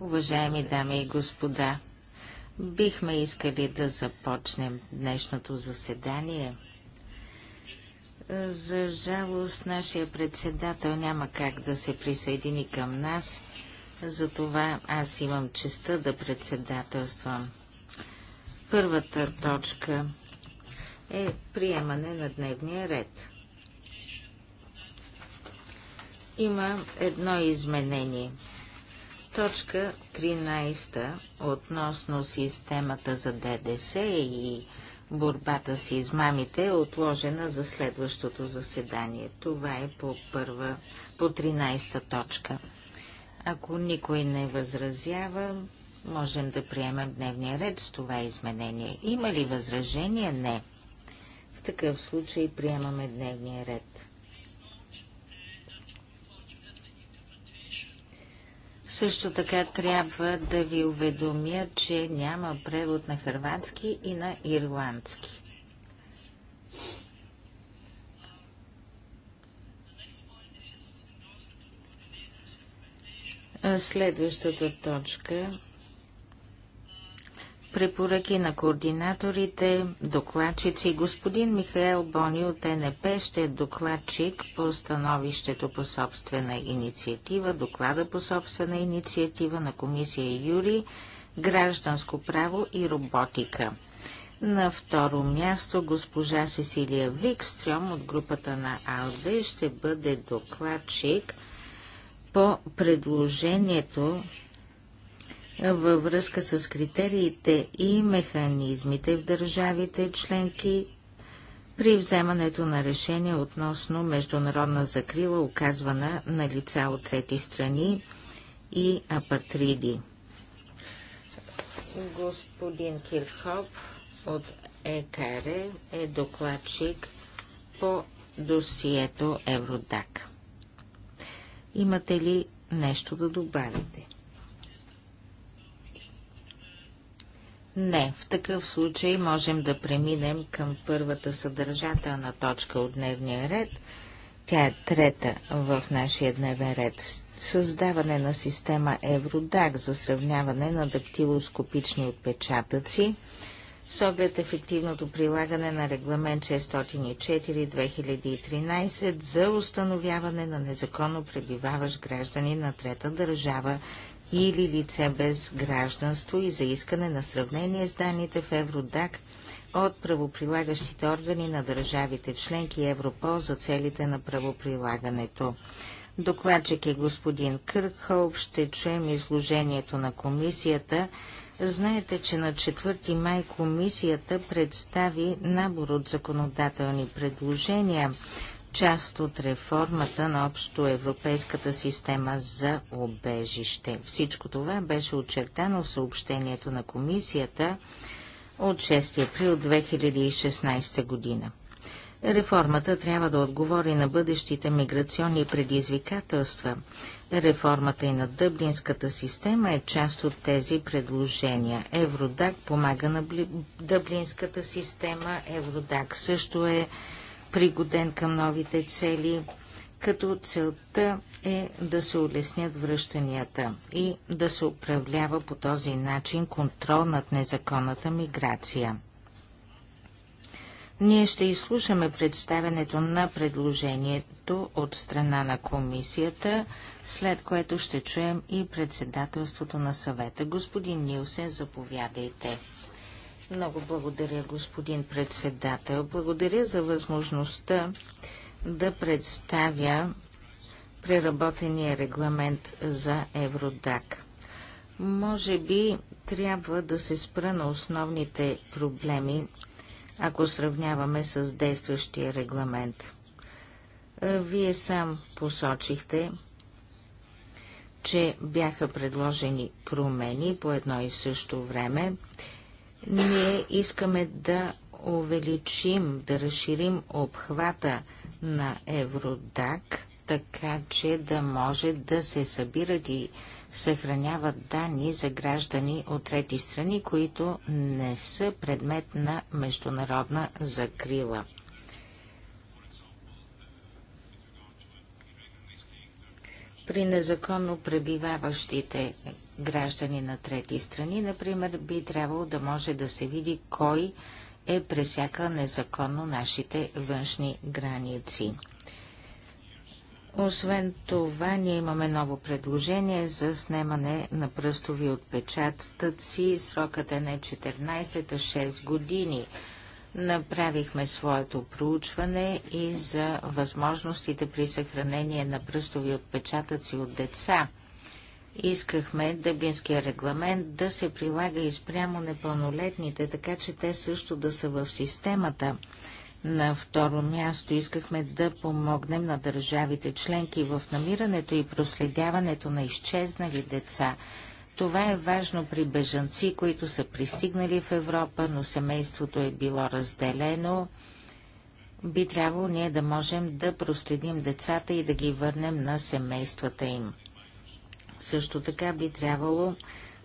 Уважаеми дами и господа, бихме искали да започнем днешното заседание. За жалост, нашия председател няма как да се присъедини към нас, затова аз имам честа да председателствам. Първата точка е приемане на дневния ред. Има едно изменение. Точка 13 относно системата за ДДС и борбата с измамите е отложена за следващото заседание. Това е по, първа, по 13 точка. Ако никой не възразява, можем да приемем дневния ред с това изменение. Има ли възражение? Не. В такъв случай приемаме дневния ред. Също така трябва да ви уведомя, че няма превод на хрватски и на ирландски. Следващата точка препоръки на координаторите, докладчици. Господин Михаел Бони от НП ще е докладчик по становището по собствена инициатива, доклада по собствена инициатива на комисия Юри, гражданско право и роботика. На второ място госпожа Сесилия Викстрем от групата на АЛДЕ ще бъде докладчик по предложението във връзка с критериите и механизмите в държавите членки при вземането на решение относно международна закрила, оказвана на лица от трети страни и апатриди. Господин Кирхоп от ЕКР е докладчик по досието Евродак. Имате ли нещо да добавите? Не, в такъв случай можем да преминем към първата съдържателна точка от дневния ред. Тя е трета в нашия дневен ред. Създаване на система Евродак за сравняване на дактилоскопични отпечатъци с оглед ефективното прилагане на регламент 604-2013 за установяване на незаконно пребиваващ граждани на трета държава или лице без гражданство и за искане на сравнение с данните в Евродак от правоприлагащите органи на държавите членки Европол за целите на правоприлагането. Докладчик е господин Кърхолб. Ще чуем изложението на комисията. Знаете, че на 4 май комисията представи набор от законодателни предложения част от реформата на общо европейската система за обежище. Всичко това беше очертано в съобщението на комисията от 6 април 2016 година. Реформата трябва да отговори на бъдещите миграционни предизвикателства. Реформата и на дъблинската система е част от тези предложения. Евродак помага на дъблинската система. Евродак също е пригоден към новите цели, като целта е да се улеснят връщанията и да се управлява по този начин контрол над незаконната миграция. Ние ще изслушаме представенето на предложението от страна на комисията, след което ще чуем и председателството на съвета. Господин Нилсен, заповядайте. Много благодаря, господин председател. Благодаря за възможността да представя преработения регламент за Евродак. Може би трябва да се спра на основните проблеми, ако сравняваме с действащия регламент. Вие сам посочихте, че бяха предложени промени по едно и също време ние искаме да увеличим, да разширим обхвата на Евродак, така че да може да се събират и съхраняват данни за граждани от трети страни, които не са предмет на международна закрила. при незаконно пребиваващите граждани на трети страни, например, би трябвало да може да се види кой е пресякал незаконно нашите външни граници. Освен това, ние имаме ново предложение за снимане на пръстови отпечатъци. Срокът е не 14, а 6 години. Направихме своето проучване и за възможностите при съхранение на пръстови отпечатъци от деца. Искахме дъблинския регламент да се прилага и спрямо непълнолетните, така че те също да са в системата. На второ място искахме да помогнем на държавите членки в намирането и проследяването на изчезнали деца, това е важно при бежанци, които са пристигнали в Европа, но семейството е било разделено. Би трябвало ние да можем да проследим децата и да ги върнем на семействата им. Също така би трябвало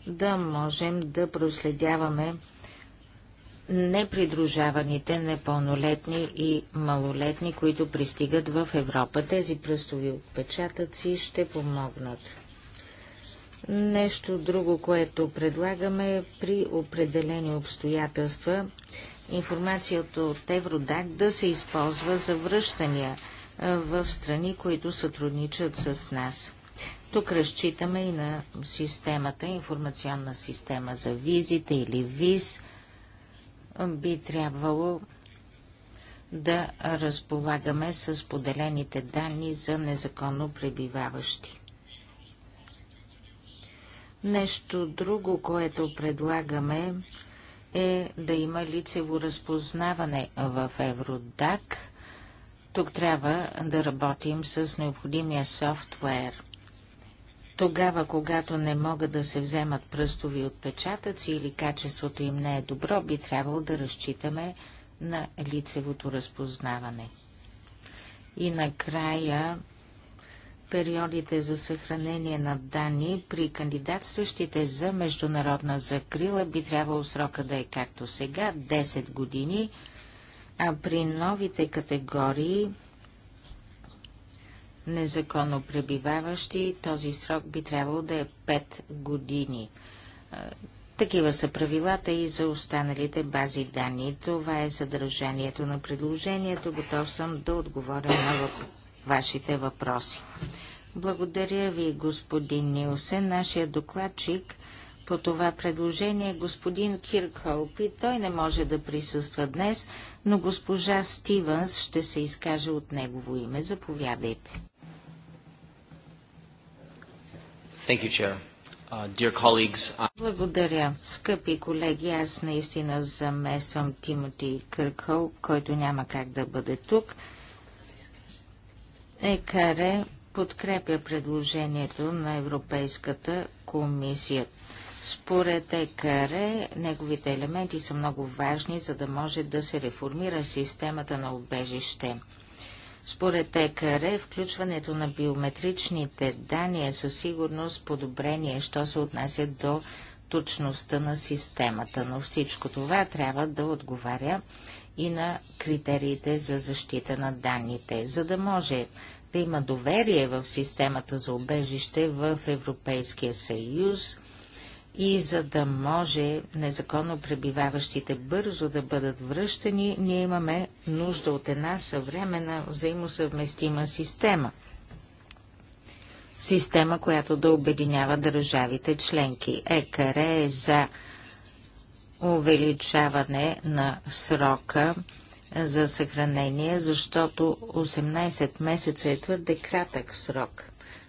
да можем да проследяваме непридружаваните непълнолетни и малолетни, които пристигат в Европа. Тези пръстови отпечатъци ще помогнат. Нещо друго, което предлагаме при определени обстоятелства, информацията от Евродак да се използва за връщания в страни, които сътрудничат с нас. Тук разчитаме и на системата, информационна система за визите или виз. Би трябвало да разполагаме с поделените данни за незаконно пребиваващи. Нещо друго, което предлагаме е да има лицево разпознаване в Евродак. Тук трябва да работим с необходимия софтуер. Тогава, когато не могат да се вземат пръстови отпечатъци или качеството им не е добро, би трябвало да разчитаме на лицевото разпознаване. И накрая периодите за съхранение на данни при кандидатстващите за международна закрила би трябвало срока да е както сега 10 години, а при новите категории незаконно пребиваващи този срок би трябвало да е 5 години. Такива са правилата и за останалите бази данни. Това е съдържанието на предложението. Готов съм да отговоря на вашите въпроси. Благодаря ви, господин Нилсен. Нашия докладчик по това предложение е господин Киркхолп и той не може да присъства днес, но госпожа Стивенс ще се изкаже от негово име. Заповядайте. Thank you, Chair. Uh, uh, Благодаря. Скъпи колеги, аз наистина замествам Тимоти Къркъл, който няма как да бъде тук. ЕКАРЕ подкрепя предложението на Европейската комисия. Според ЕКАРЕ, неговите елементи са много важни, за да може да се реформира системата на убежище. Според ЕКР, включването на биометричните данни е със сигурност подобрение, що се отнася до точността на системата, но всичко това трябва да отговаря и на критериите за защита на данните, за да може да има доверие в системата за убежище в Европейския съюз и за да може незаконно пребиваващите бързо да бъдат връщани, ние имаме нужда от една съвременна взаимосъвместима система. Система, която да обединява държавите членки. ЕКР е за увеличаване на срока за съхранение, защото 18 месеца е твърде кратък срок,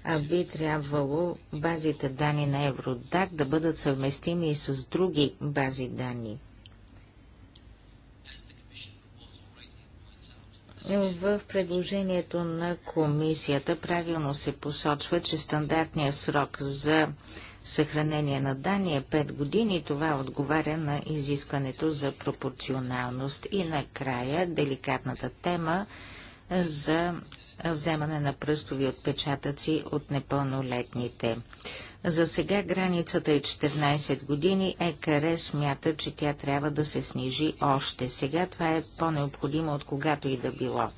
а би трябвало базите данни на Евродак да бъдат съвместими и с други бази данни. В предложението на комисията правилно се посочва, че стандартният срок за съхранение на данни е 5 години. Това отговаря на изискването за пропорционалност. И накрая деликатната тема за вземане на пръстови отпечатъци от непълнолетните. За сега границата е 14 години. ЕКР смята, че тя трябва да се снижи още. Сега това е по-необходимо от когато и да било.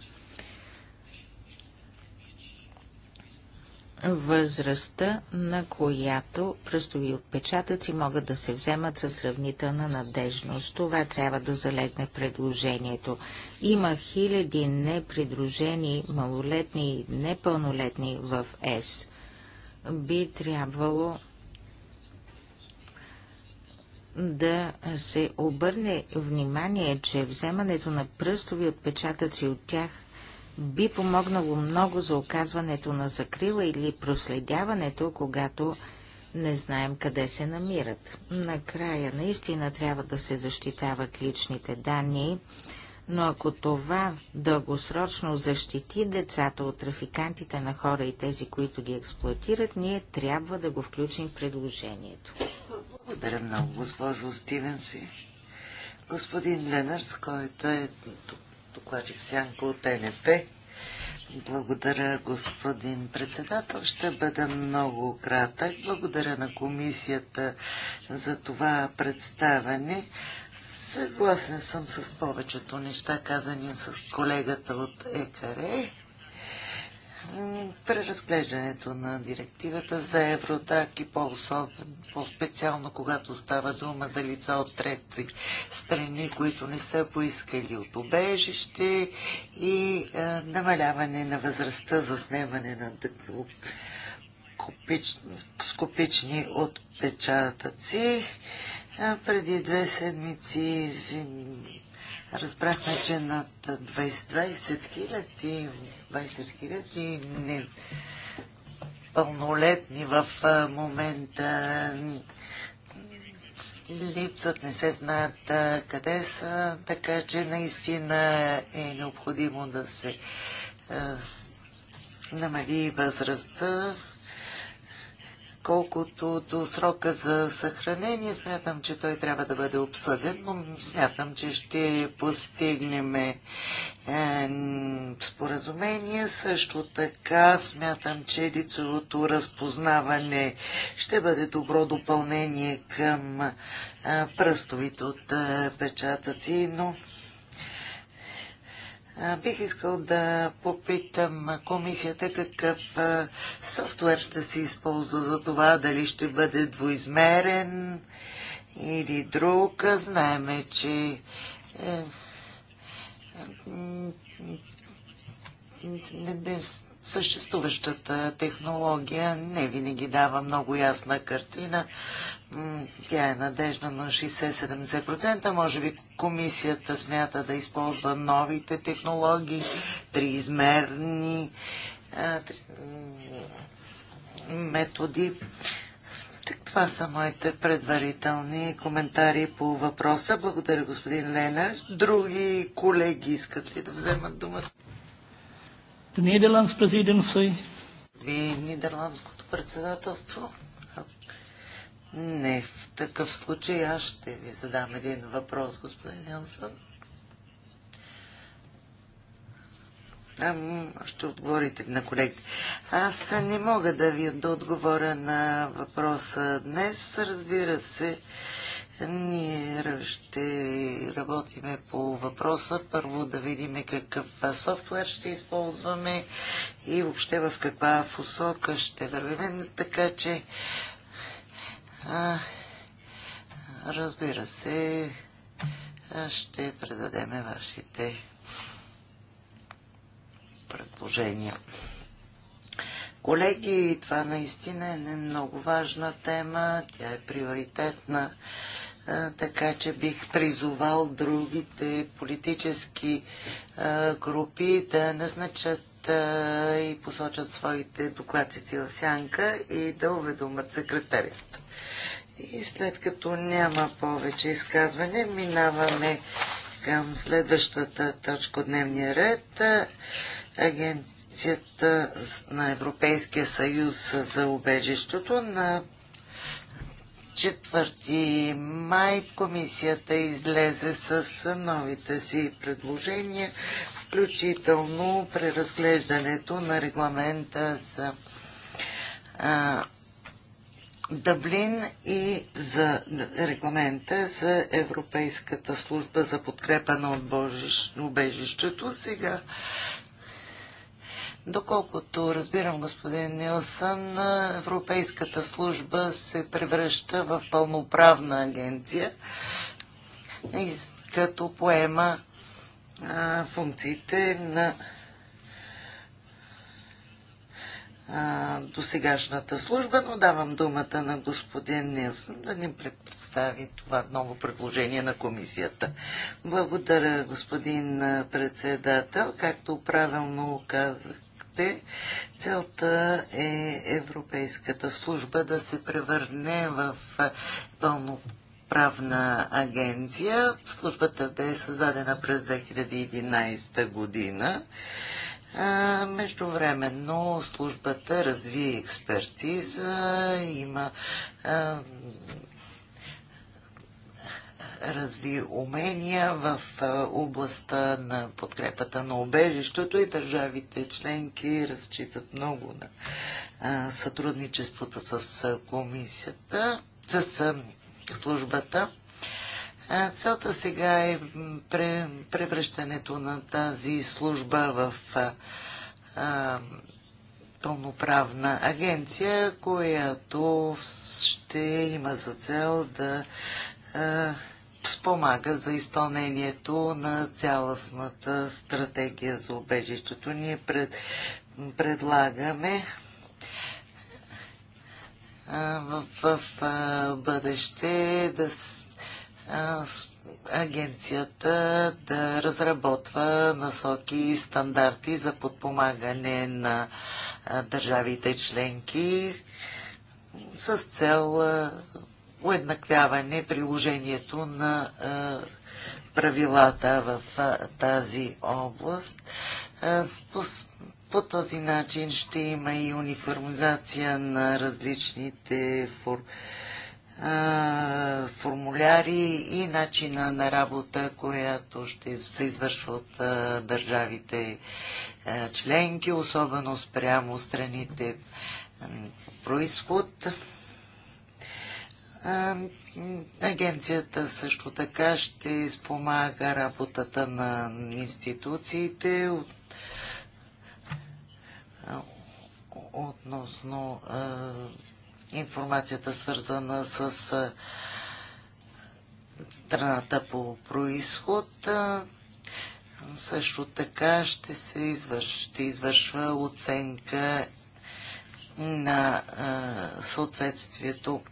възрастта, на която пръстови отпечатъци могат да се вземат със сравнителна надежност. Това трябва да залегне в предложението. Има хиляди непридружени малолетни и непълнолетни в ЕС. Би трябвало да се обърне внимание, че вземането на пръстови отпечатъци от тях би помогнало много за оказването на закрила или проследяването, когато не знаем къде се намират. Накрая наистина трябва да се защитават личните данни, но ако това дългосрочно защити децата от трафикантите на хора и тези, които ги експлуатират, ние трябва да го включим в предложението. Благодаря много, госпожо Стивенси. Господин Ленърс, който е тук докладчик Сянко от НП. Благодаря, господин председател. Ще бъда много кратък. Благодаря на комисията за това представяне. Съгласен съм с повечето неща, казани с колегата от ЕКАРЕ преразглеждането на директивата за Евротак и по-особено, специално когато става дума за лица от трети страни, които не са поискали от обежище и е, намаляване на възрастта за снимане на скопични отпечатъци. А е, преди две седмици Разбрахме, че над 20 хиляди 20 хиляди не пълнолетни в момента липсват, не се знаят къде са, така че наистина е необходимо да се намали възрастта Колкото до срока за съхранение, смятам, че той трябва да бъде обсъден, но смятам, че ще постигнем е, споразумение. Също така смятам, че лицевото разпознаване ще бъде добро допълнение към е, пръстовите е, печатъци, но Бих искал да попитам комисията какъв софтуер ще се използва за това, дали ще бъде двоизмерен или друг. Знаеме, че е, не, не, съществуващата технология не винаги дава много ясна картина. Тя е надежда на 60-70%. Може би комисията смята да използва новите технологии, триизмерни методи. Так, това са моите предварителни коментари по въпроса. Благодаря, господин Ленар. Други колеги искат ли да вземат думата? De Nederlands presidency. При Нидерландското председателство? Не, в такъв случай аз ще ви задам един въпрос, господин Елсън. Ще отговорите на колегите. Аз не мога да ви да отговоря на въпроса днес. Разбира се, ние ще работиме по въпроса. Първо да видим какъв софтуер ще използваме и въобще в каква посока ще вървим. Така че, а, разбира се, ще предадеме вашите предложения. Колеги, това наистина е много важна тема. Тя е приоритетна така че бих призовал другите политически групи да назначат и посочат своите докладчици в сянка и да уведомят секретарят. И след като няма повече изказване, минаваме към следващата точка от дневния ред. Агенцията на Европейския съюз за убежището на 4 май комисията излезе с новите си предложения, включително преразглеждането на регламента за а, Дъблин и за регламента за Европейската служба за подкрепа на убежището. Сега Доколкото разбирам, господин Нилсън, Европейската служба се превръща в пълноправна агенция, като поема а, функциите на досегашната служба, но давам думата на господин Нилсън да ни представи това ново предложение на комисията. Благодаря, господин председател. Както правилно казах, казахте, целта е Европейската служба да се превърне в пълно правна агенция. Службата бе създадена през 2011 година. Междувременно службата разви експертиза, има а, разви умения в областта на подкрепата на обежището и държавите членки разчитат много на сътрудничеството с комисията, с службата. Целта сега е превръщането на тази служба в пълноправна агенция, която ще има за цел да спомага за изпълнението на цялостната стратегия за убежището. Ние пред, предлагаме в, в, в бъдеще да агенцията да разработва насоки и стандарти за подпомагане на държавите членки с цел уеднаквяване приложението на е, правилата в е, тази област. Е, по този начин ще има и униформизация на различните формуляри и начина на работа, която ще се извършва от държавите членки, особено спрямо страните происход. Агенцията също така ще спомага работата на институциите от, относно информацията свързана с страната по происход. Също така ще се извърш, ще извършва оценка на а, съответствието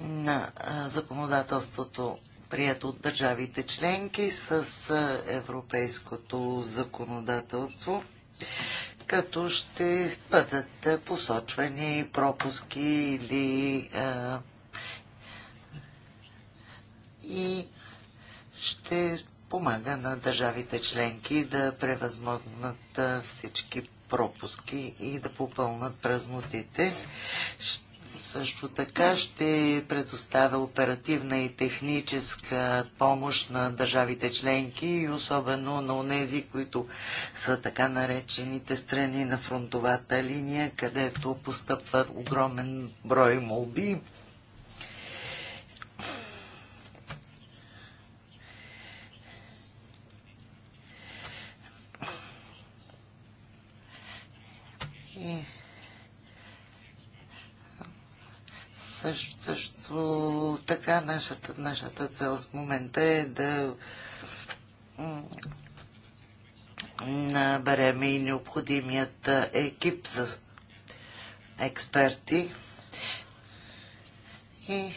на законодателството прието от държавите членки с европейското законодателство, като ще бъдат посочвани пропуски или а, и ще помага на държавите членки да превъзмогнат всички пропуски и да попълнат празнотите. Ще също така ще предоставя оперативна и техническа помощ на държавите членки и особено на онези, които са така наречените страни на фронтовата линия, където постъпват огромен брой молби. Yeah. Също, също така нашата, нашата цел в момента е да набереме и необходимият екип за експерти. И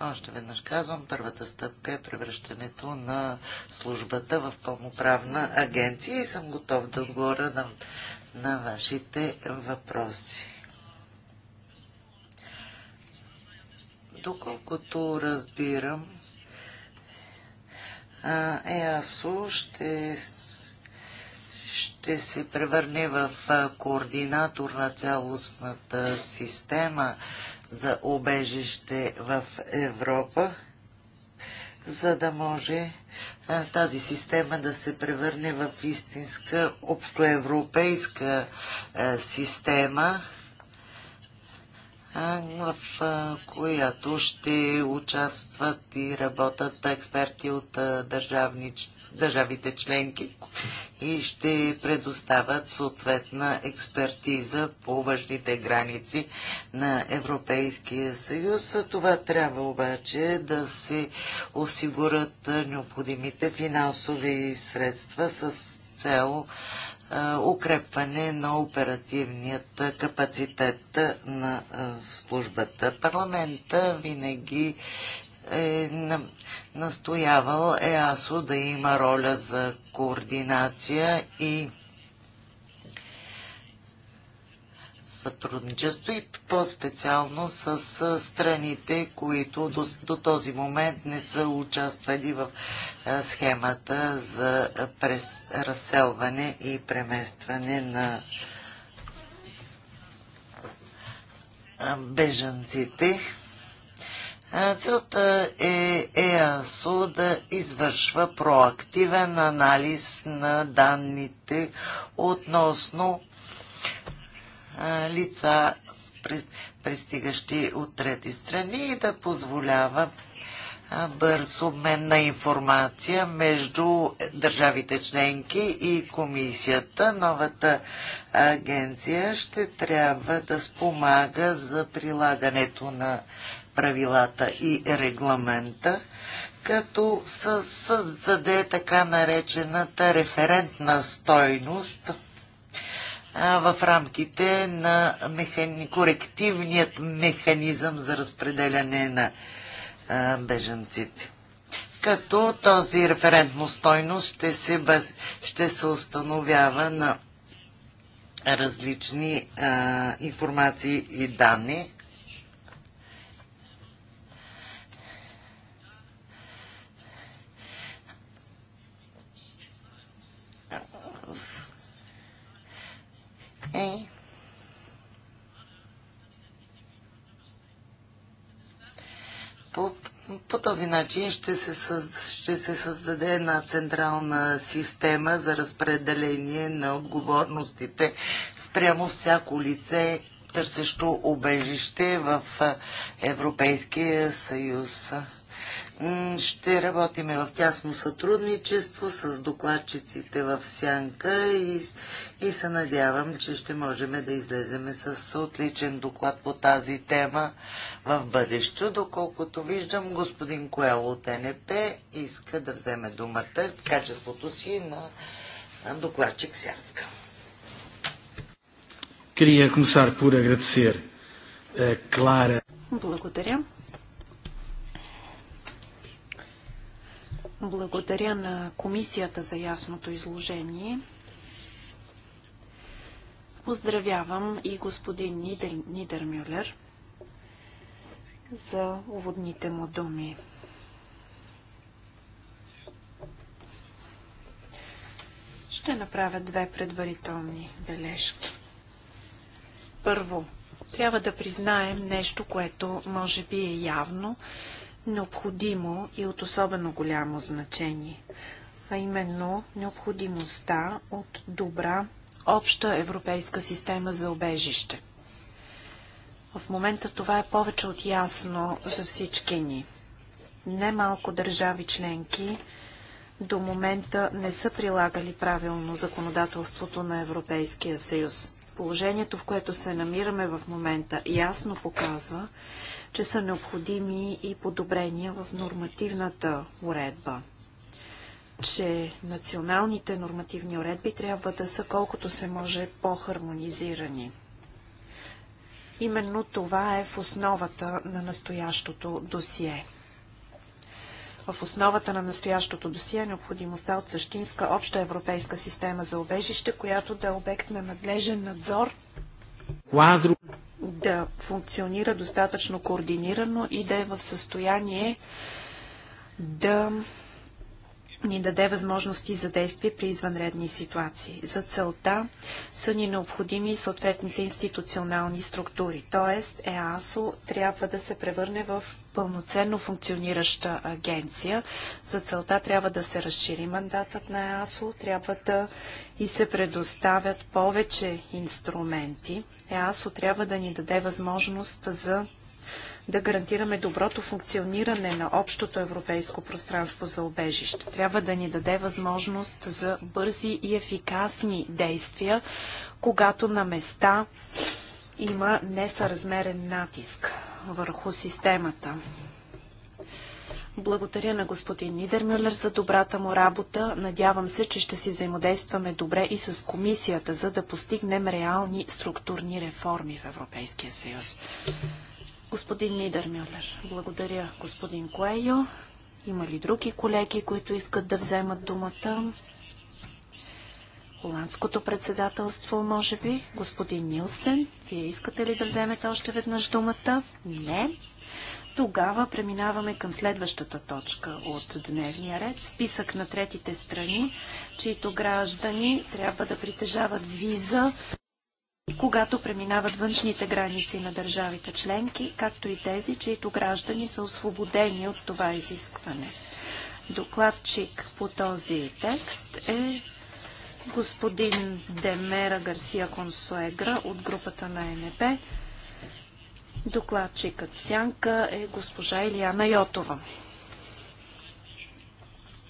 още веднъж казвам, първата стъпка е превръщането на службата в пълноправна агенция и съм готов да отговоря на, на вашите въпроси. Доколкото разбирам, ЕАСО ще, ще се превърне в координатор на цялостната система за обежище в Европа, за да може тази система да се превърне в истинска общоевропейска система в която ще участват и работят експерти от държавни, държавите членки и ще предоставят съответна експертиза по външните граници на Европейския съюз. Това трябва обаче да се осигурят необходимите финансови средства с цел укрепване на оперативният капацитет на службата. Парламента винаги е настоявал ЕАСО да има роля за координация и сътрудничество и по-специално с страните, които до, до този момент не са участвали в схемата за през, разселване и преместване на бежанците. Целта е ЕАСО да извършва проактивен анализ на данните относно лица, пристигащи от трети страни и да позволява бърз обмен на информация между държавите членки и комисията. Новата агенция ще трябва да спомага за прилагането на правилата и регламента, като създаде така наречената референтна стойност – в рамките на механи... корективният механизъм за разпределяне на а, беженците. Като този референтно стойност ще се, баз... ще се установява на различни а, информации и данни. Е. по, по този начин ще се, ще се създаде една централна система за разпределение на отговорностите спрямо всяко лице, търсещо обежище в е, Европейския съюз. Ще работиме в тясно сътрудничество с докладчиците в Сянка и, и се надявам, че ще можем да излеземе с отличен доклад по тази тема в бъдеще. Доколкото виждам, господин Коел от НП иска да вземе думата в качеството си на докладчик Сянка. Крия комисар, por agradecer a Благодаря. Благодаря на комисията за ясното изложение. Поздравявам и господин Нидер, Нидермюлер за уводните му думи. Ще направя две предварителни бележки. Първо, трябва да признаем нещо, което може би е явно, необходимо и от особено голямо значение, а именно необходимостта от добра обща европейска система за обежище. В момента това е повече от ясно за всички ни. Немалко държави членки до момента не са прилагали правилно законодателството на Европейския съюз. Положението, в което се намираме в момента, ясно показва, че са необходими и подобрения в нормативната уредба че националните нормативни уредби трябва да са колкото се може по-хармонизирани. Именно това е в основата на настоящото досие. В основата на настоящото досие е необходимостта от същинска обща европейска система за обежище, която да е обект на надлежен надзор да функционира достатъчно координирано и да е в състояние да ни даде възможности за действие при извънредни ситуации. За целта са ни необходими съответните институционални структури, т.е. ЕАСО трябва да се превърне в пълноценно функционираща агенция. За целта трябва да се разшири мандатът на ЕАСО, трябва да и се предоставят повече инструменти. ЕАСО трябва да ни даде възможност за да гарантираме доброто функциониране на общото европейско пространство за обежище. Трябва да ни даде възможност за бързи и ефикасни действия, когато на места има несъразмерен натиск върху системата. Благодаря на господин Нидермюллер за добрата му работа. Надявам се, че ще си взаимодействаме добре и с комисията, за да постигнем реални структурни реформи в Европейския съюз. Господин Нидермюллер, благодаря господин Куейо. Има ли други колеги, които искат да вземат думата? Холандското председателство, може би, господин Нилсен, вие искате ли да вземете още веднъж думата? Не. Тогава преминаваме към следващата точка от дневния ред. Списък на третите страни, чието граждани трябва да притежават виза когато преминават външните граници на държавите членки, както и тези, чието граждани са освободени от това изискване. Докладчик по този текст е господин Демера Гарсия Консуегра от групата на НП. Докладчикът сянка е госпожа Илияна Йотова.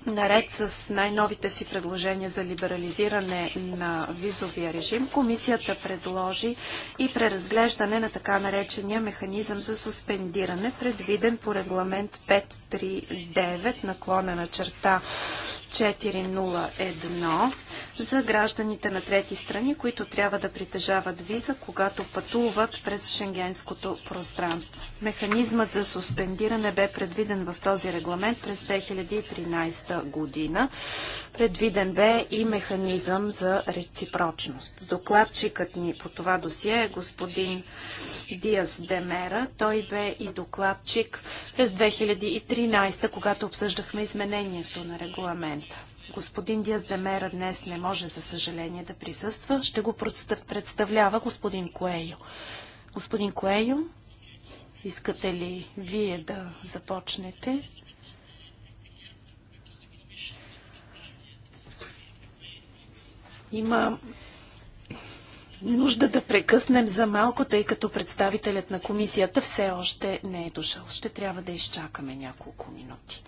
Наред с най-новите си предложения за либерализиране на визовия режим, комисията предложи и преразглеждане на така наречения механизъм за суспендиране, предвиден по регламент 539 наклона на черта 401 за гражданите на трети страни, които трябва да притежават виза, когато пътуват през шенгенското пространство. Механизмът за суспендиране бе предвиден в този регламент през 2013 година. Предвиден бе и механизъм за реципрочност. Докладчикът ни по това досие е господин Диас Демера. Той бе и докладчик през 2013, когато обсъждахме изменението на регламента. Господин Диас Демера днес не може, за съжаление, да присъства. Ще го представлява господин Коейо. Господин Коейо, искате ли вие да започнете? Има нужда да прекъснем за малко, тъй като представителят на комисията все още не е дошъл. Ще трябва да изчакаме няколко минути.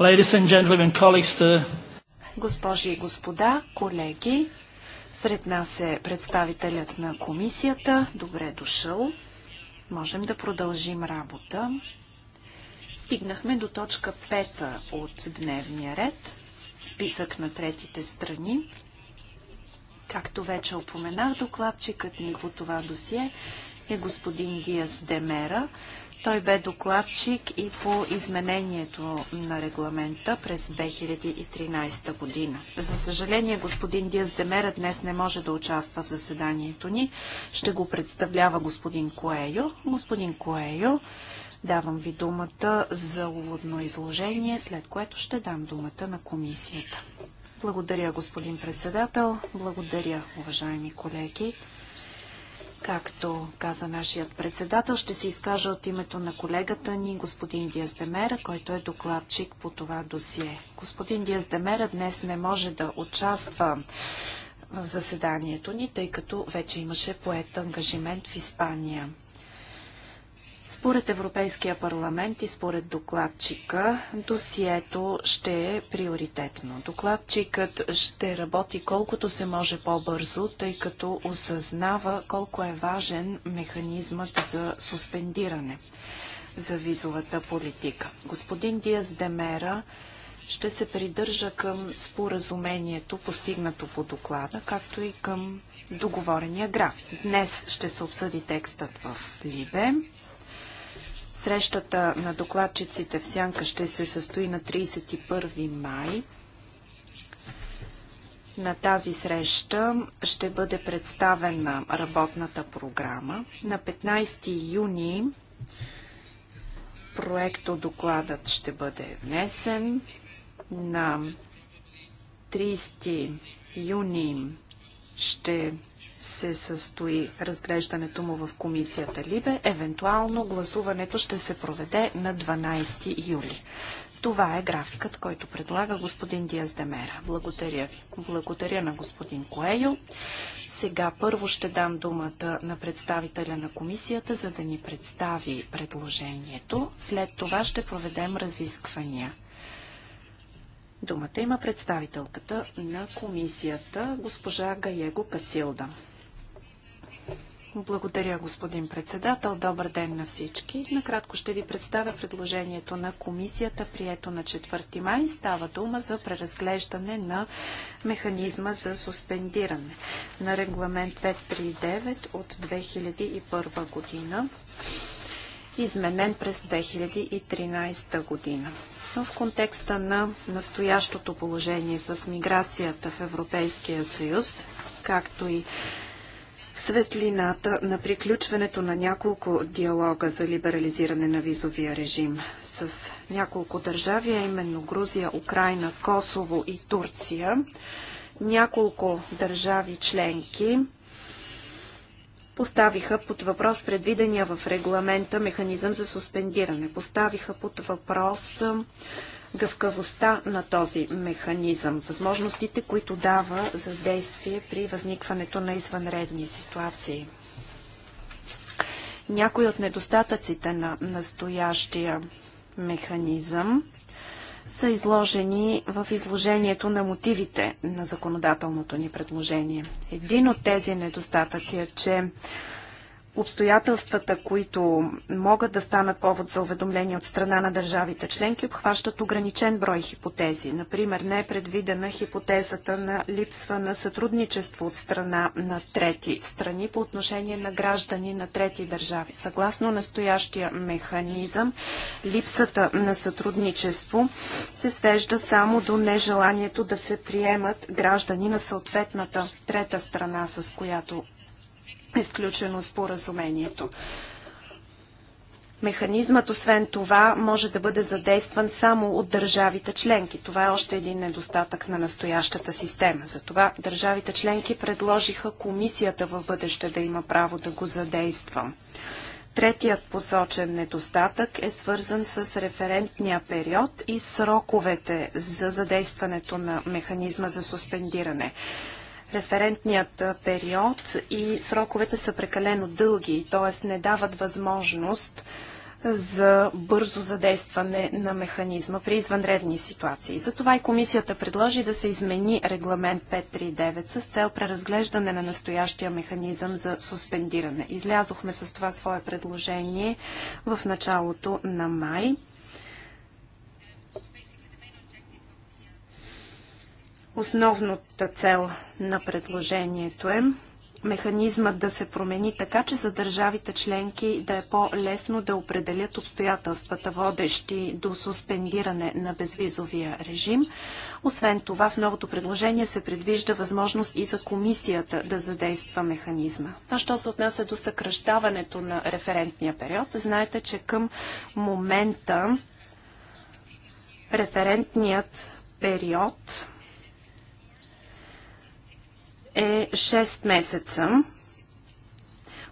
Ladies and gentlemen, colleagues, the... Госпожи и господа, колеги, сред нас е представителят на комисията. Добре е дошъл. Можем да продължим работа. Стигнахме до точка 5 от дневния ред, списък на третите страни. Както вече опоменах, докладчикът ни по това досие е господин Диас Демера. Той бе докладчик и по изменението на регламента през 2013 година. За съжаление, господин Диас Демера днес не може да участва в заседанието ни. Ще го представлява господин Коейо. Господин Коейо, давам ви думата за уводно изложение, след което ще дам думата на комисията. Благодаря, господин председател. Благодаря, уважаеми колеги. Както каза нашият председател, ще се изкажа от името на колегата ни, господин Диаздемера, който е докладчик по това досие. Господин Диаздемера днес не може да участва в заседанието ни, тъй като вече имаше поет ангажимент в Испания. Според Европейския парламент и според докладчика, досието ще е приоритетно. Докладчикът ще работи колкото се може по-бързо, тъй като осъзнава колко е важен механизмът за суспендиране за визовата политика. Господин Диас Демера ще се придържа към споразумението, постигнато по доклада, както и към договорения график. Днес ще се обсъди текстът в Либе. Срещата на докладчиците в Сянка ще се състои на 31 май. На тази среща ще бъде представена работната програма. На 15 юни проекто докладът ще бъде внесен. На 30 юни ще се състои разглеждането му в комисията Либе. Евентуално гласуването ще се проведе на 12 юли. Това е графикът, който предлага господин Диас Демера. Благодаря ви. Благодаря на господин Коейо. Сега първо ще дам думата на представителя на комисията, за да ни представи предложението. След това ще проведем разисквания. Думата има представителката на комисията, госпожа Гаего Касилда. Благодаря, господин председател. Добър ден на всички. Накратко ще ви представя предложението на комисията, прието на 4 май. Става дума за преразглеждане на механизма за суспендиране на регламент 539 от 2001 година, изменен през 2013 година. Но в контекста на настоящото положение с миграцията в Европейския съюз, както и светлината на приключването на няколко диалога за либерализиране на визовия режим с няколко държави, а именно Грузия, Украина, Косово и Турция. Няколко държави членки поставиха под въпрос предвидения в регламента механизъм за суспендиране. Поставиха под въпрос гъвкавостта на този механизъм, възможностите, които дава за действие при възникването на извънредни ситуации. Някои от недостатъците на настоящия механизъм са изложени в изложението на мотивите на законодателното ни предложение. Един от тези недостатъци е, че Обстоятелствата, които могат да станат повод за уведомление от страна на държавите членки, обхващат ограничен брой хипотези. Например, не е предвидена хипотезата на липсва на сътрудничество от страна на трети страни по отношение на граждани на трети държави. Съгласно настоящия механизъм, липсата на сътрудничество се свежда само до нежеланието да се приемат граждани на съответната трета страна, с която е сключено споразумението. Механизмът, освен това, може да бъде задействан само от държавите членки. Това е още един недостатък на настоящата система. Затова държавите членки предложиха комисията в бъдеще да има право да го задейства. Третият посочен недостатък е свързан с референтния период и сроковете за задействането на механизма за суспендиране референтният период и сроковете са прекалено дълги, т.е. не дават възможност за бързо задействане на механизма при извънредни ситуации. Затова и комисията предложи да се измени регламент 539 с цел преразглеждане на настоящия механизъм за суспендиране. Излязохме с това свое предложение в началото на май. Основната цел на предложението е механизмът да се промени така, че за държавите членки да е по-лесно да определят обстоятелствата, водещи до суспендиране на безвизовия режим. Освен това, в новото предложение се предвижда възможност и за комисията да задейства механизма. А що се отнася до съкръщаването на референтния период, знаете, че към момента референтният период – е 6 месеца.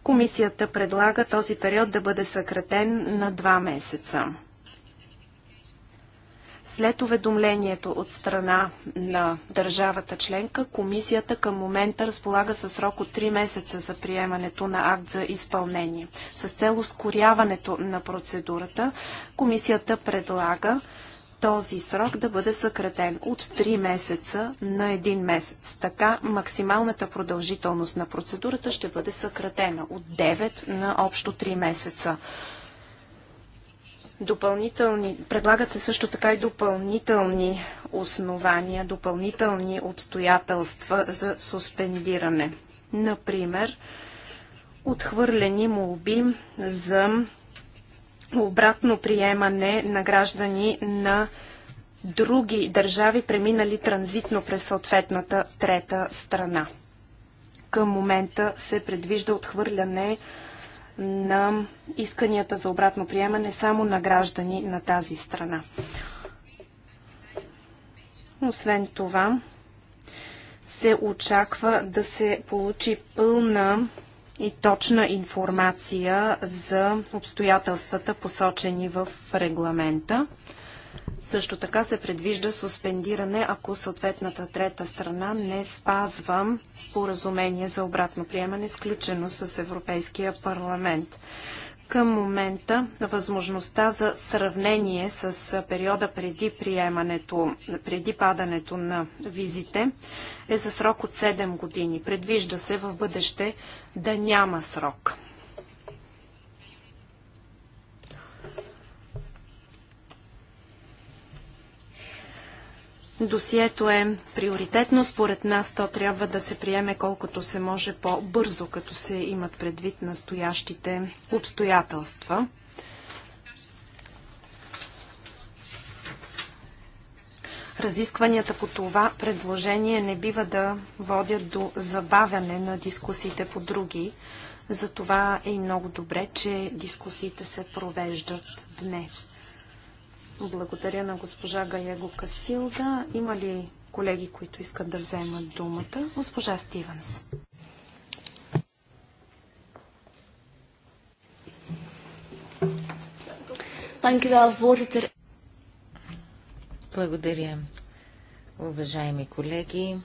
Комисията предлага този период да бъде съкратен на 2 месеца. След уведомлението от страна на държавата членка, комисията към момента разполага със срок от 3 месеца за приемането на акт за изпълнение. С цел ускоряването на процедурата, комисията предлага този срок да бъде съкратен от 3 месеца на 1 месец. Така максималната продължителност на процедурата ще бъде съкратена от 9 на общо 3 месеца. Допълнителни, предлагат се също така и допълнителни основания, допълнителни обстоятелства за суспендиране. Например, отхвърлени молби за обратно приемане на граждани на други държави, преминали транзитно през съответната трета страна. Към момента се предвижда отхвърляне на исканията за обратно приемане само на граждани на тази страна. Освен това, се очаква да се получи пълна и точна информация за обстоятелствата, посочени в регламента. Също така се предвижда суспендиране, ако съответната трета страна не спазва споразумение за обратно приемане, сключено с Европейския парламент към момента възможността за сравнение с периода преди приемането, преди падането на визите е за срок от 7 години. Предвижда се в бъдеще да няма срок Досието е приоритетно. Според нас то трябва да се приеме колкото се може по-бързо, като се имат предвид настоящите обстоятелства. Разискванията по това предложение не бива да водят до забавяне на дискусиите по други. Затова е и много добре, че дискусиите се провеждат днес. Благодаря на госпожа Гаего Касилда. Има ли колеги, които искат да вземат думата? Госпожа Стивенс. Благодаря, уважаеми колеги.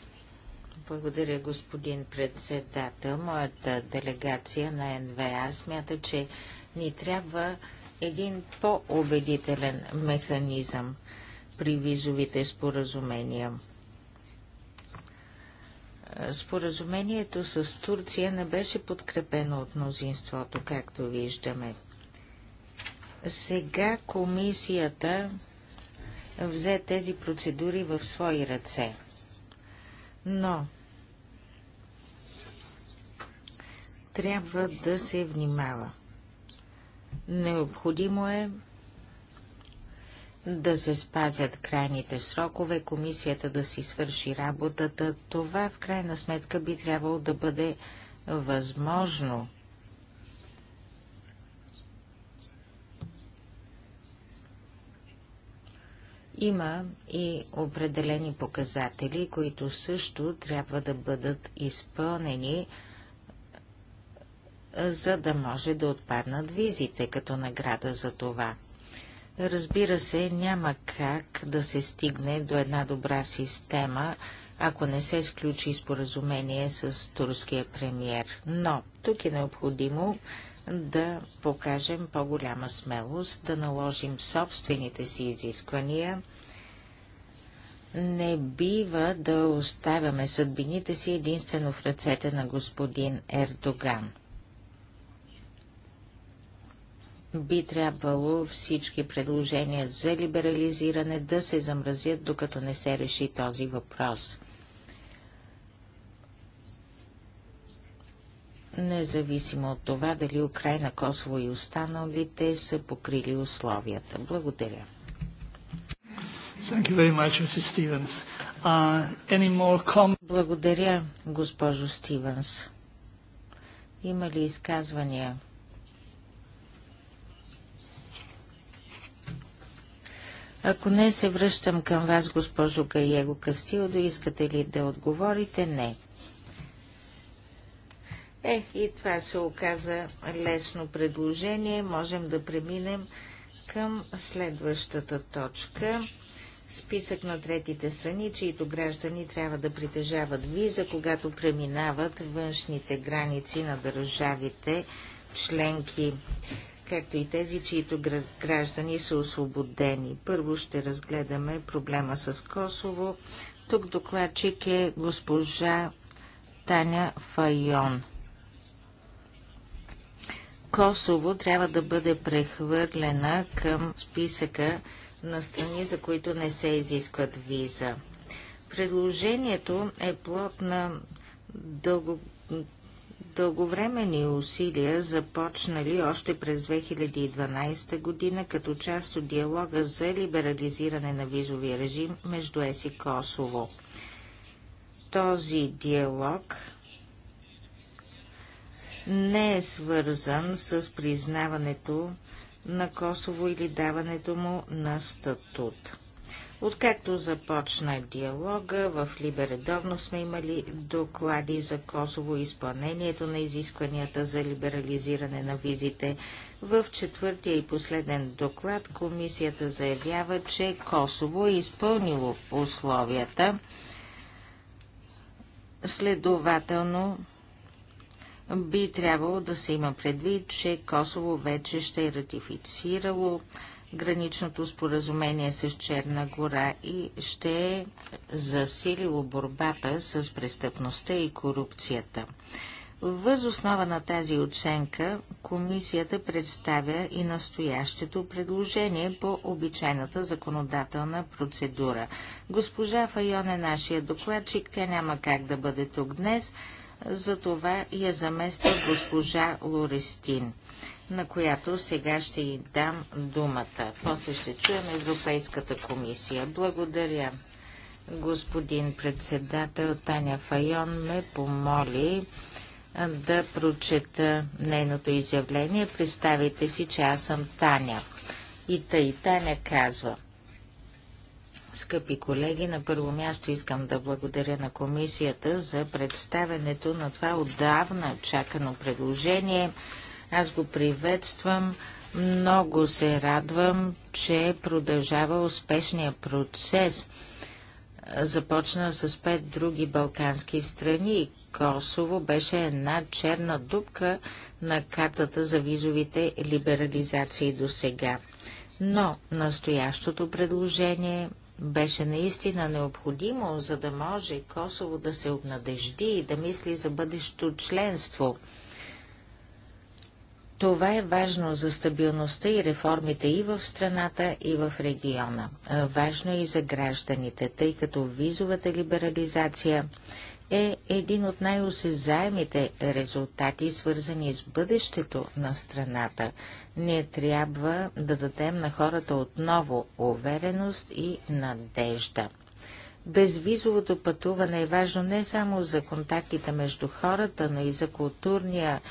Благодаря, господин председател. Моята делегация на НВА смята, че ни трябва един по-убедителен механизъм при визовите споразумения. Споразумението с Турция не беше подкрепено от мнозинството, както виждаме. Сега комисията взе тези процедури в свои ръце. Но трябва да се внимава. Необходимо е да се спазят крайните срокове, комисията да си свърши работата. Това в крайна сметка би трябвало да бъде възможно. Има и определени показатели, които също трябва да бъдат изпълнени, за да може да отпаднат визите като награда за това. Разбира се, няма как да се стигне до една добра система, ако не се сключи споразумение с турския премьер. Но тук е необходимо да покажем по-голяма смелост, да наложим собствените си изисквания. Не бива да оставяме съдбините си единствено в ръцете на господин Ердоган. би трябвало всички предложения за либерализиране да се замразят, докато не се реши този въпрос. Независимо от това, дали Украина, Косово и останалите са покрили условията. Благодаря. Much, uh, Благодаря, госпожо Стивенс. Има ли изказвания? Ако не се връщам към вас, госпожо Гаего Кастилдо, искате ли да отговорите? Не. Е, и това се оказа лесно предложение. Можем да преминем към следващата точка. Списък на третите страни, чието граждани трябва да притежават виза, когато преминават външните граници на държавите членки както и тези, чието граждани са освободени. Първо ще разгледаме проблема с Косово. Тук докладчик е госпожа Таня Файон. Косово трябва да бъде прехвърлена към списъка на страни, за които не се изискват виза. Предложението е плод на дълго дълговременни усилия, започнали още през 2012 година като част от диалога за либерализиране на визовия режим между ЕС и Косово. Този диалог не е свързан с признаването на Косово или даването му на статут. Откакто започна диалога, в Либе редовно сме имали доклади за Косово изпълнението на изискванията за либерализиране на визите. В четвъртия и последен доклад комисията заявява, че Косово е изпълнило условията. Следователно, би трябвало да се има предвид, че Косово вече ще е ратифицирало граничното споразумение с Черна гора и ще е засилило борбата с престъпността и корупцията. Въз основа на тази оценка комисията представя и настоящето предложение по обичайната законодателна процедура. Госпожа Файон е нашия докладчик, тя няма как да бъде тук днес, затова я замества госпожа Лорестин на която сега ще й дам думата. После ще чуем Европейската комисия. Благодаря. Господин председател Таня Файон ме помоли да прочета нейното изявление. Представете си, че аз съм Таня. И тъй Таня казва. Скъпи колеги, на първо място искам да благодаря на комисията за представенето на това отдавна чакано предложение – аз го приветствам. Много се радвам, че продължава успешния процес. Започна с пет други балкански страни. Косово беше една черна дупка на картата за визовите либерализации до сега. Но настоящото предложение беше наистина необходимо, за да може Косово да се обнадежди и да мисли за бъдещо членство – това е важно за стабилността и реформите и в страната, и в региона. Важно е и за гражданите, тъй като визовата либерализация е един от най-осезаемите резултати, свързани с бъдещето на страната. Ние трябва да дадем на хората отново увереност и надежда. Безвизовото пътуване е важно не само за контактите между хората, но и за културния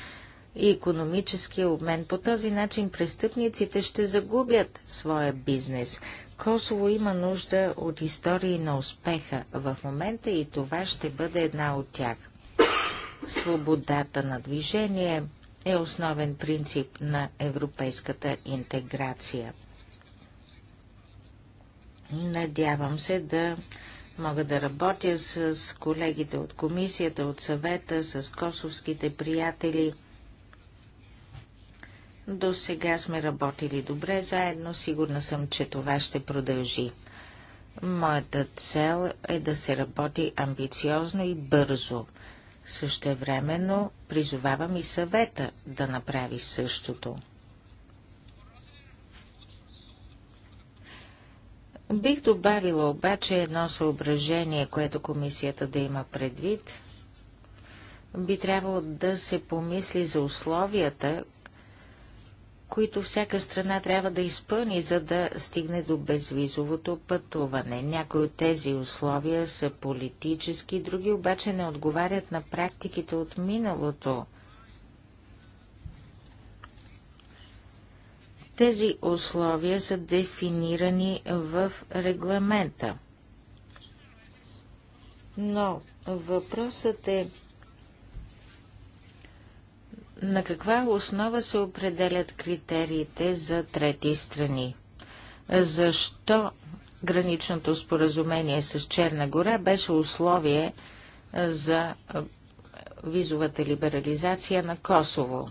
и економическия обмен. По този начин престъпниците ще загубят своя бизнес. Косово има нужда от истории на успеха в момента и това ще бъде една от тях. Свободата на движение е основен принцип на европейската интеграция. Надявам се да мога да работя с колегите от комисията, от съвета, с косовските приятели до сега сме работили добре заедно, сигурна съм, че това ще продължи. Моята цел е да се работи амбициозно и бързо. Същевременно призовавам и съвета да направи същото. Бих добавила обаче едно съображение, което комисията да има предвид. Би трябвало да се помисли за условията, които всяка страна трябва да изпълни, за да стигне до безвизовото пътуване. Някои от тези условия са политически, други обаче не отговарят на практиките от миналото. Тези условия са дефинирани в регламента. Но въпросът е на каква основа се определят критериите за трети страни? Защо граничното споразумение с Черна гора беше условие за визовата либерализация на Косово?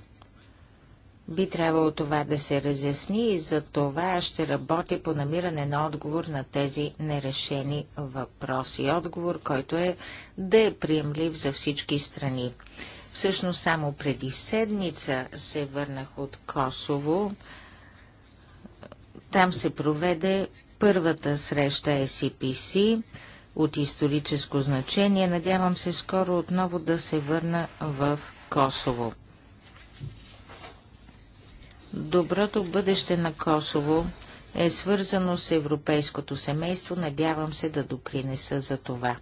Би трябвало това да се разясни и за това ще работя по намиране на отговор на тези нерешени въпроси. Отговор, който е да е приемлив за всички страни. Всъщност само преди седмица се върнах от Косово. Там се проведе първата среща SCPC от историческо значение. Надявам се скоро отново да се върна в Косово. Доброто бъдеще на Косово е свързано с европейското семейство. Надявам се да допринеса за това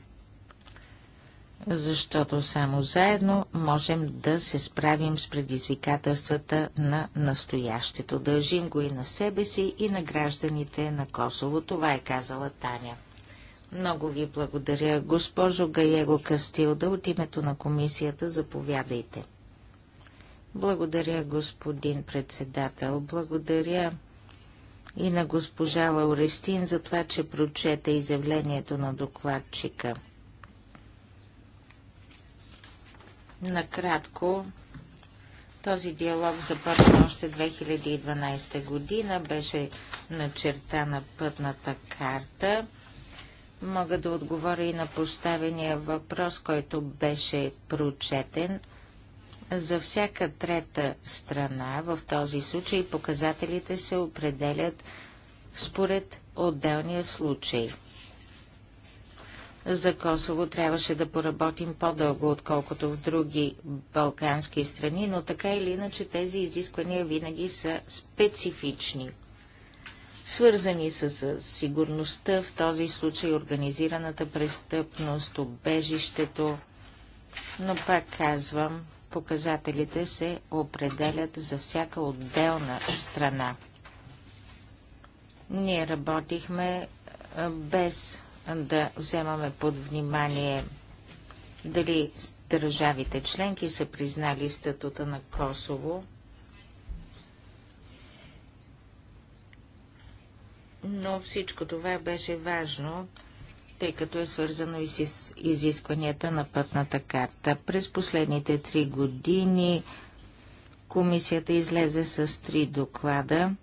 защото само заедно можем да се справим с предизвикателствата на настоящето. Дължим го и на себе си, и на гражданите на Косово. Това е казала Таня. Много ви благодаря. Госпожо Гаего Кастилда, от името на комисията заповядайте. Благодаря, господин председател. Благодаря и на госпожа Лаурестин за това, че прочета изявлението на докладчика – Накратко, този диалог започна още 2012 година, беше начертана пътната карта. Мога да отговоря и на поставения въпрос, който беше прочетен. За всяка трета страна, в този случай, показателите се определят според отделния случай. За Косово трябваше да поработим по-дълго, отколкото в други балкански страни, но така или иначе тези изисквания винаги са специфични свързани с сигурността, в този случай организираната престъпност, обежището. Но пак казвам, показателите се определят за всяка отделна страна. Ние работихме без да вземаме под внимание дали държавите членки са признали статута на Косово. Но всичко това беше важно, тъй като е свързано и с изискванията на пътната карта. През последните три години комисията излезе с три доклада.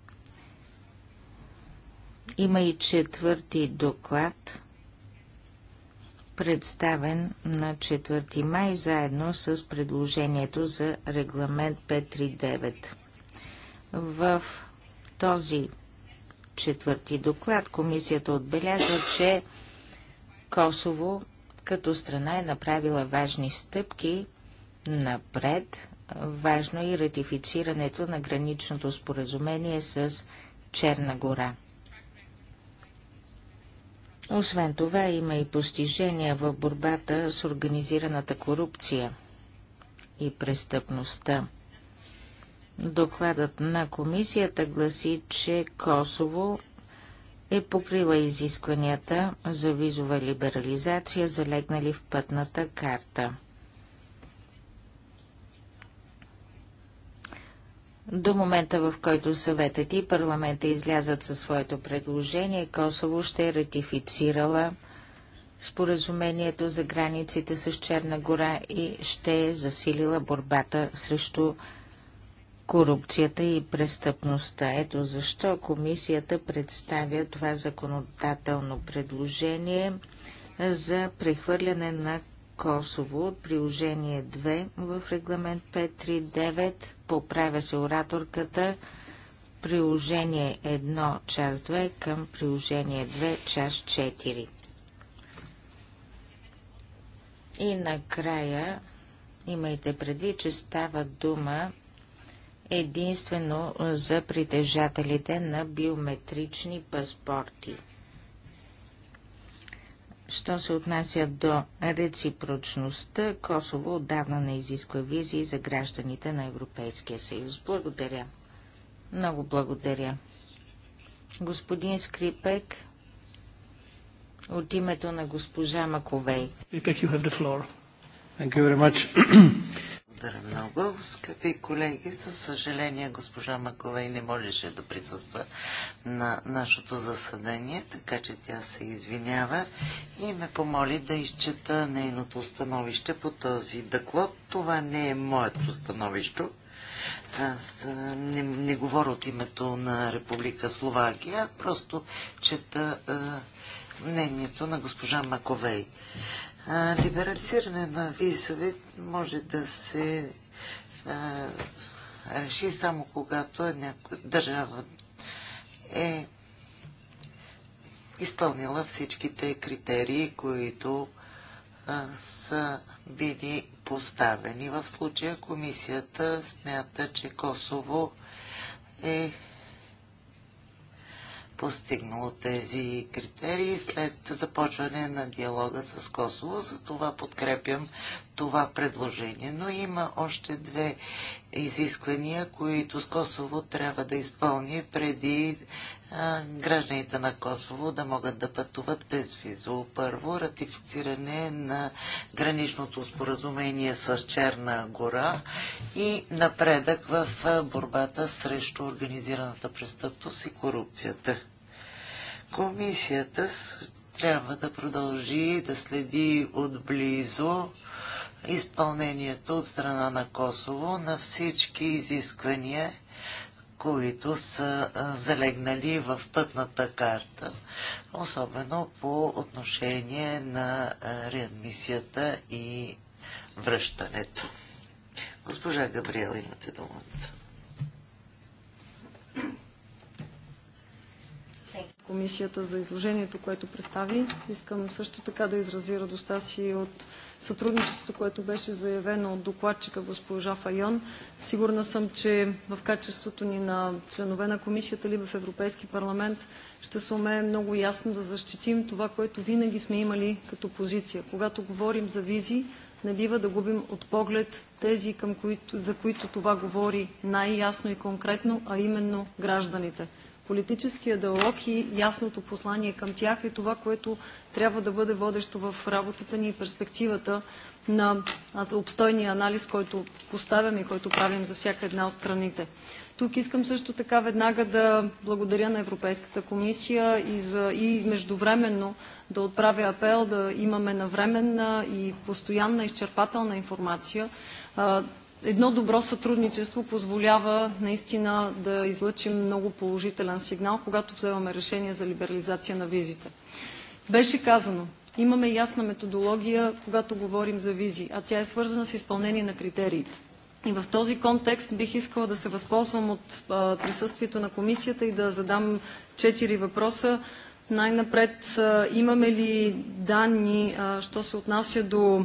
Има и четвърти доклад – представен на 4 май заедно с предложението за регламент 539. В този четвърти доклад комисията отбелязва, че Косово като страна е направила важни стъпки напред. Важно е и ратифицирането на граничното споразумение с Черна гора. Освен това има и постижения в борбата с организираната корупция и престъпността. Докладът на комисията гласи, че Косово е покрила изискванията за визова либерализация, залегнали в пътната карта. До момента, в който съветът и парламента излязат със своето предложение, Косово ще е ратифицирала споразумението за границите с Черна гора и ще е засилила борбата срещу корупцията и престъпността. Ето защо комисията представя това законодателно предложение за прехвърляне на Косово от приложение 2 в регламент 539. Поправя се ораторката приложение 1 част 2 към приложение 2 част 4. И накрая имайте предвид, че става дума единствено за притежателите на биометрични паспорти – Що се отнася до реципрочността, Косово отдавна не изисква визии за гражданите на Европейския съюз. Благодаря. Много благодаря. Господин Скрипек, от името на госпожа Маковей. Скрипек, you have the floor. Thank you very much. Благодаря много. Скъпи колеги, за съжаление госпожа Маковей не можеше да присъства на нашето заседание, така че тя се извинява и ме помоли да изчета нейното становище по този доклад. Това не е моето становище. Аз не, не говоря от името на Република Словакия, просто чета а, мнението на госпожа Маковей либерализиране на визови може да се а, реши само когато някоя държава е изпълнила всичките критерии, които а, са били поставени. В случая комисията смята, че Косово е постигнало тези критерии след започване на диалога с Косово. За това подкрепям това предложение. Но има още две изисквания, които с Косово трябва да изпълни преди гражданите на Косово да могат да пътуват без визо. Първо, ратифициране на граничното споразумение с Черна гора и напредък в борбата срещу организираната престъпност и корупцията. Комисията трябва да продължи да следи отблизо изпълнението от страна на Косово на всички изисквания които са залегнали в пътната карта, особено по отношение на реадмисията и връщането. Госпожа Габриела, имате думата. Комисията за изложението, което представи. Искам също така да изразя радостта си от сътрудничеството, което беше заявено от докладчика госпожа Файон. Сигурна съм, че в качеството ни на членове на комисията ли в Европейски парламент ще се умеем много ясно да защитим това, което винаги сме имали като позиция. Когато говорим за визи, не бива да губим от поглед тези, към които, за които това говори най-ясно и конкретно, а именно гражданите политическия диалог и ясното послание към тях и е това, което трябва да бъде водещо в работата ни и перспективата на обстойния анализ, който поставям и който правим за всяка една от страните. Тук искам също така веднага да благодаря на Европейската комисия и, за, и междувременно да отправя апел да имаме навременна и постоянна изчерпателна информация едно добро сътрудничество позволява наистина да излъчим много положителен сигнал, когато вземаме решение за либерализация на визите. Беше казано, имаме ясна методология, когато говорим за визи, а тя е свързана с изпълнение на критериите. И в този контекст бих искала да се възползвам от а, присъствието на комисията и да задам четири въпроса. Най-напред имаме ли данни, а, що се отнася до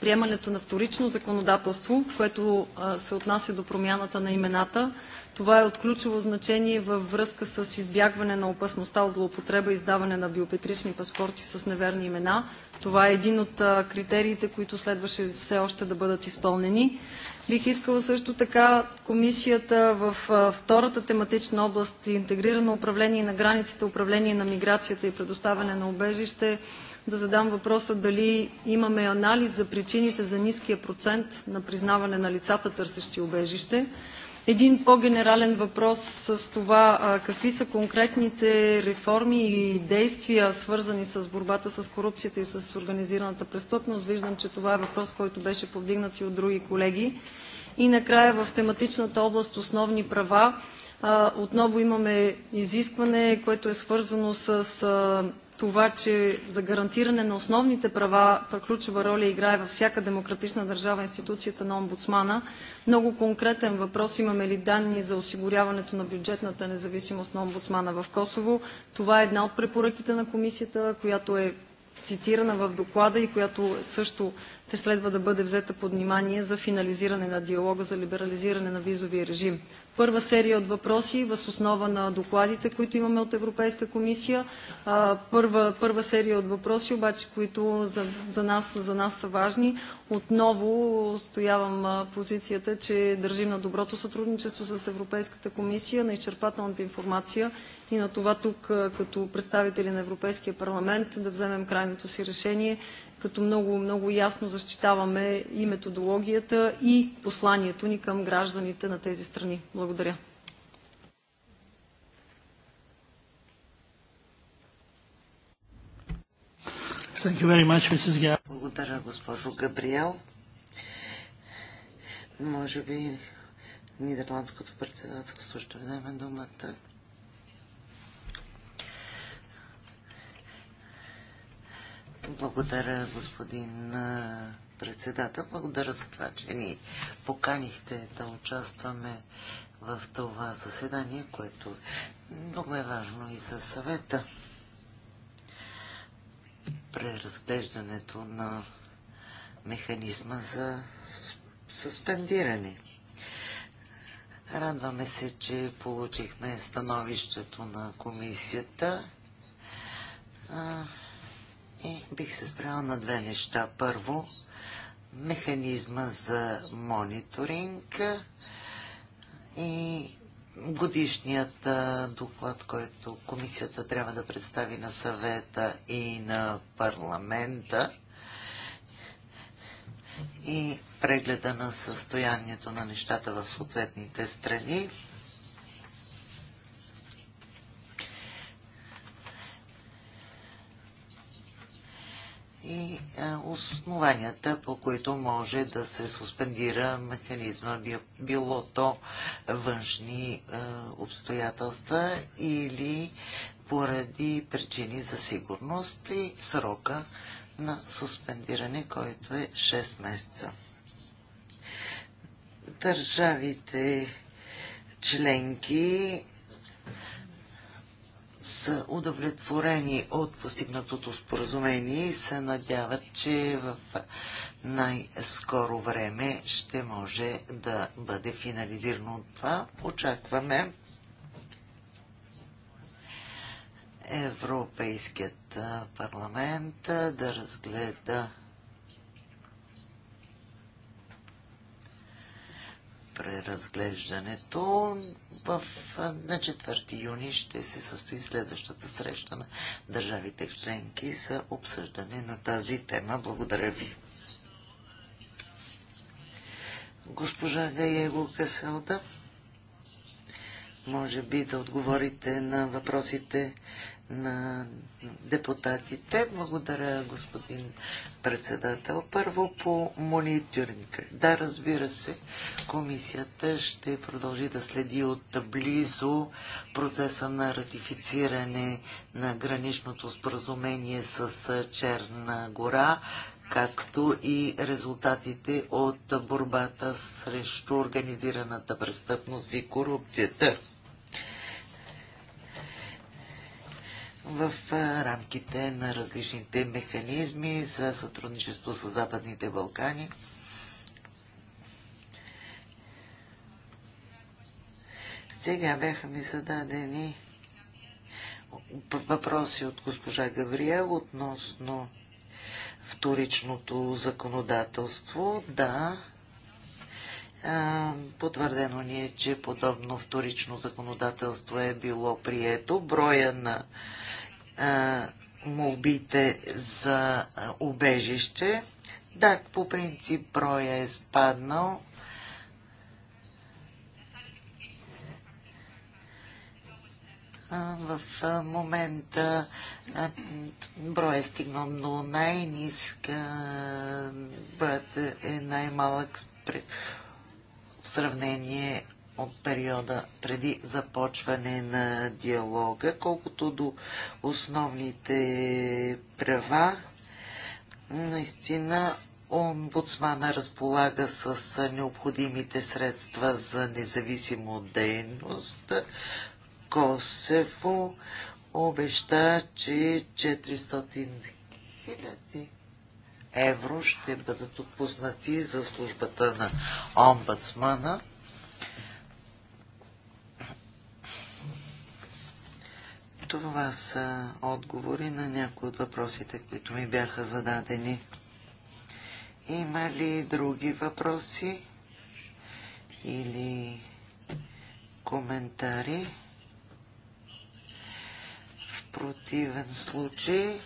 приемането на вторично законодателство, което се отнася до промяната на имената. Това е от ключово значение във връзка с избягване на опасността от злоупотреба и издаване на биопетрични паспорти с неверни имена. Това е един от критериите, които следваше все още да бъдат изпълнени. Бих искала също така комисията в втората тематична област интегрирано управление на границите, управление на миграцията и предоставяне на убежище да задам въпроса дали имаме анализ за причините за ниския процент на признаване на лицата, търсещи убежище. Един по-генерален въпрос с това какви са конкретните реформи и действия, свързани с борбата с корупцията и с организираната престъпност. Виждам, че това е въпрос, който беше повдигнат и от други колеги. И накрая в тематичната област основни права отново имаме изискване, което е свързано с това, че за гарантиране на основните права ключова роля играе във всяка демократична държава институцията на омбудсмана. Много конкретен въпрос. Имаме ли данни за осигуряването на бюджетната независимост на омбудсмана в Косово? Това е една от препоръките на комисията, която е цитирана в доклада и която също следва да бъде взета под внимание за финализиране на диалога за либерализиране на визовия режим първа серия от въпроси въз основа на докладите, които имаме от Европейска комисия. Първа, първа серия от въпроси, обаче, които за, за, нас, за нас са важни. Отново стоявам позицията, че държим на доброто сътрудничество с Европейската комисия, на изчерпателната информация и на това тук, като представители на Европейския парламент, да вземем крайното си решение като много, много ясно защитаваме и методологията, и посланието ни към гражданите на тези страни. Благодаря. Благодаря, госпожо Габриел. Може би Нидерландското председателство ще вземе думата. Благодаря, господин председател. Благодаря за това, че ни поканихте да участваме в това заседание, което много е важно и за съвета. Преразглеждането на механизма за суспендиране. Радваме се, че получихме становището на комисията. И бих се спряла на две неща. Първо, механизма за мониторинг и годишният доклад, който комисията трябва да представи на съвета и на парламента и прегледа на състоянието на нещата в съответните страни. и е, основанията, по които може да се суспендира механизма, било то външни е, обстоятелства или поради причини за сигурност и срока на суспендиране, който е 6 месеца. Държавите членки са удовлетворени от постигнатото споразумение и се надяват, че в най-скоро време ще може да бъде финализирано от това. Очакваме Европейският парламент да разгледа преразглеждането. В, на 4 юни ще се състои следващата среща на държавите членки за обсъждане на тази тема. Благодаря ви. Госпожа Гаего Каселда, може би да отговорите на въпросите на депутатите. Благодаря, господин председател. Първо по мониторинг. Да, разбира се, комисията ще продължи да следи от близо процеса на ратифициране на граничното споразумение с Черна гора, както и резултатите от борбата срещу организираната престъпност и корупцията. в рамките на различните механизми за сътрудничество с Западните Балкани. Сега бяха ми зададени въпроси от госпожа Гавриел относно вторичното законодателство. Да, Потвърдено ни е, че подобно вторично законодателство е било прието. Броя на молбите за убежище. Да, по принцип броя е спаднал. В момента броя е стигнал до най-низка, броят е най-малък в сравнение от периода преди започване на диалога, колкото до основните права. Наистина омбудсмана разполага с необходимите средства за независимо дейност. Косево обеща, че 400 хиляди евро ще бъдат отпуснати за службата на омбудсмана. Това са отговори на някои от въпросите, които ми бяха зададени. Има ли други въпроси или коментари? В противен случай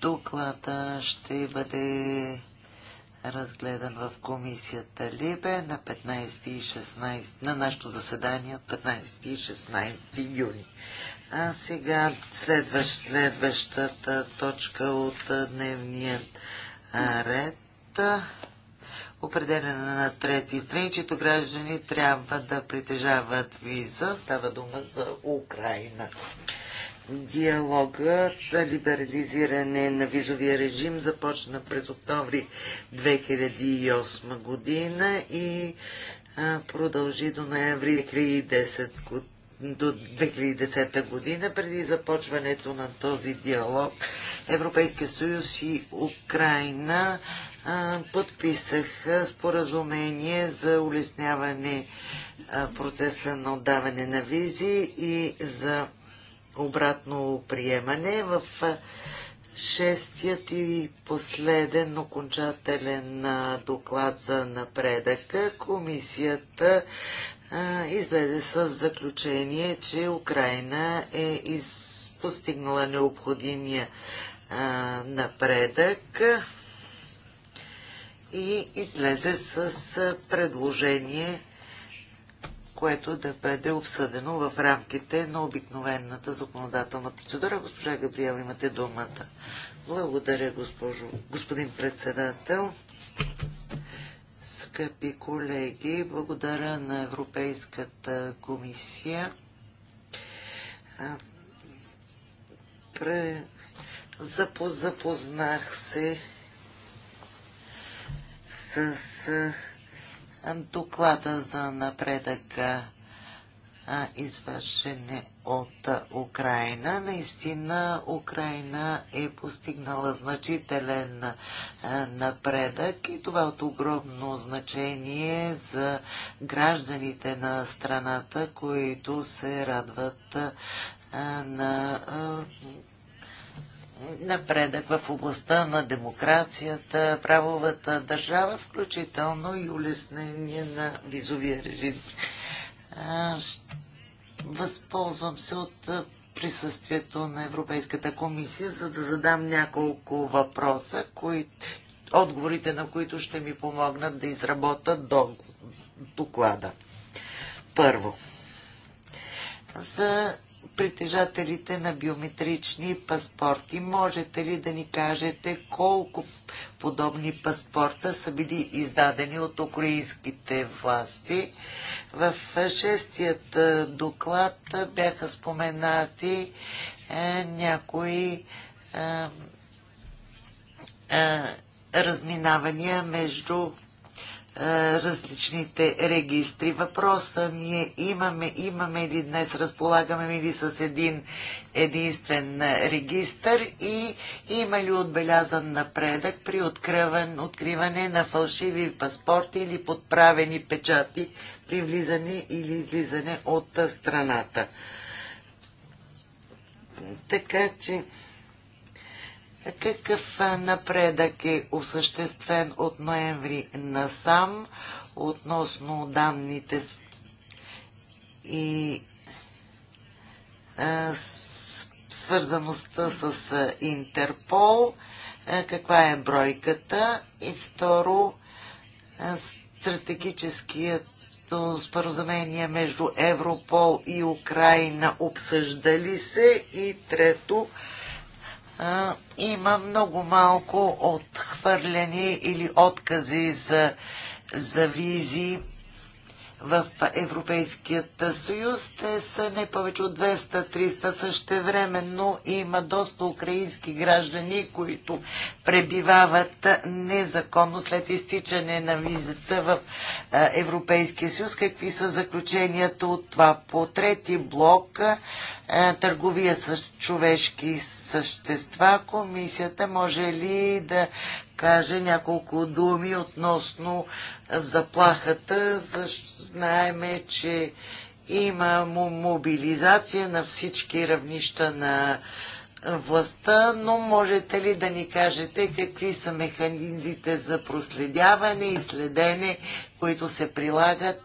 Доклада ще бъде разгледан в комисията Либе на 15 и 16, на нашето заседание от 15 и 16 юни. А сега следващ, следващата точка от дневния ред. Определена на трети страни, чето граждани трябва да притежават виза. Става дума за Украина. Диалога за либерализиране на визовия режим започна през октомври 2008 година и продължи до ноември 2010 година до 2010 година. Преди започването на този диалог Европейския съюз и Украина а, подписаха споразумение за улесняване а, процеса на отдаване на визи и за обратно приемане в шестият и последен окончателен доклад за напредъка. Комисията излезе с заключение, че Украина е постигнала необходимия напредък и излезе с предложение което да бъде обсъдено в рамките на обикновената законодателна процедура. Госпожа Габриел, имате думата. Благодаря, госпожо, господин председател. Скъпи колеги, благодаря на Европейската комисия пре... запознах се с доклада за напредък извършене от Украина. Наистина Украина е постигнала значителен напредък и това е от огромно значение за гражданите на страната, които се радват на напредък в областта на демокрацията, правовата държава, включително и улеснение на визовия режим. Възползвам се от присъствието на Европейската комисия, за да задам няколко въпроса, кои, отговорите на които ще ми помогнат да изработа до, доклада. Първо, за притежателите на биометрични паспорти. Можете ли да ни кажете колко подобни паспорта са били издадени от украинските власти? В е, шестият е, доклад бяха споменати е, някои е, е, разминавания между различните регистри. Въпроса ми е, имаме, имаме ли днес, разполагаме ли с един единствен регистр и има ли отбелязан напредък при откриване, откриване на фалшиви паспорти или подправени печати при влизане или излизане от страната. Така че какъв напредък е осъществен от ноември насам относно данните и свързаността с Интерпол? Каква е бройката? И второ, стратегическият споразумение между Европол и Украина обсъждали се? И трето, а, има много малко отхвърляни или откази за, за визи в Европейският съюз. Те са не повече от 200-300 същевременно. Има доста украински граждани, които пребивават незаконно след изтичане на визата в Европейския съюз. Какви са заключенията от това? По трети блок търговия с човешки същества, комисията може ли да каже няколко думи относно заплахата. Защо знаеме, че има мобилизация на всички равнища на властта, но можете ли да ни кажете какви са механизмите за проследяване и следене, които се прилагат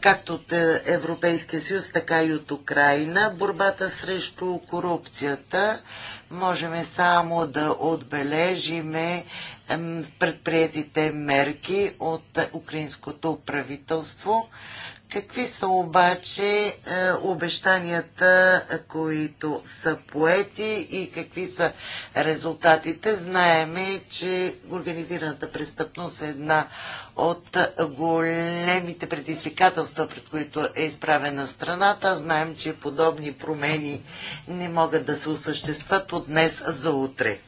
както от е, Европейския съюз, така и от Украина, борбата срещу корупцията можем само да отбележиме предприятите мерки от украинското правителство Какви са обаче е, обещанията, които са поети и какви са резултатите? Знаеме, че организираната престъпност е една от големите предизвикателства, пред които е изправена страната. Знаем, че подобни промени не могат да се осъществат от днес за утре. Е,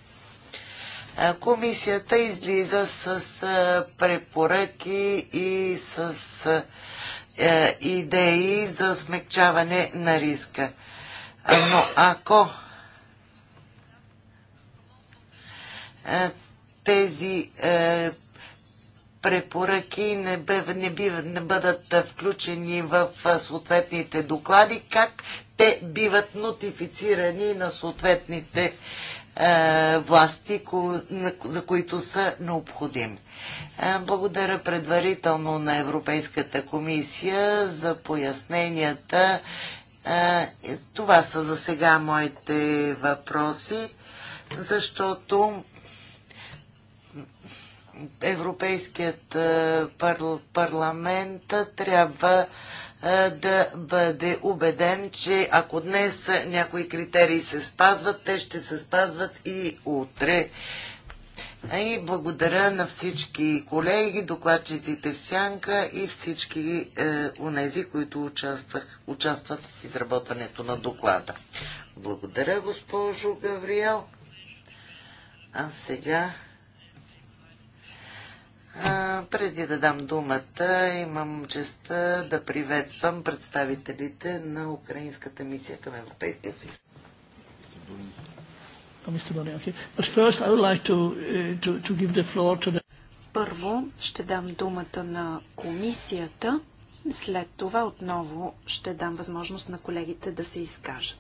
комисията излиза с е, препоръки и с е, идеи за смягчаване на риска. Но ако е, тези е, препоръки не, бе, не, бив, не бъдат включени в съответните доклади, как те биват нотифицирани на съответните е, власти, за които са необходими. Е, благодаря предварително на Европейската комисия за поясненията. Е, това са за сега моите въпроси, защото Европейският парламент трябва е, да бъде убеден, че ако днес някои критерии се спазват, те ще се спазват и утре. И благодаря на всички колеги, докладчиците в Сянка и всички е, унези, които участвах, участват в изработването на доклада. Благодаря, госпожо Гавриел. А сега преди да дам думата, имам честа да приветствам представителите на Украинската мисия към Европейския съюз. Първо ще дам думата на комисията, след това отново ще дам възможност на колегите да се изкажат.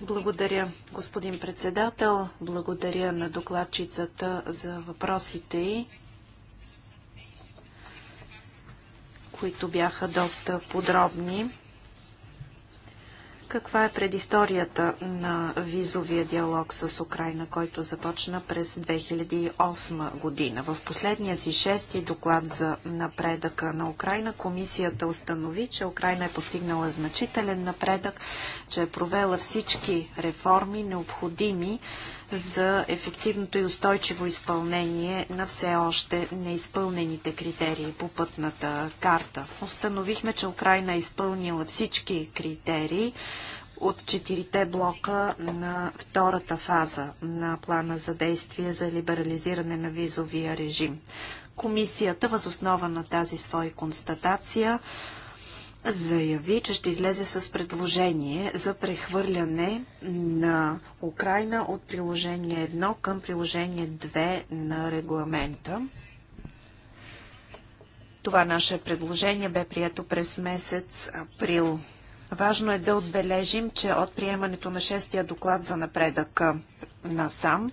Благодаря, господин председател. Благодаря на докладчицата за въпросите и които бяха доста подробни. Каква е предисторията на визовия диалог с Украина, който започна през 2008 година? В последния си шести доклад за напредъка на Украина комисията установи, че Украина е постигнала значителен напредък, че е провела всички реформи необходими за ефективното и устойчиво изпълнение на все още неизпълнените критерии по пътната карта. Установихме, че Украина е изпълнила всички критерии, от четирите блока на втората фаза на плана за действие за либерализиране на визовия режим. Комисията, възоснова на тази своя констатация, заяви, че ще излезе с предложение за прехвърляне на Украина от приложение 1 към приложение 2 на регламента. Това наше предложение бе прието през месец април Важно е да отбележим, че от приемането на шестия доклад за напредък на сам,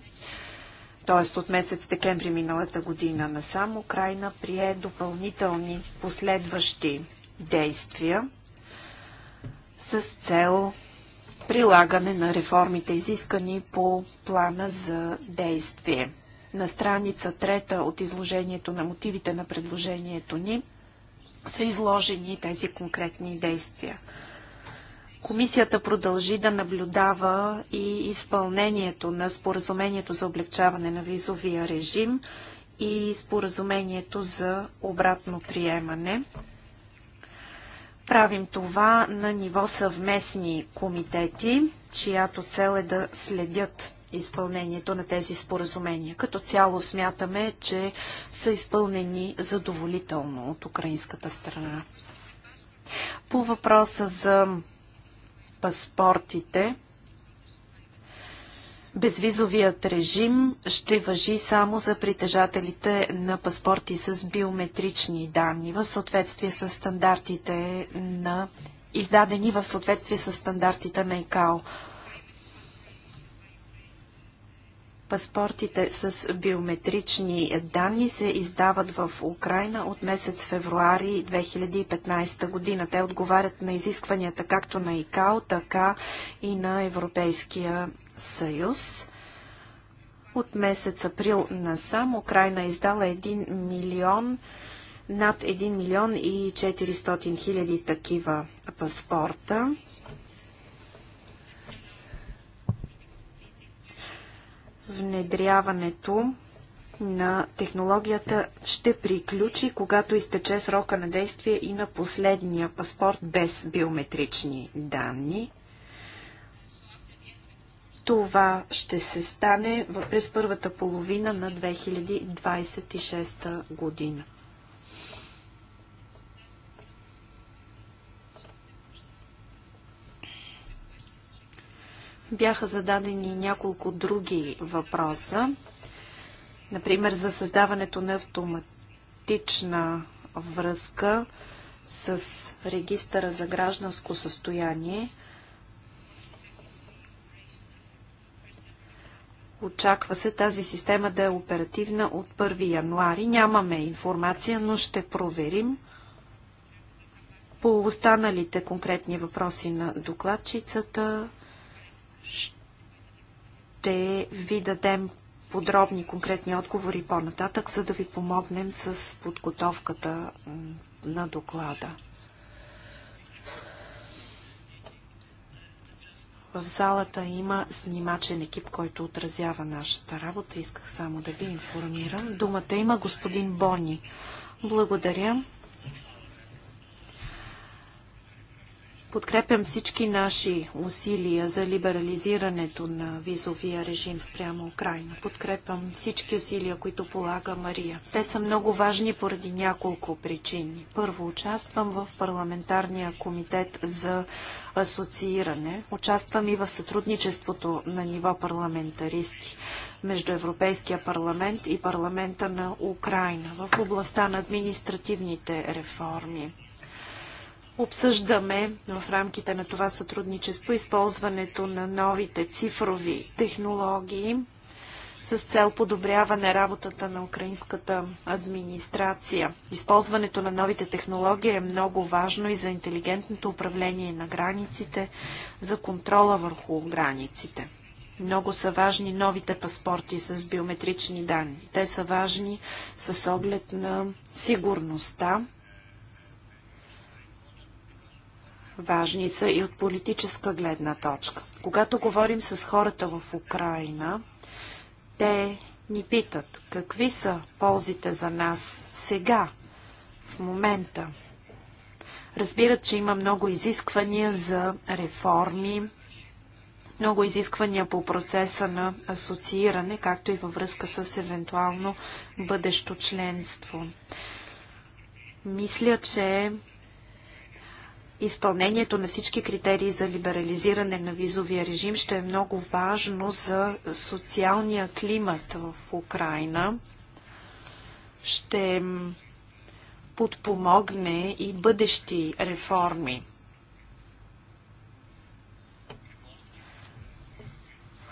т.е. от месец декември миналата година на сам, Украина прие допълнителни последващи действия с цел прилагане на реформите, изискани по плана за действие. На страница трета от изложението на мотивите на предложението ни са изложени тези конкретни действия – Комисията продължи да наблюдава и изпълнението на споразумението за облегчаване на визовия режим и споразумението за обратно приемане. Правим това на ниво съвместни комитети, чиято цел е да следят изпълнението на тези споразумения. Като цяло смятаме, че са изпълнени задоволително от украинската страна. По въпроса за паспортите. Безвизовият режим ще въжи само за притежателите на паспорти с биометрични данни в съответствие с стандартите на издадени в съответствие с стандартите на ИКАО. Паспортите с биометрични данни се издават в Украина от месец февруари 2015 година. Те отговарят на изискванията както на ИКАО, така и на Европейския съюз. От месец април насам Украина е издала 1 милион над 1 милион и 400 хиляди такива паспорта. внедряването на технологията ще приключи, когато изтече срока на действие и на последния паспорт без биометрични данни. Това ще се стане през първата половина на 2026 година. Бяха зададени няколко други въпроса, например за създаването на автоматична връзка с регистъра за гражданско състояние. Очаква се тази система да е оперативна от 1 януари. Нямаме информация, но ще проверим. По останалите конкретни въпроси на докладчицата ще ви дадем подробни, конкретни отговори по-нататък, за да ви помогнем с подготовката на доклада. В залата има снимачен екип, който отразява нашата работа. Исках само да ви информирам. Думата има господин Бони. Благодаря. Подкрепям всички наши усилия за либерализирането на визовия режим спрямо Украина. Подкрепям всички усилия, които полага Мария. Те са много важни поради няколко причини. Първо, участвам в парламентарния комитет за асоцииране. Участвам и в сътрудничеството на ниво парламентаристи между Европейския парламент и парламента на Украина в областта на административните реформи. Обсъждаме в рамките на това сътрудничество използването на новите цифрови технологии с цел подобряване работата на украинската администрация. Използването на новите технологии е много важно и за интелигентното управление на границите, за контрола върху границите. Много са важни новите паспорти с биометрични данни. Те са важни с оглед на сигурността Важни са и от политическа гледна точка. Когато говорим с хората в Украина, те ни питат какви са ползите за нас сега, в момента. Разбират, че има много изисквания за реформи, много изисквания по процеса на асоцииране, както и във връзка с евентуално бъдещо членство. Мисля, че изпълнението на всички критерии за либерализиране на визовия режим ще е много важно за социалния климат в Украина. Ще подпомогне и бъдещи реформи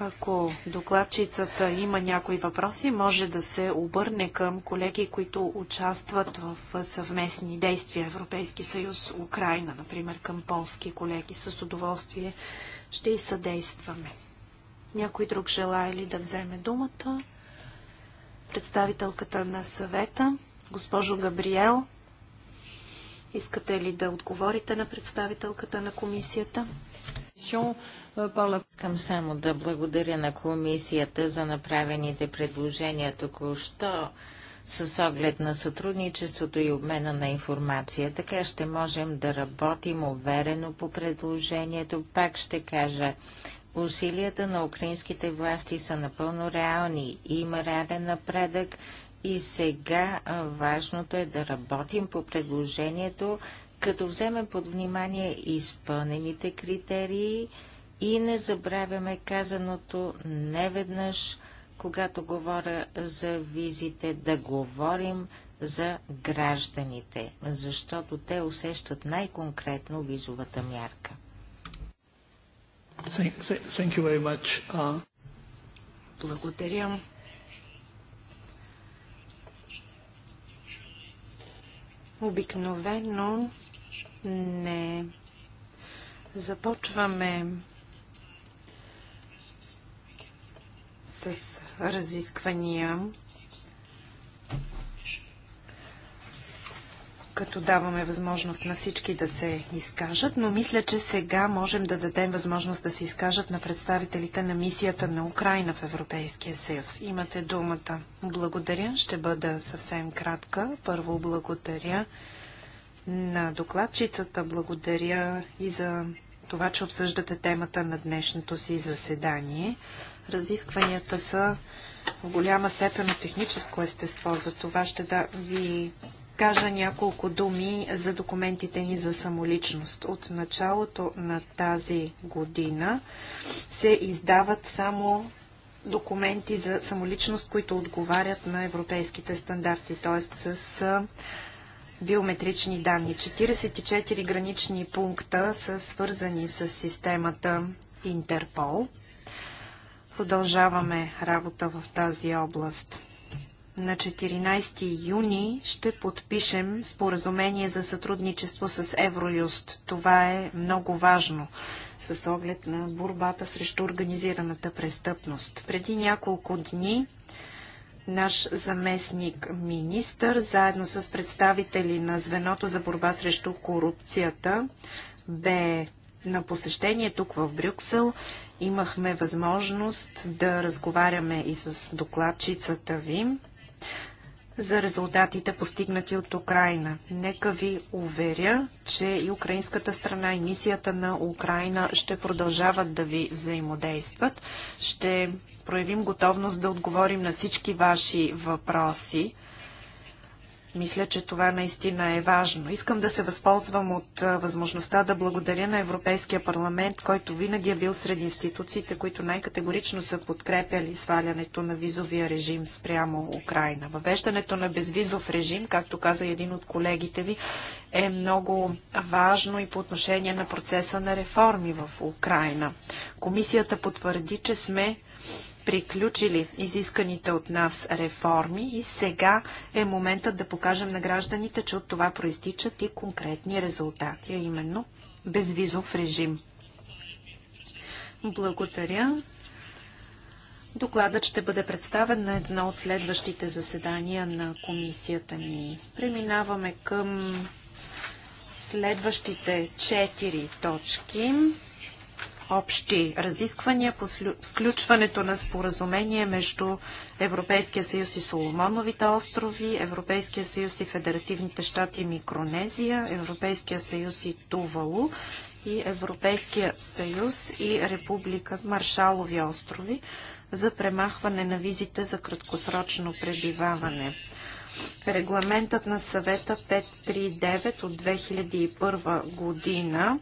Ако докладчицата има някои въпроси, може да се обърне към колеги, които участват в съвместни действия Европейски съюз Украина, например към полски колеги. С удоволствие ще и съдействаме. Някой друг желая ли да вземе думата? Представителката на съвета, госпожо Габриел, искате ли да отговорите на представителката на комисията? Искам само да благодаря на комисията за направените предложения току-що с оглед на сътрудничеството и обмена на информация. Така ще можем да работим уверено по предложението. Пак ще кажа, усилията на украинските власти са напълно реални. Има реален напредък и сега важното е да работим по предложението, като вземем под внимание изпълнените критерии – и не забравяме казаното неведнъж, когато говоря за визите, да говорим за гражданите, защото те усещат най-конкретно визовата мярка. Thank you very much. Uh... Благодаря. Обикновено не започваме с разисквания, като даваме възможност на всички да се изкажат, но мисля, че сега можем да дадем възможност да се изкажат на представителите на мисията на Украина в Европейския съюз. Имате думата. Благодаря. Ще бъда съвсем кратка. Първо благодаря на докладчицата. Благодаря и за това, че обсъждате темата на днешното си заседание. Разискванията са в голяма степен от техническо естество. За това ще да ви кажа няколко думи за документите ни за самоличност. От началото на тази година се издават само документи за самоличност, които отговарят на европейските стандарти, т.е. с биометрични данни. 44 гранични пункта са свързани с системата Интерпол. Продължаваме работа в тази област. На 14 юни ще подпишем споразумение за сътрудничество с Евроюст. Това е много важно с оглед на борбата срещу организираната престъпност. Преди няколко дни наш заместник министър, заедно с представители на звеното за борба срещу корупцията, бе на посещение тук в Брюксел Имахме възможност да разговаряме и с докладчицата ви за резултатите постигнати от Украина. Нека ви уверя, че и украинската страна и мисията на Украина ще продължават да ви взаимодействат. Ще проявим готовност да отговорим на всички ваши въпроси. Мисля, че това наистина е важно. Искам да се възползвам от възможността да благодаря на Европейския парламент, който винаги е бил сред институциите, които най-категорично са подкрепяли свалянето на визовия режим спрямо Украина. Въвеждането на безвизов режим, както каза един от колегите ви, е много важно и по отношение на процеса на реформи в Украина. Комисията потвърди, че сме приключили изисканите от нас реформи и сега е моментът да покажем на гражданите, че от това проистичат и конкретни резултати, а именно безвизов режим. Благодаря. Докладът ще бъде представен на едно от следващите заседания на комисията ни. Преминаваме към следващите четири точки общи разисквания по сключването на споразумение между Европейския съюз и Соломоновите острови, Европейския съюз и Федеративните щати Микронезия, Европейския съюз и Тувалу и Европейския съюз и Република Маршалови острови за премахване на визите за краткосрочно пребиваване. Регламентът на съвета 539 от 2001 година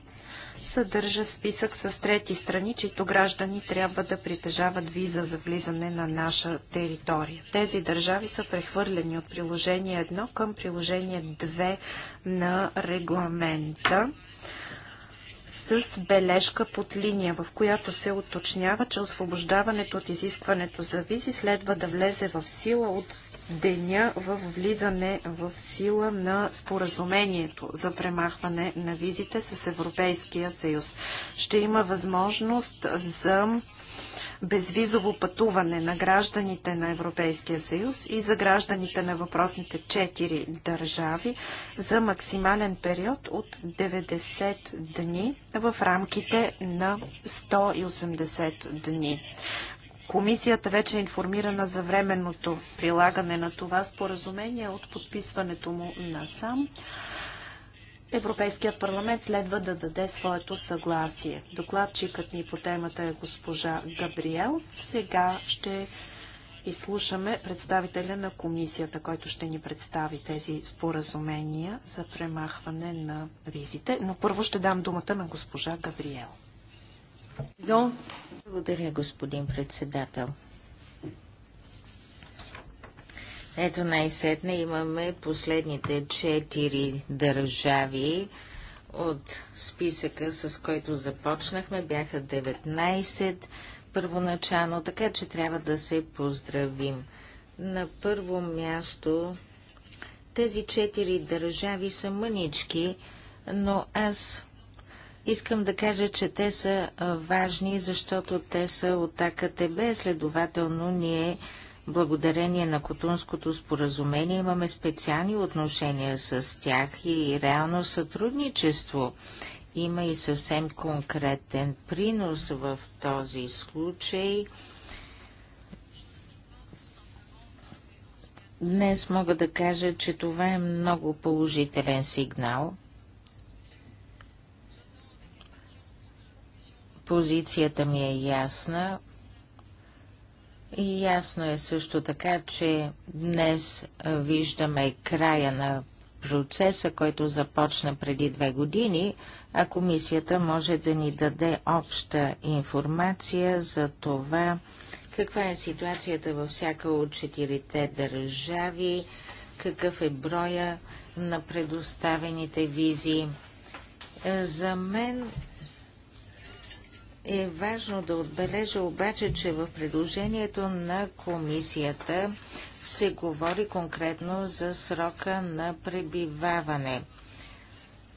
съдържа списък с трети страни, чието граждани трябва да притежават виза за влизане на наша територия. Тези държави са прехвърлени от приложение 1 към приложение 2 на регламента с бележка под линия, в която се уточнява, че освобождаването от изискването за визи следва да влезе в сила от деня в влизане в сила на споразумението за премахване на визите с Европейския съюз. Ще има възможност за безвизово пътуване на гражданите на Европейския съюз и за гражданите на въпросните четири държави за максимален период от 90 дни в рамките на 180 дни. Комисията вече е информирана за временното прилагане на това споразумение от подписването му на сам, Европейският парламент следва да даде своето съгласие. Докладчикът ни по темата е госпожа Габриел. Сега ще изслушаме представителя на комисията, който ще ни представи тези споразумения за премахване на визите. Но първо ще дам думата на госпожа Габриел. Благодаря, господин председател. Ето най-сетне имаме последните четири държави от списъка, с който започнахме. Бяха 19 първоначално, така че трябва да се поздравим. На първо място тези четири държави са мънички, но аз Искам да кажа, че те са важни, защото те са от АКТБ. Следователно, ние благодарение на Котунското споразумение имаме специални отношения с тях и реално сътрудничество. Има и съвсем конкретен принос в този случай. Днес мога да кажа, че това е много положителен сигнал – Позицията ми е ясна. И ясно е също така, че днес виждаме края на процеса, който започна преди две години, а комисията може да ни даде обща информация за това, каква е ситуацията във всяка от четирите държави, какъв е броя на предоставените визи. За мен е важно да отбележа обаче, че в предложението на комисията се говори конкретно за срока на пребиваване.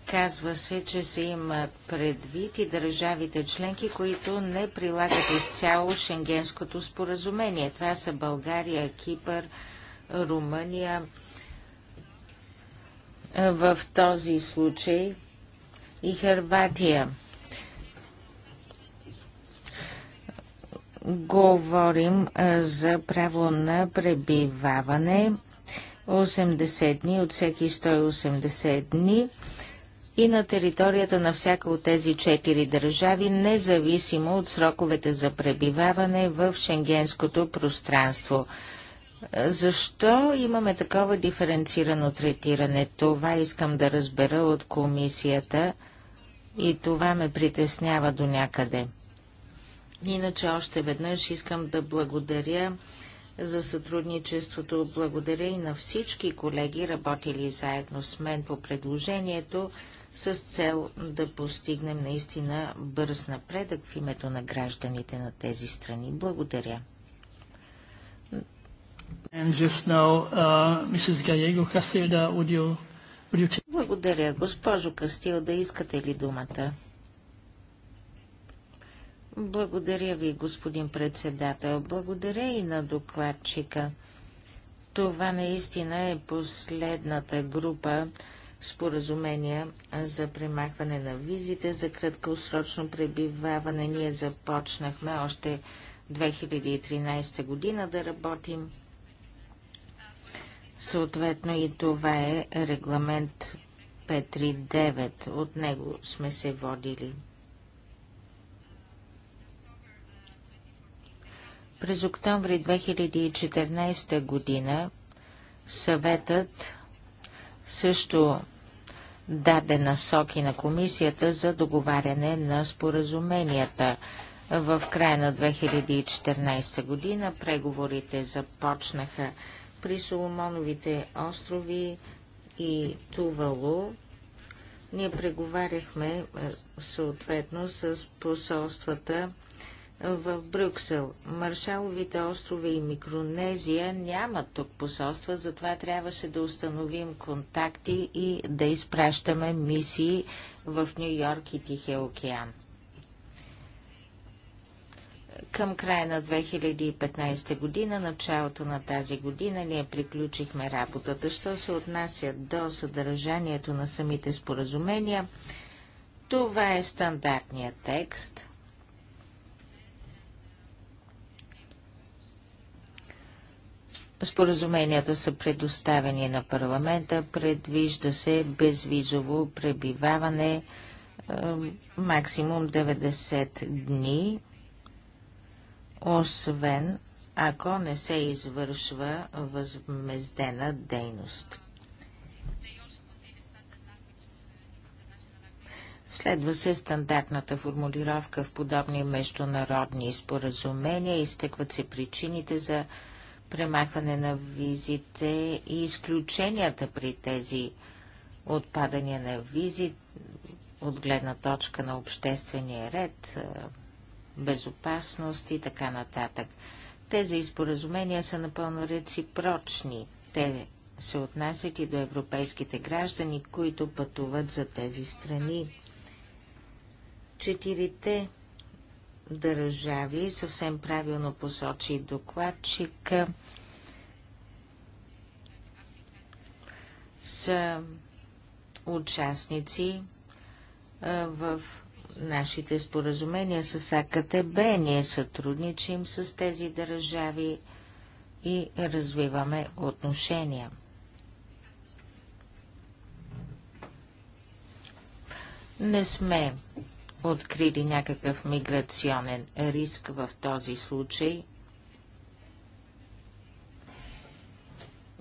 Казва се, че се имат предвид и държавите членки, които не прилагат изцяло Шенгенското споразумение. Това са България, Кипър, Румъния. Е, в този случай и Хърватия. Говорим е, за право на пребиваване 80 дни от всеки 180 дни и на територията на всяка от тези четири държави, независимо от сроковете за пребиваване в шенгенското пространство. Защо имаме такова диференцирано третиране? Това искам да разбера от комисията и това ме притеснява до някъде. Иначе още веднъж искам да благодаря за сътрудничеството. Благодаря и на всички колеги, работили заедно с мен по предложението, с цел да постигнем наистина бърз напредък в името на гражданите на тези страни. Благодаря. Uh, благодаря. Госпожо Кастил, да искате ли думата? Благодаря ви, господин председател. Благодаря и на докладчика. Това наистина е последната група споразумения за премахване на визите за краткосрочно пребиваване. Ние започнахме още 2013 година да работим. Съответно и това е регламент 539. От него сме се водили. През октомври 2014 година съветът също даде насоки на комисията за договаряне на споразуменията. В края на 2014 година преговорите започнаха при Соломоновите острови и Тувало. Ние преговаряхме е, съответно с посолствата в Брюксел. Маршаловите острови и Микронезия нямат тук посолства, затова трябваше да установим контакти и да изпращаме мисии в Нью Йорк и Тихия океан. Към края на 2015 година, началото на тази година, ние приключихме работата. Що се отнася до съдържанието на самите споразумения, това е стандартният текст – Споразуменията са предоставени на парламента. Предвижда се безвизово пребиваване е, максимум 90 дни, освен ако не се извършва възмездена дейност. Следва се стандартната формулировка в подобни международни споразумения, изтъкват се причините за премахване на визите и изключенията при тези отпадания на визи от гледна точка на обществения ред, безопасност и така нататък. Тези споразумения са напълно реципрочни. Те се отнасят и до европейските граждани, които пътуват за тези страни. Четирите държави съвсем правилно посочи докладчика са участници в нашите споразумения с АКТБ. Ние сътрудничим с тези държави и развиваме отношения. Не сме открили някакъв миграционен риск в този случай –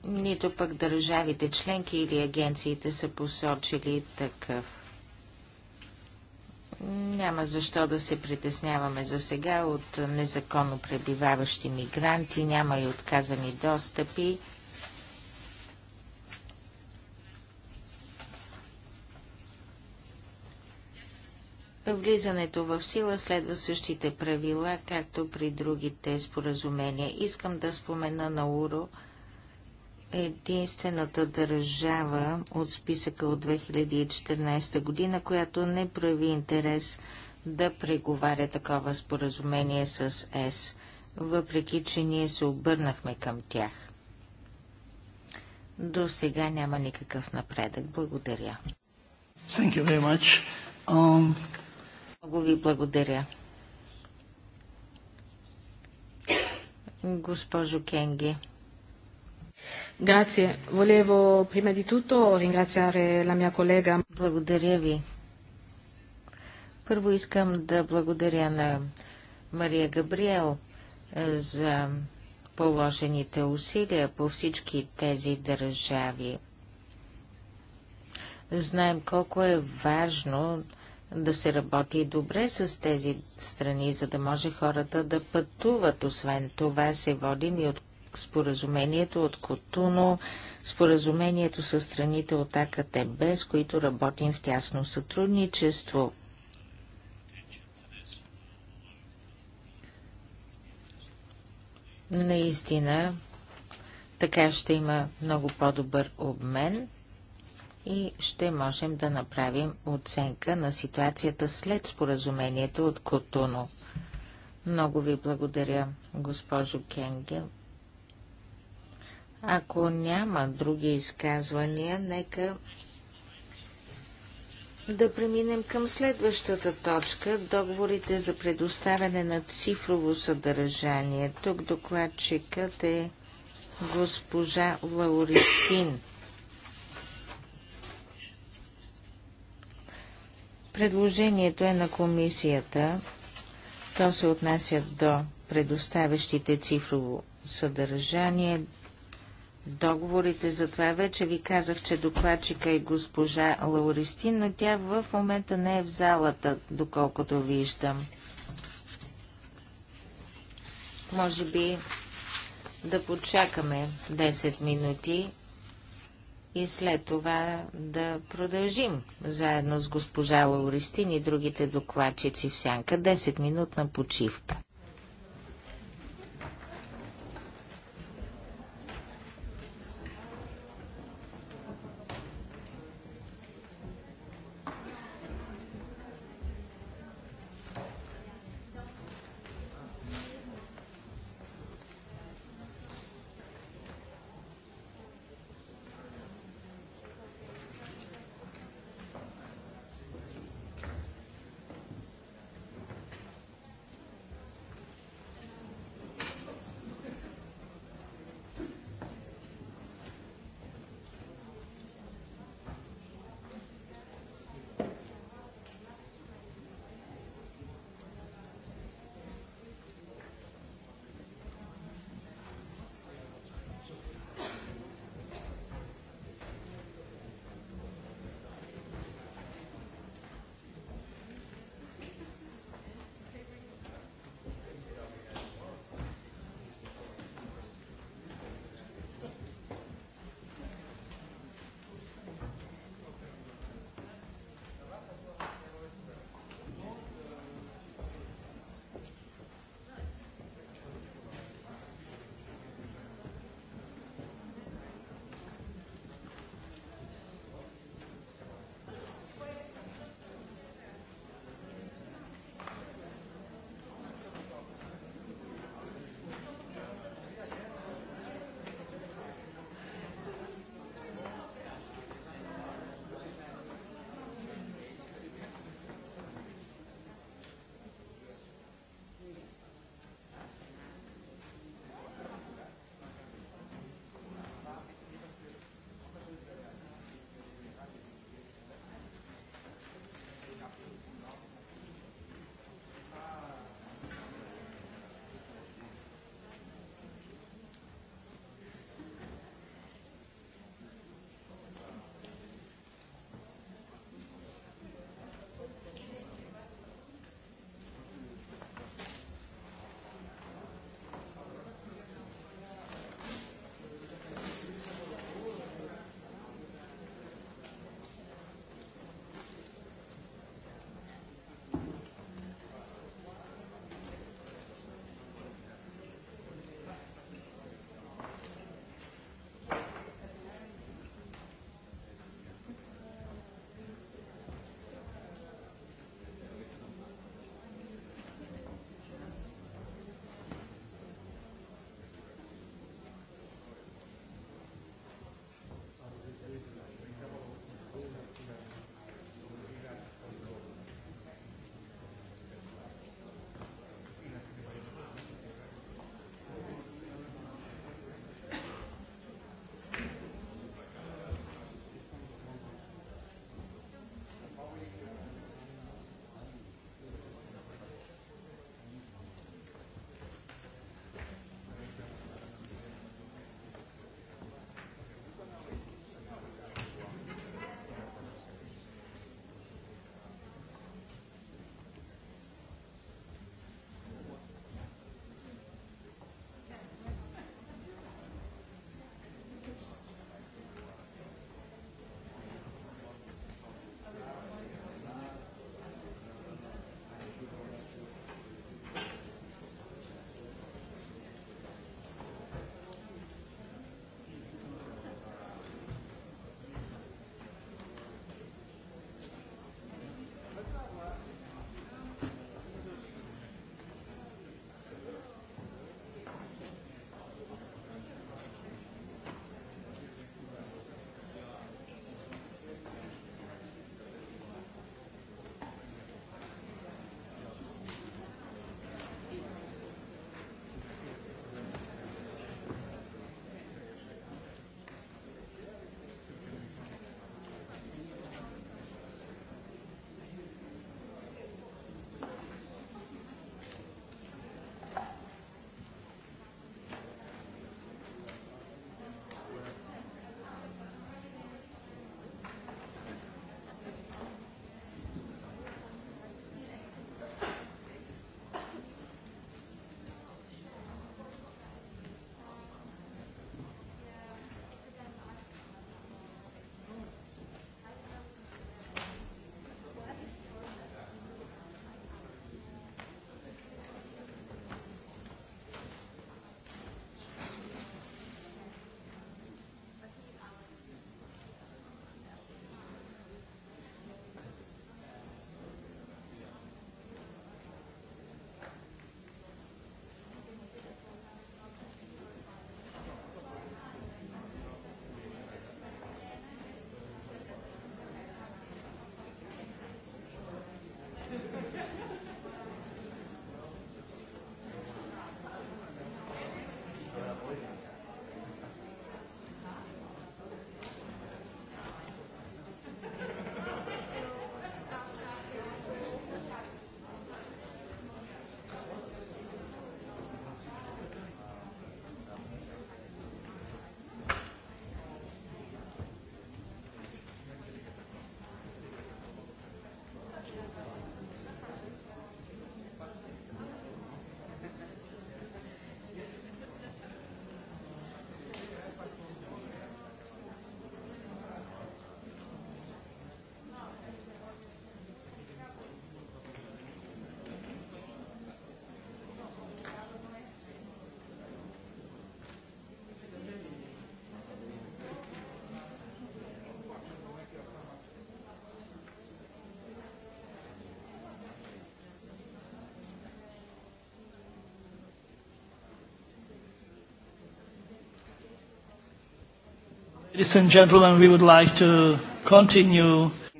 нито пък държавите членки или агенциите са посочили такъв. Няма защо да се притесняваме за сега от незаконно пребиваващи мигранти, няма и отказани достъпи. Влизането в сила следва същите правила, както при другите споразумения. Искам да спомена на Уро, единствената държава от списъка от 2014 година, която не прояви интерес да преговаря такова споразумение с ЕС, въпреки че ние се обърнахме към тях. До сега няма никакъв напредък. Благодаря. Thank you very much. Um... Много ви благодаря. Госпожо Кенги. Grazie. Volevo prima di tutto ringraziare la mia collega. Благодаря ви. Първо искам да благодаря на Мария Габриел е, за положените усилия по всички тези държави. Знаем колко е важно да се работи добре с тези страни, за да може хората да пътуват. Освен това се водим и от споразумението от Котуно, споразумението с страните от АКТБ, с които работим в тясно сътрудничество. Наистина, така ще има много по-добър обмен и ще можем да направим оценка на ситуацията след споразумението от Котуно. Много ви благодаря, госпожо Кенге. Ако няма други изказвания, нека да преминем към следващата точка – договорите за предоставяне на цифрово съдържание. Тук докладчикът е госпожа Лаурисин. Предложението е на комисията. То се отнася до предоставящите цифрово съдържание договорите. Затова вече ви казах, че докладчика е госпожа Лауристин, но тя в момента не е в залата, доколкото виждам. Може би да почакаме 10 минути и след това да продължим заедно с госпожа Лауристин и другите докладчици в сянка. 10 минутна почивка.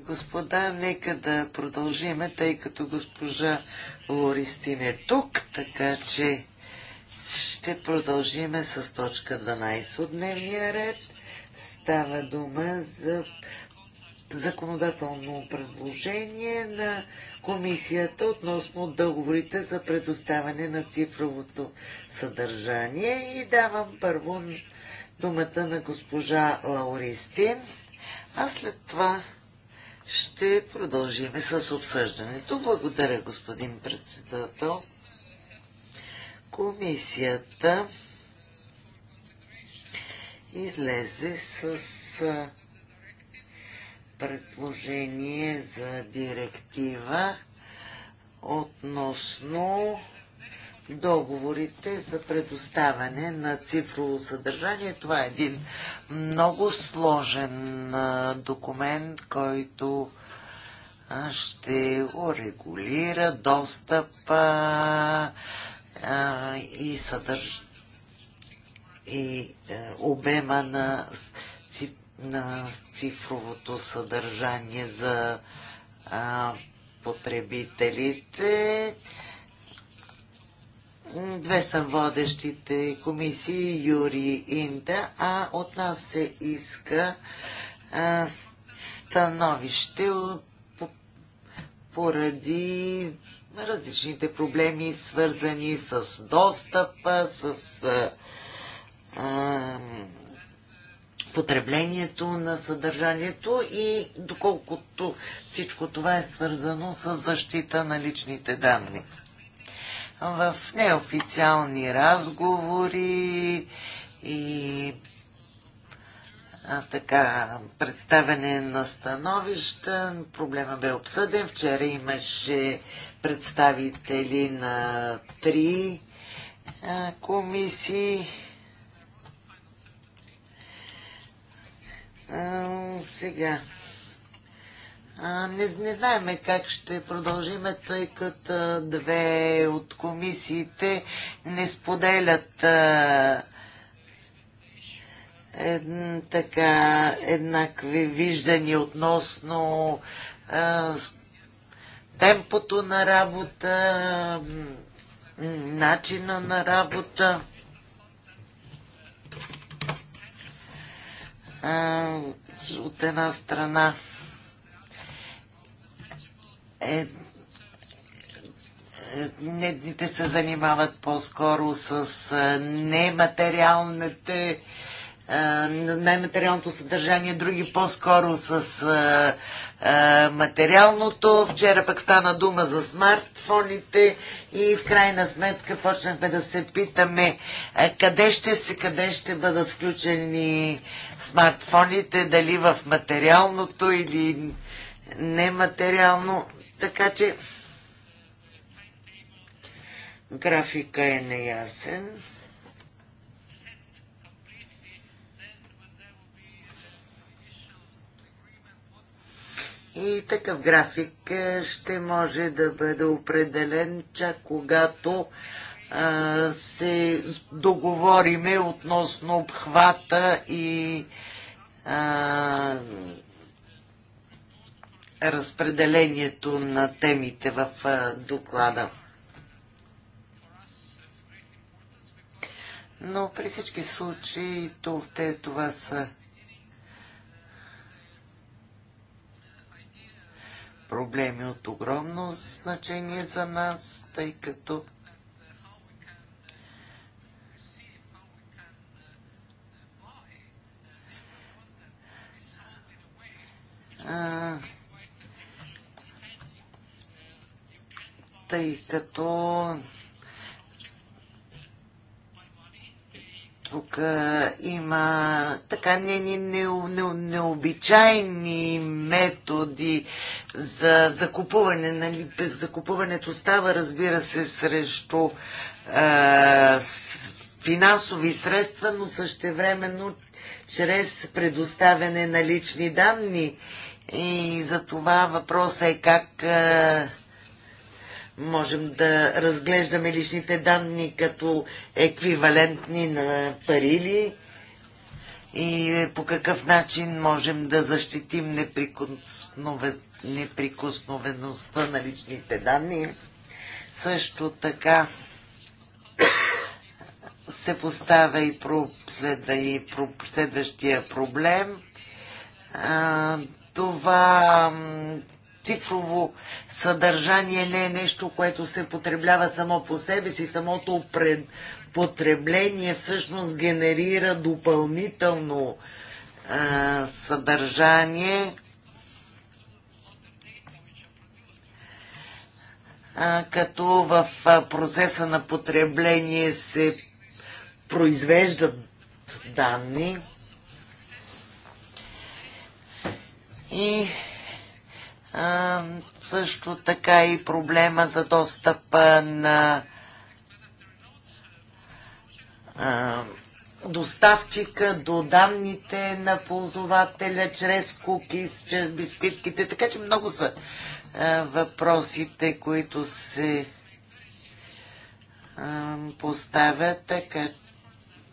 Господа, нека да продължиме, тъй като госпожа Лористин е тук, така че ще продължиме с точка 12 от дневния ред. Става дума за законодателно предложение на комисията относно договорите за предоставяне на цифровото съдържание и давам първо думата на госпожа Лауристин, а след това ще продължим с обсъждането. Благодаря, господин председател. Комисията излезе с предложение за директива относно договорите за предоставяне на цифрово съдържание. Това е един много сложен документ, който ще урегулира достъпа и съдърж... и е, обема на, на цифровото съдържание за потребителите Две са водещите комисии, Юри и Инда, а от нас се иска становище поради различните проблеми, свързани с достъпа, с а, потреблението на съдържанието и доколкото всичко това е свързано с защита на личните данни в неофициални разговори и а, така, представяне на становища. Проблема бе обсъден. Вчера имаше представители на три а, комисии. А, сега. Не, не знаем как ще продължиме, тъй като две от комисиите не споделят а, ед, така еднакви виждания относно а, темпото на работа, начина на работа. А, от една страна е, недните е, се занимават по-скоро с е, нематериалните е, най-материалното съдържание, други по-скоро с материалното. Вчера пък стана дума за смартфоните и в крайна сметка почнахме да се питаме къде ще се, къде ще бъдат включени смартфоните, дали в материалното или нематериално. Така че графика е неясен. И такъв график е, ще може да бъде определен чак когато а, се договориме относно обхвата и а, разпределението на темите в доклада. Но при всички случаи те, това са проблеми от огромно значение за нас, тъй като а, тъй като тук има така не, не, не, не, необичайни методи за закупуване. Нали? Закупуването става, разбира се, срещу е, финансови средства, но същевременно чрез предоставяне на лични данни. И за това въпросът е как е, можем да разглеждаме личните данни като еквивалентни на пари ли? И по какъв начин можем да защитим неприкосновеността на личните данни? Също така се поставя и, и про, следващия проблем. А, това цифрово съдържание не е нещо, което се потреблява само по себе си. Самото потребление всъщност генерира допълнително а, съдържание, а, като в а, процеса на потребление се произвеждат данни и а, също така и проблема за достъпа на а, доставчика до данните на ползвателя чрез кукис, чрез бисквитките. Така че много са а, въпросите, които се а, поставят. Така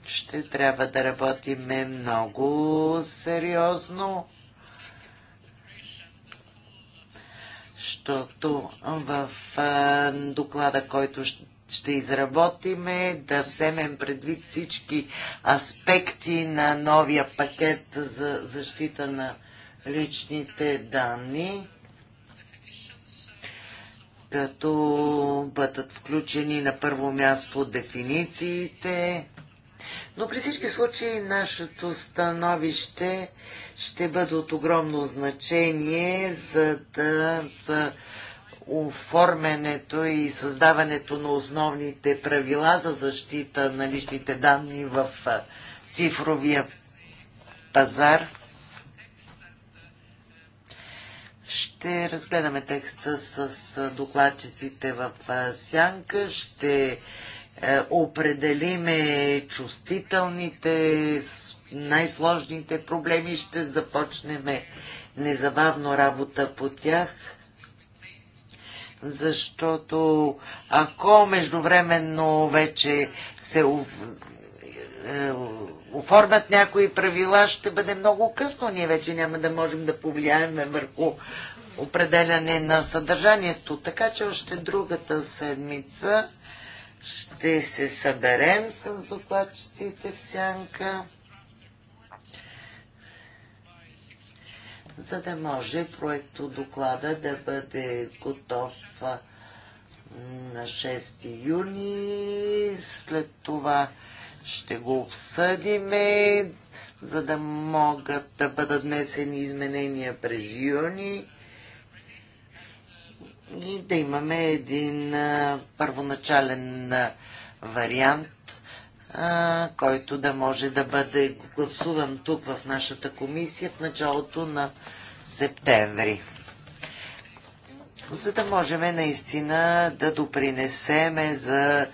ще трябва да работиме много сериозно. защото в доклада, който ще изработиме, да вземем предвид всички аспекти на новия пакет за защита на личните данни, като бъдат включени на първо място дефинициите, но при всички случаи нашето становище ще бъде от огромно значение, за да за оформянето и създаването на основните правила за защита на личните данни в цифровия пазар. Ще разгледаме текста с докладчиците в сянка, ще е, определиме чувствителните, най-сложните проблеми, ще започнем незабавно работа по тях защото ако междувременно вече се е, оформят някои правила, ще бъде много късно. Ние вече няма да можем да повлияем върху определяне на съдържанието. Така че още другата седмица ще се съберем с докладчиците в сянка, за да може проекто доклада да бъде готов на 6 юни. След това ще го обсъдиме, за да могат да бъдат внесени изменения през юни и да имаме един а, първоначален а, вариант, а, който да може да бъде гласуван тук в нашата комисия в началото на септември. За да можем наистина да допринесеме за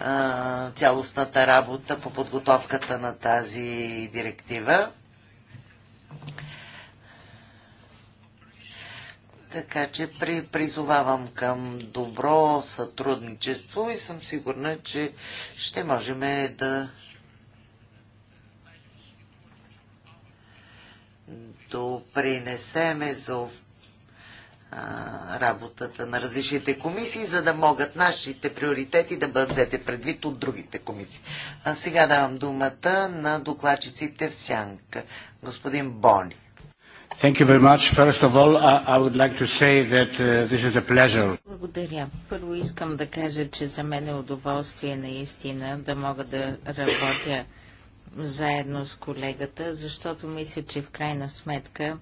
а, цялостната работа по подготовката на тази директива. Така че при, призовавам към добро сътрудничество и съм сигурна, че ще можем да допринесеме за работата на различните комисии, за да могат нашите приоритети да бъдат взети предвид от другите комисии. А сега давам думата на докладчиците в Сянка. Господин Бони. Thank you very much. First of all, I would like to say that uh, this is a pleasure. Благодаря. Първо искам да кажа, че за мен е удоволствие наистина да мога да работя заедно с колегата, защото мисля, че в крайна сметка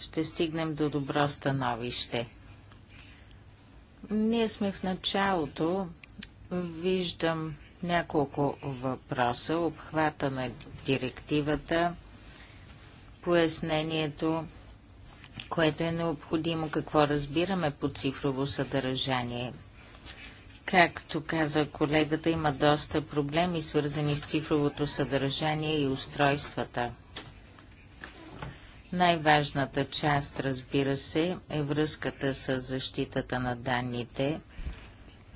ще стигнем до добро становище. Ние сме в началото. Виждам няколко въпроса. Обхвата на директивата – пояснението, което е необходимо, какво разбираме по цифрово съдържание. Както каза колегата, има доста проблеми, свързани с цифровото съдържание и устройствата. Най-важната част, разбира се, е връзката с защитата на данните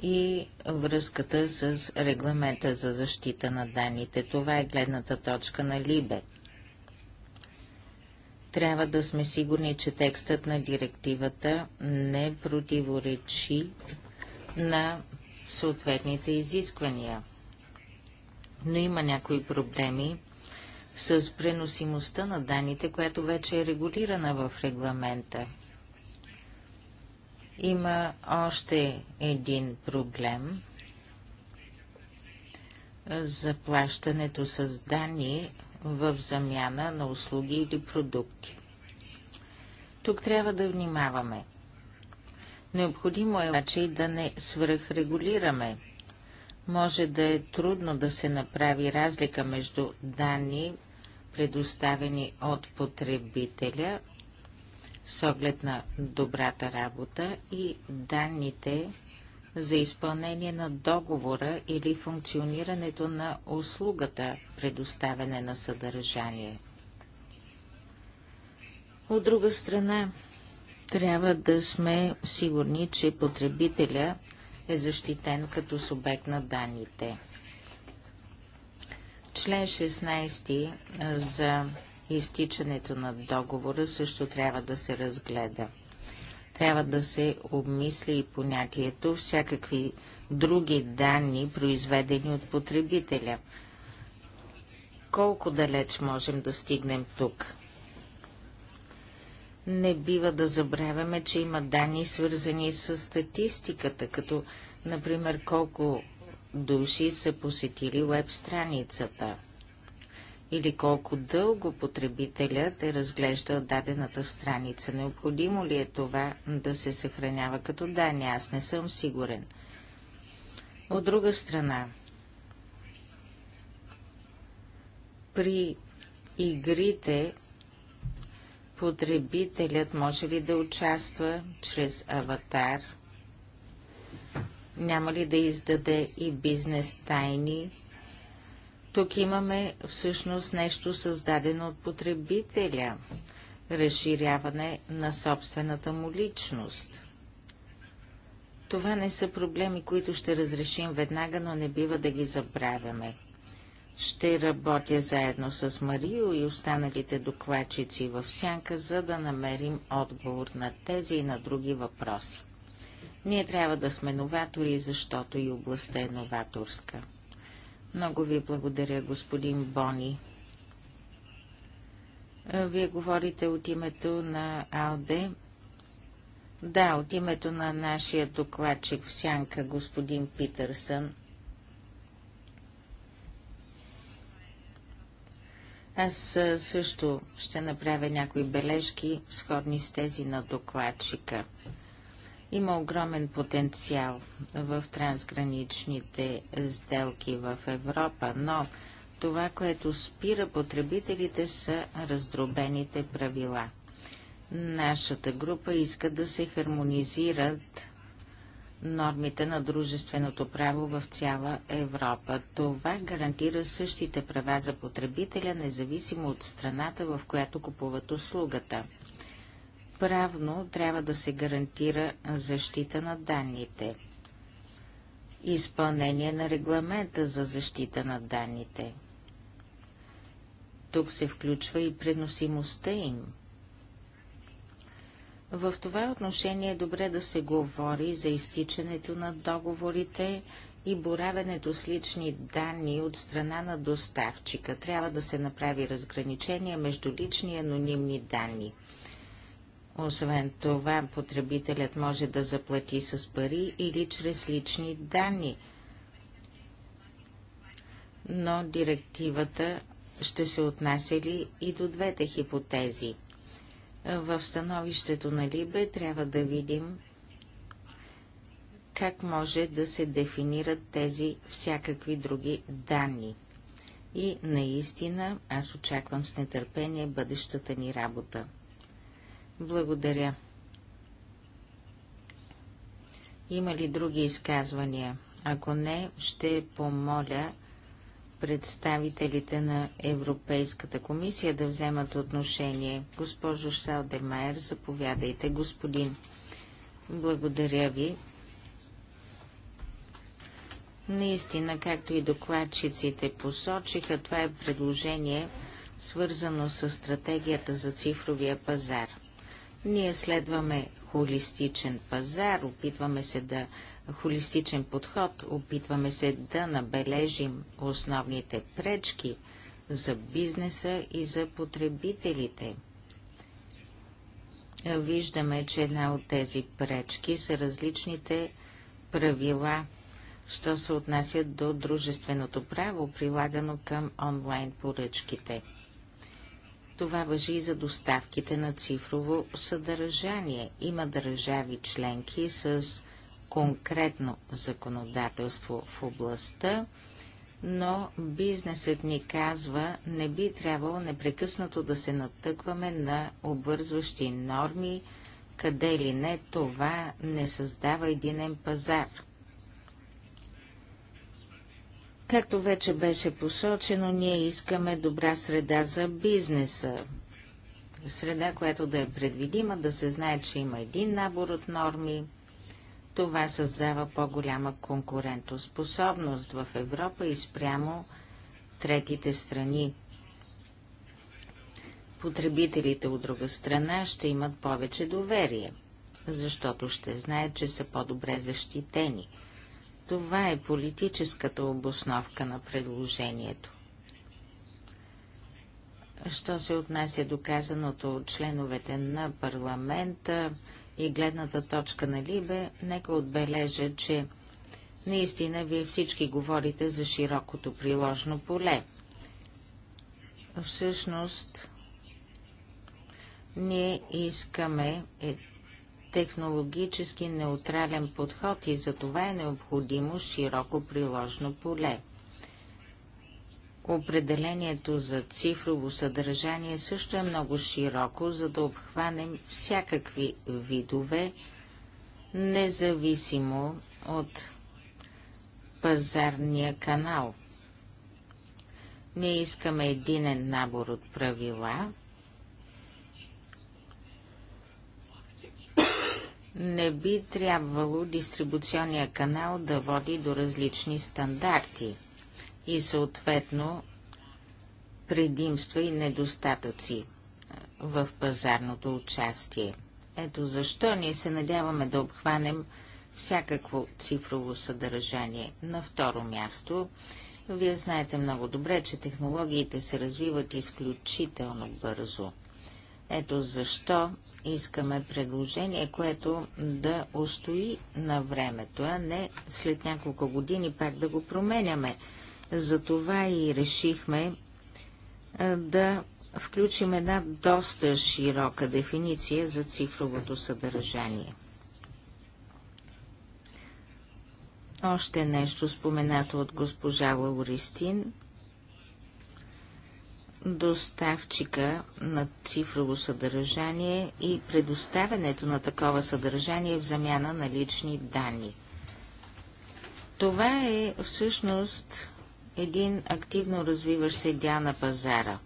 и връзката с регламента за защита на данните. Това е гледната точка на Либе. Трябва да сме сигурни, че текстът на директивата не противоречи на съответните изисквания. Но има някои проблеми с преносимостта на данните, която вече е регулирана в регламента. Има още един проблем. Заплащането с данни в замяна на услуги или продукти. Тук трябва да внимаваме. Необходимо е обаче и да не свръхрегулираме. Може да е трудно да се направи разлика между данни, предоставени от потребителя с оглед на добрата работа и данните, за изпълнение на договора или функционирането на услугата предоставяне на съдържание. От друга страна, трябва да сме сигурни, че потребителя е защитен като субект на данните. Член 16 за изтичането на договора също трябва да се разгледа. Трябва да се обмисли и понятието всякакви други данни, произведени от потребителя. Колко далеч можем да стигнем тук? Не бива да забравяме, че има данни свързани с статистиката, като например колко души са посетили веб страницата или колко дълго потребителят е разглеждал дадената страница. Необходимо ли е това да се съхранява като данни? Аз не съм сигурен. От друга страна, при игрите потребителят може ли да участва чрез аватар? Няма ли да издаде и бизнес тайни тук имаме всъщност нещо създадено от потребителя – разширяване на собствената му личност. Това не са проблеми, които ще разрешим веднага, но не бива да ги забравяме. Ще работя заедно с Марио и останалите докладчици в сянка, за да намерим отговор на тези и на други въпроси. Ние трябва да сме новатори, защото и областта е новаторска. Много ви благодаря, господин Бони. Вие говорите от името на АЛДЕ. Да, от името на нашия докладчик в Сянка, господин Питърсън. Аз също ще направя някои бележки, сходни с тези на докладчика. Има огромен потенциал в трансграничните сделки в Европа, но това, което спира потребителите, са раздробените правила. Нашата група иска да се хармонизират нормите на дружественото право в цяла Европа. Това гарантира същите права за потребителя, независимо от страната, в която купуват услугата правно трябва да се гарантира защита на данните. Изпълнение на регламента за защита на данните. Тук се включва и преносимостта им. В това отношение е добре да се говори за изтичането на договорите и боравенето с лични данни от страна на доставчика. Трябва да се направи разграничение между лични и анонимни данни – освен това, потребителят може да заплати с пари или чрез лични данни. Но директивата ще се отнася ли и до двете хипотези? В становището на Либе трябва да видим как може да се дефинират тези всякакви други данни. И наистина аз очаквам с нетърпение бъдещата ни работа. Благодаря. Има ли други изказвания? Ако не, ще помоля представителите на Европейската комисия да вземат отношение. Госпожо Шалдемайер, заповядайте, господин. Благодаря ви. Наистина, както и докладчиците посочиха, това е предложение, свързано с стратегията за цифровия пазар. Ние следваме холистичен пазар, опитваме се да холистичен подход, опитваме се да набележим основните пречки за бизнеса и за потребителите. Виждаме, че една от тези пречки са различните правила, що се отнасят до дружественото право, прилагано към онлайн поръчките – това въжи и за доставките на цифрово съдържание. Има държави членки с конкретно законодателство в областта, но бизнесът ни казва, не би трябвало непрекъснато да се натъкваме на обвързващи норми, къде ли не това не създава единен пазар – Както вече беше посочено, ние искаме добра среда за бизнеса. Среда, която да е предвидима, да се знае, че има един набор от норми. Това създава по-голяма конкурентоспособност в Европа и спрямо третите страни. Потребителите от друга страна ще имат повече доверие, защото ще знаят, че са по-добре защитени – това е политическата обосновка на предложението. Що се отнася до казаното от членовете на парламента и гледната точка на Либе, нека отбележа, че наистина вие всички говорите за широкото приложно поле. Всъщност, ние искаме е, технологически неутрален подход и за това е необходимо широко приложно поле. Определението за цифрово съдържание също е много широко, за да обхванем всякакви видове, независимо от пазарния канал. Ние искаме единен набор от правила, Не би трябвало дистрибуционния канал да води до различни стандарти и съответно предимства и недостатъци е, в пазарното участие. Ето защо ние се надяваме да обхванем всякакво цифрово съдържание. На второ място, вие знаете много добре, че технологиите се развиват изключително бързо. Ето защо Искаме предложение, което да устои на времето, а не след няколко години пак да го променяме. Затова и решихме да включим една доста широка дефиниция за цифровото съдържание. Още нещо споменато от госпожа Лауристин – доставчика на цифрово съдържание и предоставянето на такова съдържание в замяна на лични данни. Това е всъщност един активно развиващ се дя на пазара.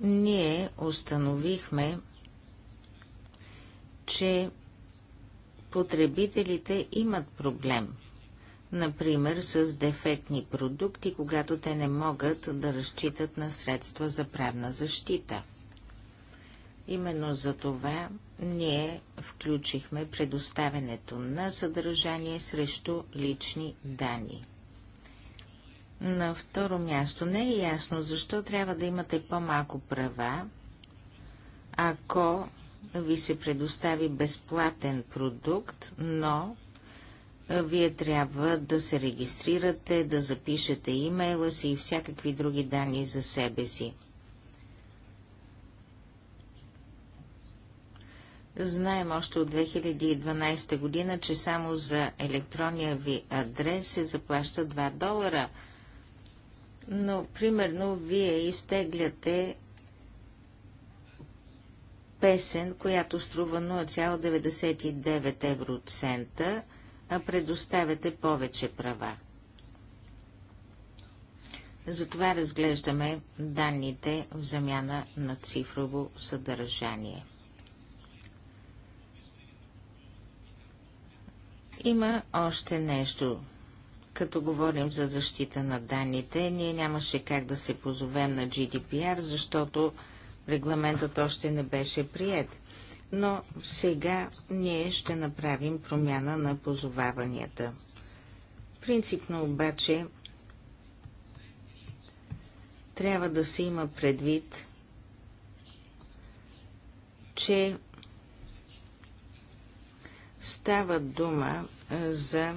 Ние установихме, че потребителите имат проблем – например с дефектни продукти, когато те не могат да разчитат на средства за правна защита. Именно за това ние включихме предоставянето на съдържание срещу лични данни. На второ място не е ясно защо трябва да имате по-малко права, ако ви се предостави безплатен продукт, но вие трябва да се регистрирате, да запишете имейла си и всякакви други данни за себе си. Знаем още от 2012 година, че само за електронния ви адрес се заплаща 2 долара. Но, примерно, вие изтегляте песен, която струва 0,99 евроцента – а предоставяте повече права. Затова разглеждаме данните в замяна на цифрово съдържание. Има още нещо. Като говорим за защита на данните, ние нямаше как да се позовем на GDPR, защото регламентът още не беше прият но сега ние ще направим промяна на позоваванията. Принципно обаче трябва да се има предвид, че става дума за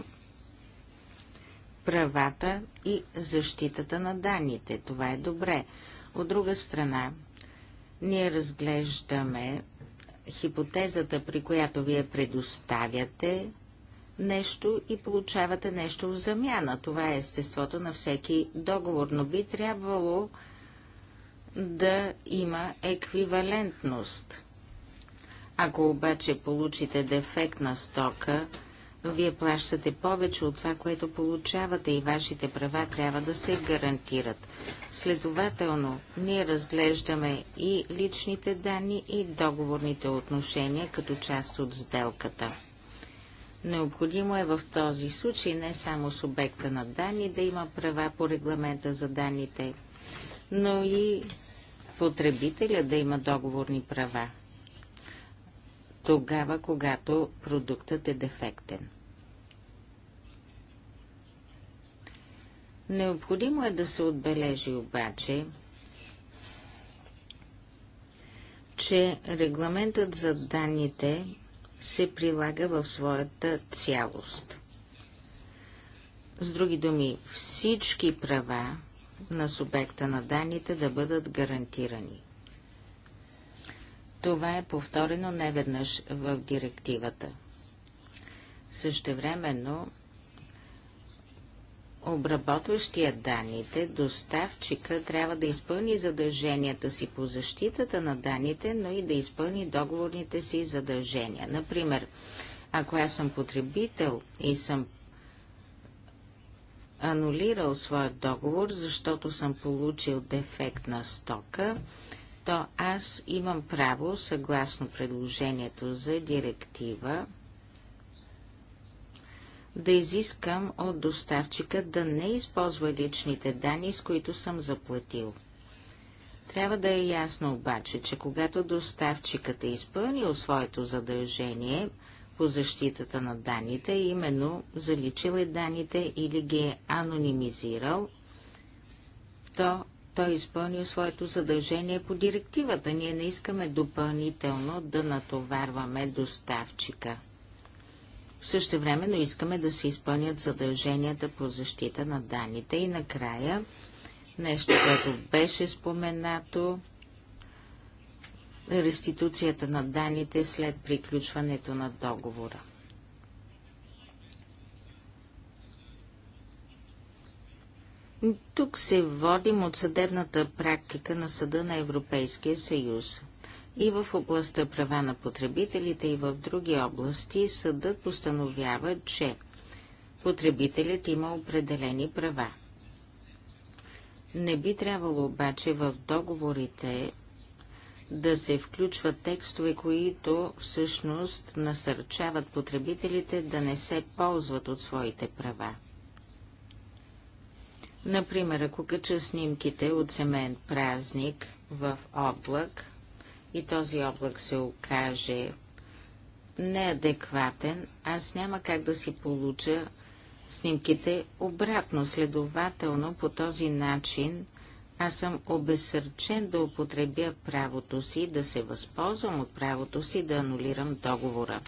правата и защитата на данните. Това е добре. От друга страна, ние разглеждаме хипотезата, при която вие предоставяте нещо и получавате нещо в замяна. Това е естеството на всеки договор, но би трябвало да има еквивалентност. Ако обаче получите дефектна стока, вие плащате повече от това, което получавате и вашите права трябва да се гарантират. Следователно, ние разглеждаме и личните данни и договорните отношения като част от сделката. Необходимо е в този случай не само субекта на данни да има права по регламента за данните, но и потребителя да има договорни права тогава, когато продуктът е дефектен. Необходимо е да се отбележи обаче, че регламентът за данните се прилага в своята цялост. С други думи, всички права на субекта на данните да бъдат гарантирани. Това е повторено неведнъж в директивата. Същевременно обработващия данните, доставчика трябва да изпълни задълженията си по защитата на данните, но и да изпълни договорните си задължения. Например, ако аз съм потребител и съм анулирал своя договор, защото съм получил дефект на стока, то аз имам право, съгласно предложението за директива, да изискам от доставчика да не използва личните данни, с които съм заплатил. Трябва да е ясно обаче, че когато доставчикът е изпълнил своето задължение по защитата на данните, именно заличил е данните или ги е анонимизирал, то той е изпълнил своето задължение по директивата. Ние не искаме допълнително да натоварваме доставчика но искаме да се изпълнят задълженията по защита на данните. И накрая, нещо, което беше споменато, реституцията на данните след приключването на договора. Тук се водим от съдебната практика на Съда на Европейския съюз. И в областта права на потребителите и в други области съдът постановява, че потребителят има определени права. Не би трябвало обаче в договорите да се включват текстове, които всъщност насърчават потребителите да не се ползват от своите права. Например, ако кача снимките от семейен празник в облак, и този облак се окаже неадекватен, аз няма как да си получа снимките обратно. Следователно, по този начин аз съм обесърчен да употребя правото си, да се възползвам от правото си да анулирам договора.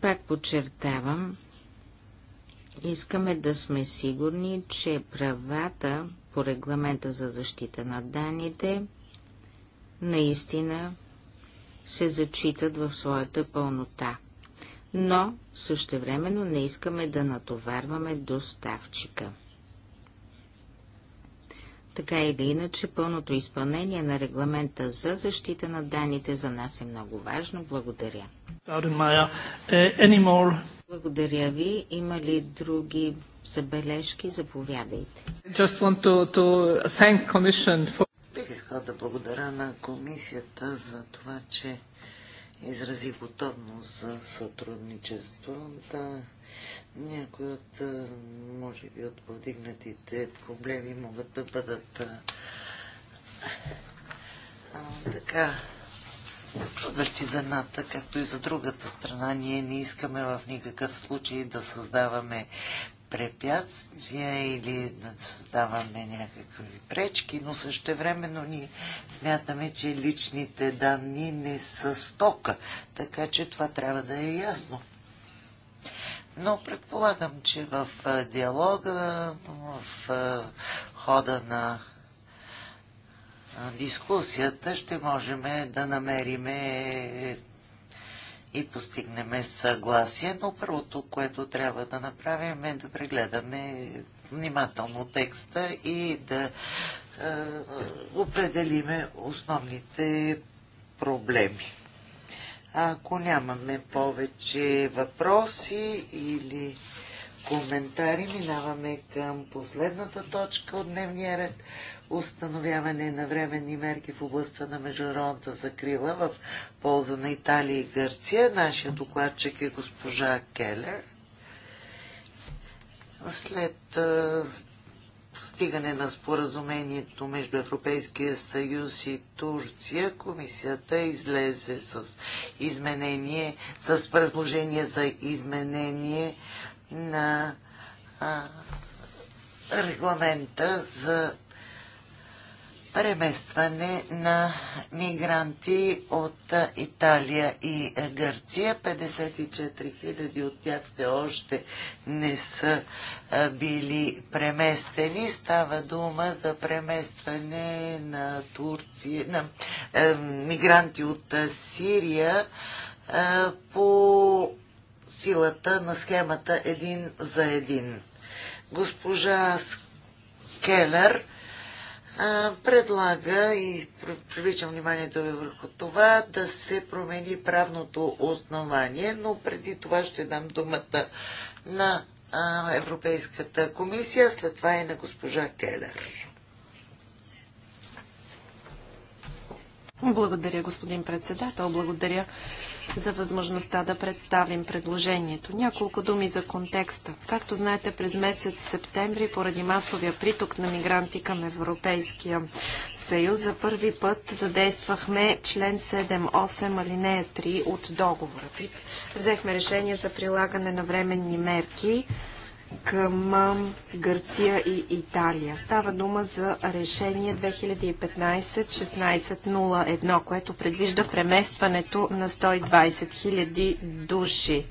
Пак подчертавам, искаме да сме сигурни, че правата по регламента за защита на данните – наистина се зачитат в своята пълнота. Но същевременно не искаме да натоварваме доставчика. Така или иначе, пълното изпълнение на регламента за защита на данните за нас е много важно. Благодаря. Е, Благодаря ви. Има ли други забележки? Заповядайте. For искала да благодаря на комисията за това, че изрази готовност за сътрудничество. Да, някои от, може би, от повдигнатите проблеми могат да бъдат а, така върчи за едната, както и за другата страна. Ние не искаме в никакъв случай да създаваме препятствия или да създаваме някакви пречки, но същевременно ние смятаме, че личните данни не са стока, така че това трябва да е ясно. Но предполагам, че в диалога, в хода на дискусията ще можем да намериме и постигнем съгласие, но първото, което трябва да направим е да прегледаме внимателно текста и да е, определиме основните проблеми. Ако нямаме повече въпроси или коментари, минаваме към последната точка от дневния ред – установяване на временни мерки в областта на международната закрила в полза на Италия и Гърция. Нашия докладчик е госпожа Келер. След постигане на споразумението между Европейския съюз и Турция, комисията излезе с изменение, с предложение за изменение на а, регламента за преместване на мигранти от Италия и Гърция. 54 000 от тях все още не са били преместени. Става дума за преместване на Турция, на е, мигранти от Сирия е, по силата на схемата един за един. Госпожа Скелер предлага и привлича вниманието ви върху това да се промени правното основание, но преди това ще дам думата на Европейската комисия, след това и на госпожа Келер. Благодаря, господин председател. Благодаря за възможността да представим предложението. Няколко думи за контекста. Както знаете, през месец септември, поради масовия приток на мигранти към Европейския съюз, за първи път задействахме член 7.8 алинея 3 от договора. Взехме решение за прилагане на временни мерки към Гърция и Италия. Става дума за решение 2015-1601, което предвижда преместването на 120 000 души.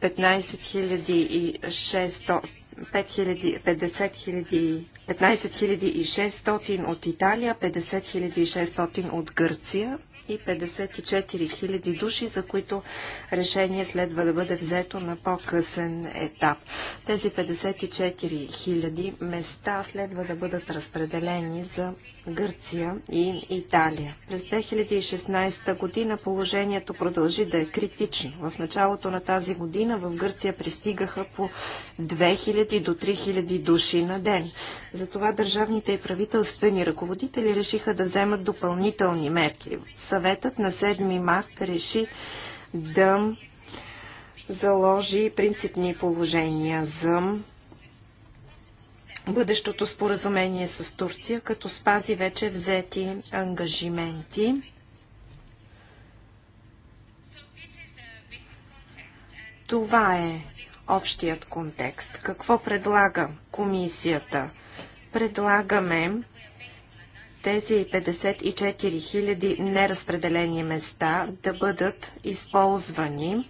15 600 от Италия, 50 600 от Гърция, и 54 000 души, за които решение следва да бъде взето на по-късен етап. Тези 54 000 места следва да бъдат разпределени за Гърция и Италия. През 2016 година положението продължи да е критично. В началото на тази година в Гърция пристигаха по 2000 до 3000 души на ден. Затова държавните и правителствени ръководители решиха да вземат допълнителни мерки. Съветът на 7 март реши да заложи принципни положения за бъдещото споразумение с Турция, като спази вече взети ангажименти. Това е общият контекст. Какво предлага комисията? Предлагаме тези 54 000 неразпределени места да бъдат използвани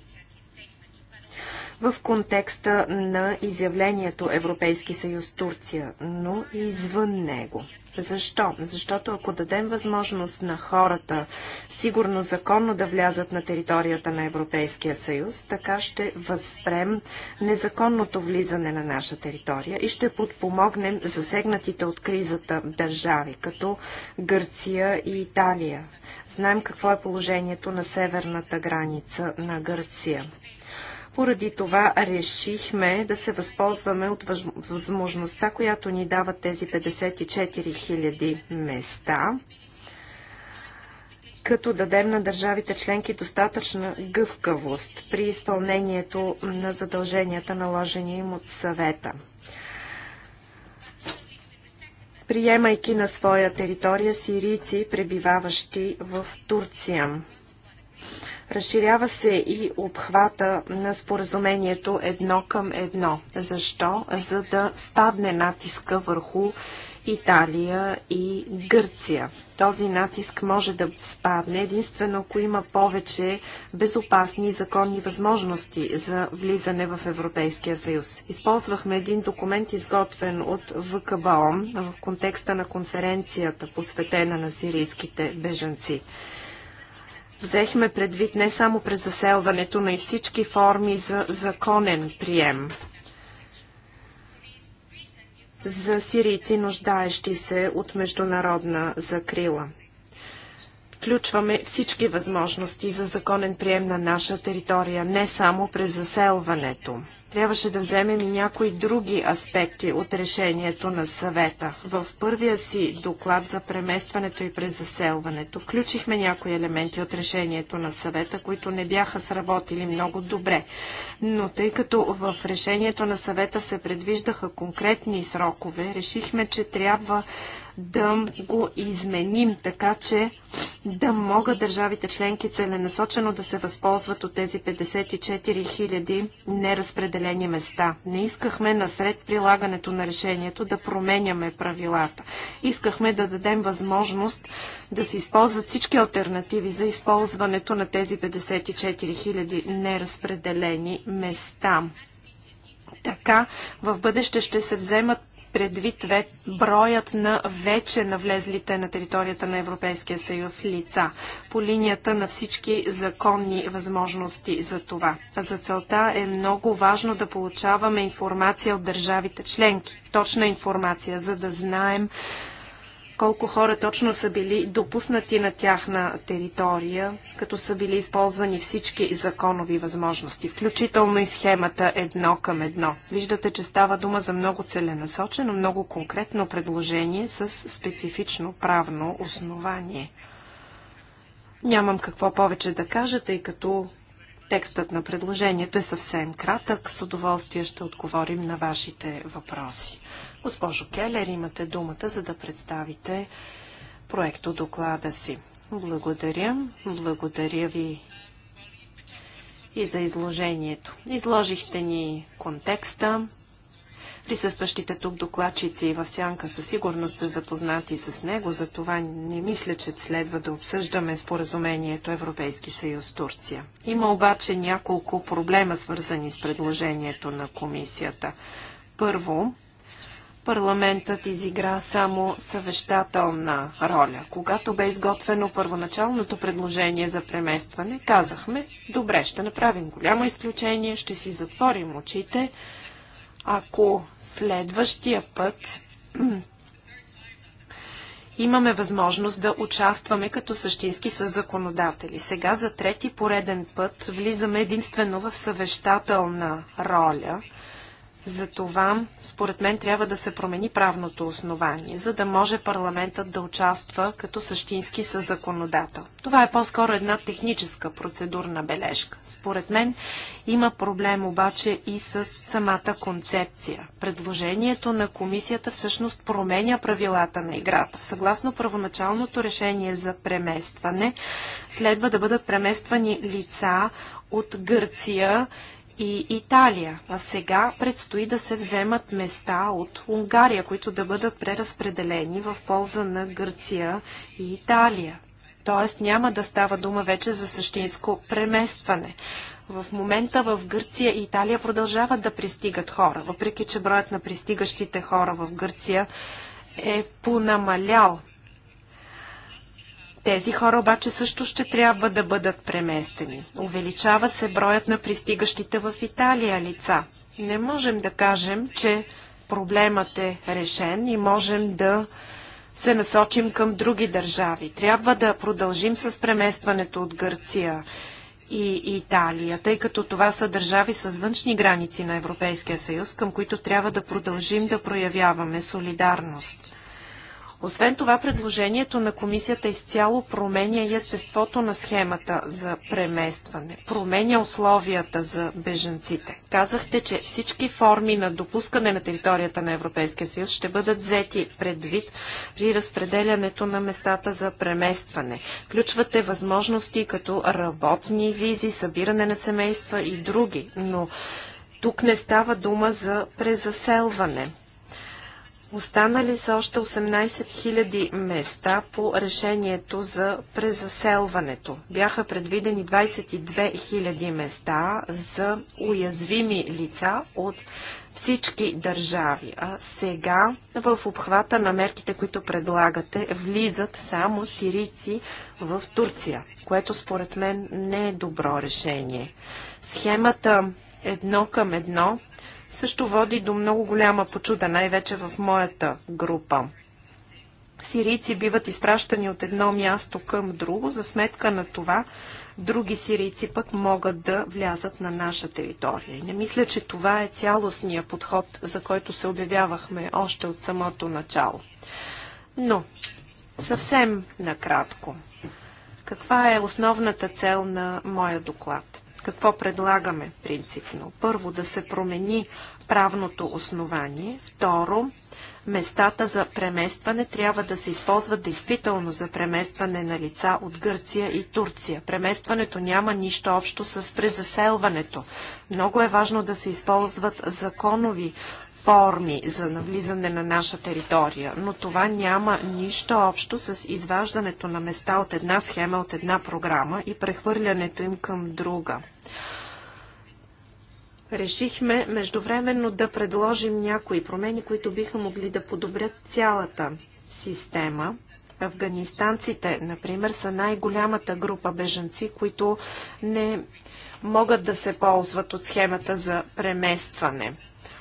в контекста на изявлението Европейски съюз Турция, но и извън него. Защо? Защото ако дадем възможност на хората сигурно законно да влязат на територията на Европейския съюз, така ще възпрем незаконното влизане на наша територия и ще подпомогнем засегнатите от кризата държави, като Гърция и Италия. Знаем какво е положението на северната граница на Гърция. Поради това решихме да се възползваме от възможността, която ни дават тези 54 000 места като дадем на държавите членки достатъчна гъвкавост при изпълнението на задълженията, наложени им от съвета. Приемайки на своя територия сирийци, пребиваващи в Турция. Разширява се и обхвата на споразумението едно към едно. Защо? За да стадне натиска върху Италия и Гърция. Този натиск може да спадне единствено ако има повече безопасни и законни възможности за влизане в Европейския съюз. Използвахме един документ, изготвен от ВКБОМ в контекста на конференцията, посветена на сирийските бежанци взехме предвид не само през заселването, но и всички форми за законен прием за сирийци, нуждаещи се от международна закрила. Включваме всички възможности за законен прием на наша територия, не само през заселването трябваше да вземем и някои други аспекти от решението на съвета. В първия си доклад за преместването и през заселването включихме някои елементи от решението на съвета, които не бяха сработили много добре. Но тъй като в решението на съвета се предвиждаха конкретни срокове, решихме, че трябва да го изменим, така че да могат държавите членки целенасочено да се възползват от тези 54 000 неразпределени места. Не искахме насред прилагането на решението да променяме правилата. Искахме да дадем възможност да се използват всички альтернативи за използването на тези 54 000 неразпределени места. Така в бъдеще ще се вземат предвид броят на вече навлезлите на територията на Европейския съюз лица по линията на всички законни възможности за това. За целта е много важно да получаваме информация от държавите членки, точна информация, за да знаем колко хора точно са били допуснати на тяхна територия, като са били използвани всички законови възможности, включително и схемата едно към едно. Виждате, че става дума за много целенасочено, много конкретно предложение с специфично правно основание. Нямам какво повече да кажа, тъй като текстът на предложението е съвсем кратък. С удоволствие ще отговорим на вашите въпроси. Госпожо Келер, имате думата, за да представите проекто доклада си. Благодаря. Благодаря ви и за изложението. Изложихте ни контекста. Присъстващите тук докладчици в сянка със сигурност са запознати с него, затова не мисля, че следва да обсъждаме споразумението Европейски съюз Турция. Има обаче няколко проблема, свързани с предложението на комисията. Първо, парламентът изигра само съвещателна роля. Когато бе изготвено първоначалното предложение за преместване, казахме, добре, ще направим голямо изключение, ще си затворим очите, ако следващия път имаме възможност да участваме като същински с законодатели. Сега за трети пореден път влизаме единствено в съвещателна роля – за това, според мен, трябва да се промени правното основание, за да може парламентът да участва като същински със законодател. Това е по-скоро една техническа процедурна бележка. Според мен има проблем обаче и с самата концепция. Предложението на комисията всъщност променя правилата на играта. Съгласно първоначалното решение за преместване, следва да бъдат премествани лица от Гърция и Италия, а сега предстои да се вземат места от Унгария, които да бъдат преразпределени в полза на Гърция и Италия. Тоест няма да става дума вече за същинско преместване. В момента в Гърция и Италия продължават да пристигат хора, въпреки че броят на пристигащите хора в Гърция е понамалял тези хора обаче също ще трябва да бъдат преместени. Увеличава се броят на пристигащите в Италия лица. Не можем да кажем, че проблемът е решен и можем да се насочим към други държави. Трябва да продължим с преместването от Гърция и Италия, тъй като това са държави с външни граници на Европейския съюз, към които трябва да продължим да проявяваме солидарност. Освен това, предложението на комисията изцяло променя и естеството на схемата за преместване. Променя условията за беженците. Казахте, че всички форми на допускане на територията на Европейския съюз ще бъдат взети предвид при разпределянето на местата за преместване. Включвате възможности като работни визи, събиране на семейства и други, но тук не става дума за презаселване. Останали са още 18 000 места по решението за презаселването. Бяха предвидени 22 000 места за уязвими лица от всички държави. А сега в обхвата на мерките, които предлагате, влизат само сирийци в Турция, което според мен не е добро решение. Схемата едно към едно също води до много голяма почуда, най-вече в моята група. Сирийци биват изпращани от едно място към друго, за сметка на това други сирийци пък могат да влязат на наша територия. И не мисля, че това е цялостния подход, за който се обявявахме още от самото начало. Но, съвсем накратко, каква е основната цел на моя доклад? Какво предлагаме принципно? Първо, да се промени правното основание. Второ, местата за преместване трябва да се използват действително за преместване на лица от Гърция и Турция. Преместването няма нищо общо с презаселването. Много е важно да се използват законови форми за навлизане на наша територия, но това няма нищо общо с изваждането на места от една схема, от една програма и прехвърлянето им към друга. Решихме междувременно да предложим някои промени, които биха могли да подобрят цялата система. Афганистанците, например, са най-голямата група бежанци, които не могат да се ползват от схемата за преместване.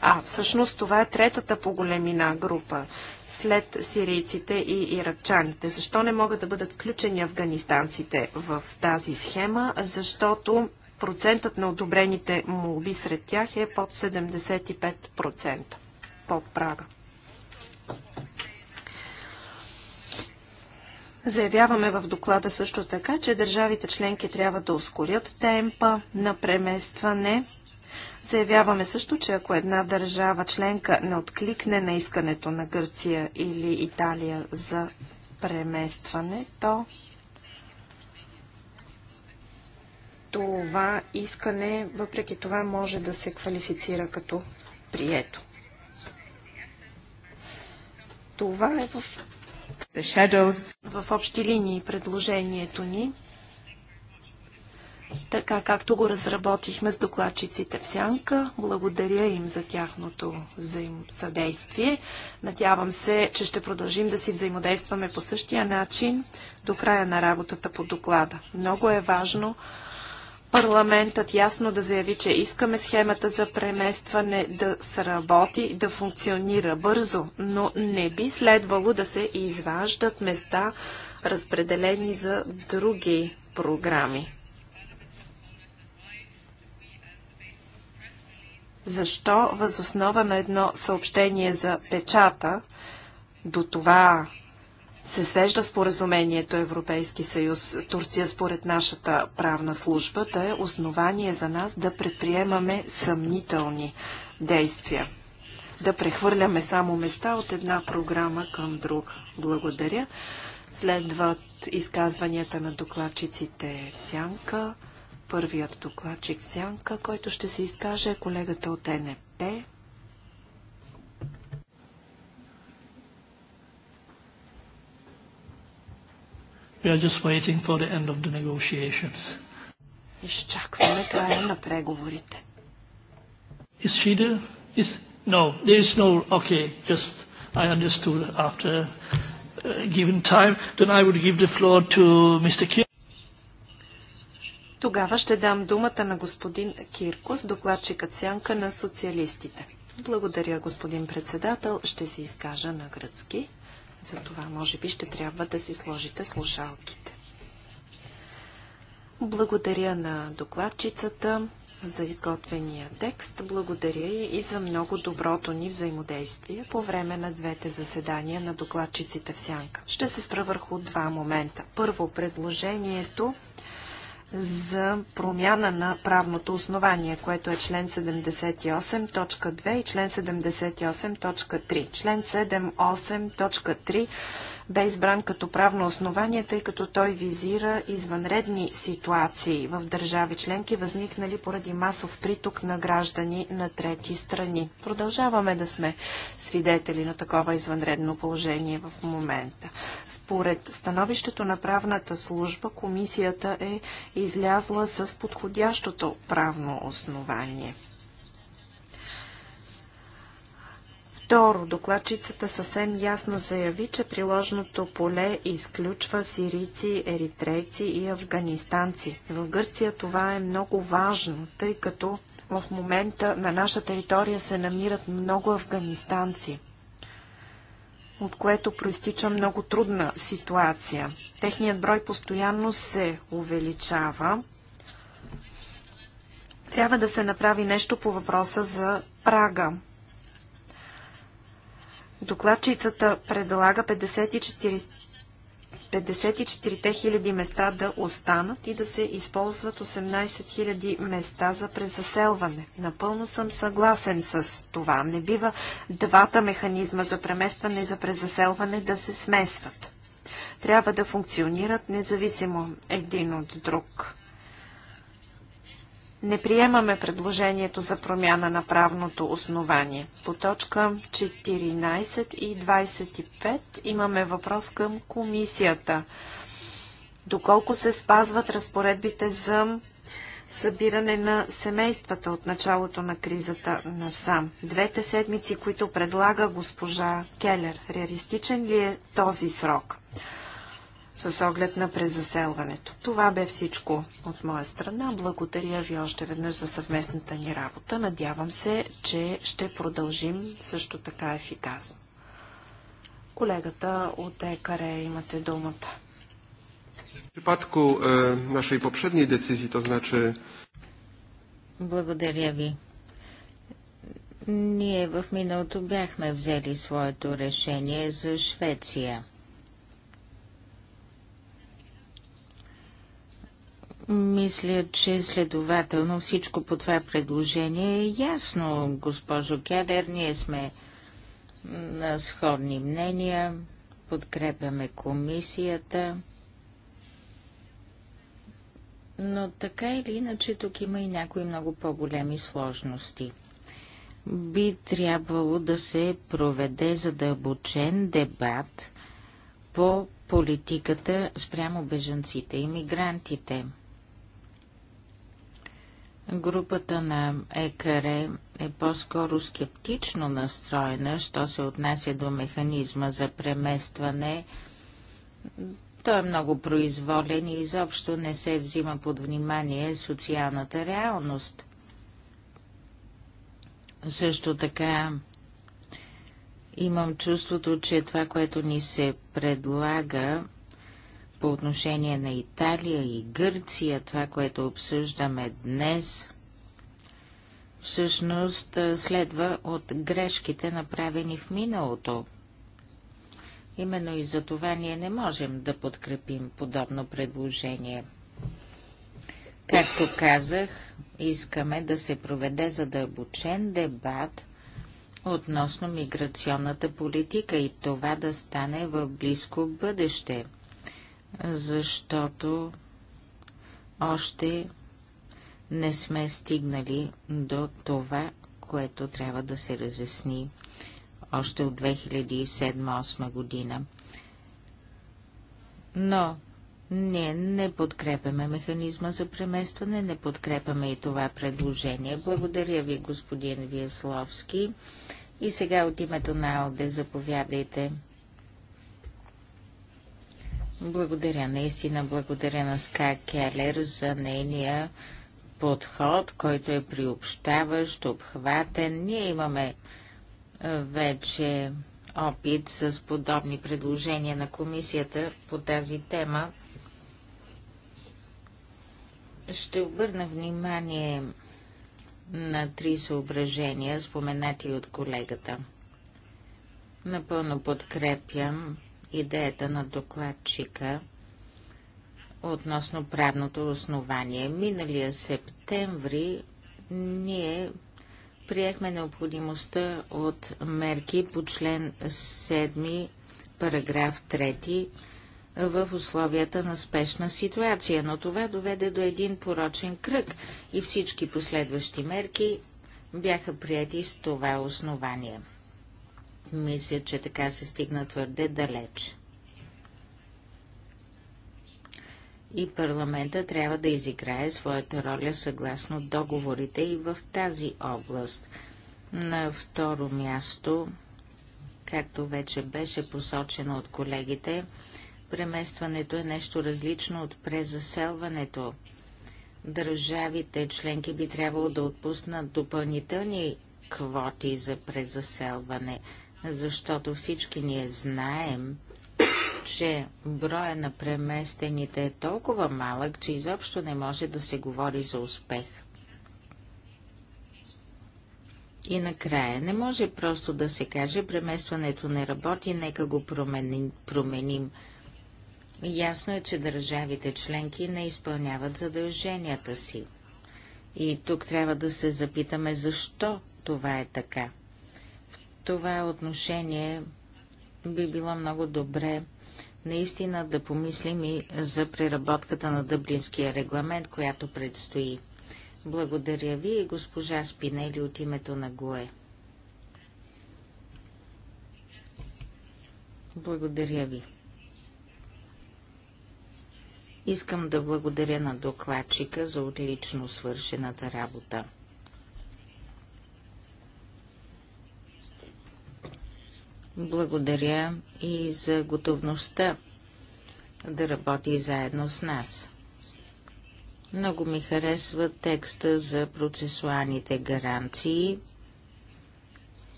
А, всъщност това е третата по големина група след сирийците и иракчаните. Защо не могат да бъдат включени афганистанците в тази схема? Защото процентът на одобрените молби сред тях е под 75%, под прага. Заявяваме в доклада също така, че държавите членки трябва да ускорят темпа на преместване Заявяваме също, че ако една държава членка не откликне на искането на Гърция или Италия за преместване, то това искане, въпреки това, може да се квалифицира като прието. Това е в, в общи линии предложението ни така както го разработихме с докладчиците в Сянка. Благодаря им за тяхното взаимосъдействие. Надявам се, че ще продължим да си взаимодействаме по същия начин до края на работата по доклада. Много е важно парламентът ясно да заяви, че искаме схемата за преместване да сработи, да функционира бързо, но не би следвало да се изваждат места, разпределени за други програми. защо възоснова на едно съобщение за печата, до това се свежда споразумението Европейски съюз Турция според нашата правна служба, да е основание за нас да предприемаме съмнителни действия. Да прехвърляме само места от една програма към друга. Благодаря. Следват изказванията на докладчиците в Сянка. Първият докладчик в сянка, който ще се изкаже е колегата от НП. We are just waiting for the end of the negotiations. Изчакваме края на преговорите. Is she there? Is... No, there is no... Okay, just I understood after uh, given time. Then I would give the floor to Mr. Kier. Тогава ще дам думата на господин Киркос, докладчикът сянка на социалистите. Благодаря, господин председател. Ще се изкажа на гръцки. За това, може би, ще трябва да си сложите слушалките. Благодаря на докладчицата за изготвения текст. Благодаря и за много доброто ни взаимодействие по време на двете заседания на докладчиците в Сянка. Ще се спра върху два момента. Първо, предложението за промяна на правното основание, което е член 78.2 и член 78.3. Член 78.3 бе избран като правно основание, тъй като той визира извънредни ситуации в държави членки, възникнали поради масов приток на граждани на трети страни. Продължаваме да сме свидетели на такова извънредно положение в момента. Според становището на правната служба, комисията е излязла с подходящото правно основание. Второ, докладчицата съвсем ясно заяви, че приложното поле изключва сирийци, еритрейци и афганистанци. В Гърция това е много важно, тъй като в момента на наша територия се намират много афганистанци, от което проистича много трудна ситуация. Техният брой постоянно се увеличава. Трябва да се направи нещо по въпроса за прага Докладчицата предлага 54 54 000 места да останат и да се използват 18 000 места за презаселване. Напълно съм съгласен с това. Не бива двата механизма за преместване и за презаселване да се смесват. Трябва да функционират независимо един от друг. Не приемаме предложението за промяна на правното основание. По точка 14 и 25 имаме въпрос към комисията. Доколко се спазват разпоредбите за събиране на семействата от началото на кризата на САМ, Двете седмици, които предлага госпожа Келер, реалистичен ли е този срок? с оглед на презаселването. Това бе всичко от моя страна. Благодаря ви още веднъж за съвместната ни работа. Надявам се, че ще продължим също така ефикасно. Колегата от ЕКАРЕ, имате думата. В припадку e, naszej poprzedniej decyzji, to Благодаря ви. Ние в миналото бяхме взели своето решение за Швеция. Мисля, че следователно всичко по това предложение е ясно, госпожо Кедер. Ние сме на сходни мнения, подкрепяме комисията. Но така или иначе тук има и някои много по-големи сложности. Би трябвало да се проведе задълбочен дебат по политиката спрямо бежанците и мигрантите – Групата на ЕКР е по-скоро скептично настроена, що се отнася до механизма за преместване. Той е много произволен и изобщо не се взима под внимание социалната реалност. Също така имам чувството, че това, което ни се предлага, по отношение на Италия и Гърция, това, което обсъждаме днес, всъщност следва от грешките, направени в миналото. Именно и за това ние не можем да подкрепим подобно предложение. Както казах, искаме да се проведе задълбочен дебат относно миграционната политика и това да стане в близко бъдеще – защото още не сме стигнали до това, което трябва да се разясни още от 2007-2008 година. Но ние не подкрепяме механизма за преместване, не подкрепяме и това предложение. Благодаря ви, господин Виесловски. И сега от името на Алде заповядайте. Благодаря, наистина благодаря на Ска Келер за нейния подход, който е приобщаващ, обхватен. Ние имаме вече опит с подобни предложения на комисията по тази тема. Ще обърна внимание на три съображения, споменати от колегата. Напълно подкрепям идеята на докладчика относно правното основание. Миналия септември ние приехме необходимостта от мерки по член 7, параграф 3 в условията на спешна ситуация, но това доведе до един порочен кръг и всички последващи мерки бяха прияти с това основание. Мисля, че така се стигна твърде далеч. И парламента трябва да изиграе своята роля съгласно договорите и в тази област. На второ място, както вече беше посочено от колегите, преместването е нещо различно от презаселването. Държавите членки би трябвало да отпуснат допълнителни квоти за презаселване – защото всички ние знаем, че броя на преместените е толкова малък, че изобщо не може да се говори за успех. И накрая, не може просто да се каже, преместването не работи, нека го променим. променим. Ясно е, че държавите членки не изпълняват задълженията си. И тук трябва да се запитаме, защо това е така това отношение би било много добре наистина да помислим и за преработката на Дъблинския регламент, която предстои. Благодаря ви и госпожа Спинели от името на ГОЕ. Благодаря ви. Искам да благодаря на докладчика за отлично свършената работа. Благодаря и за готовността да работи заедно с нас. Много ми харесва текста за процесуалните гаранции.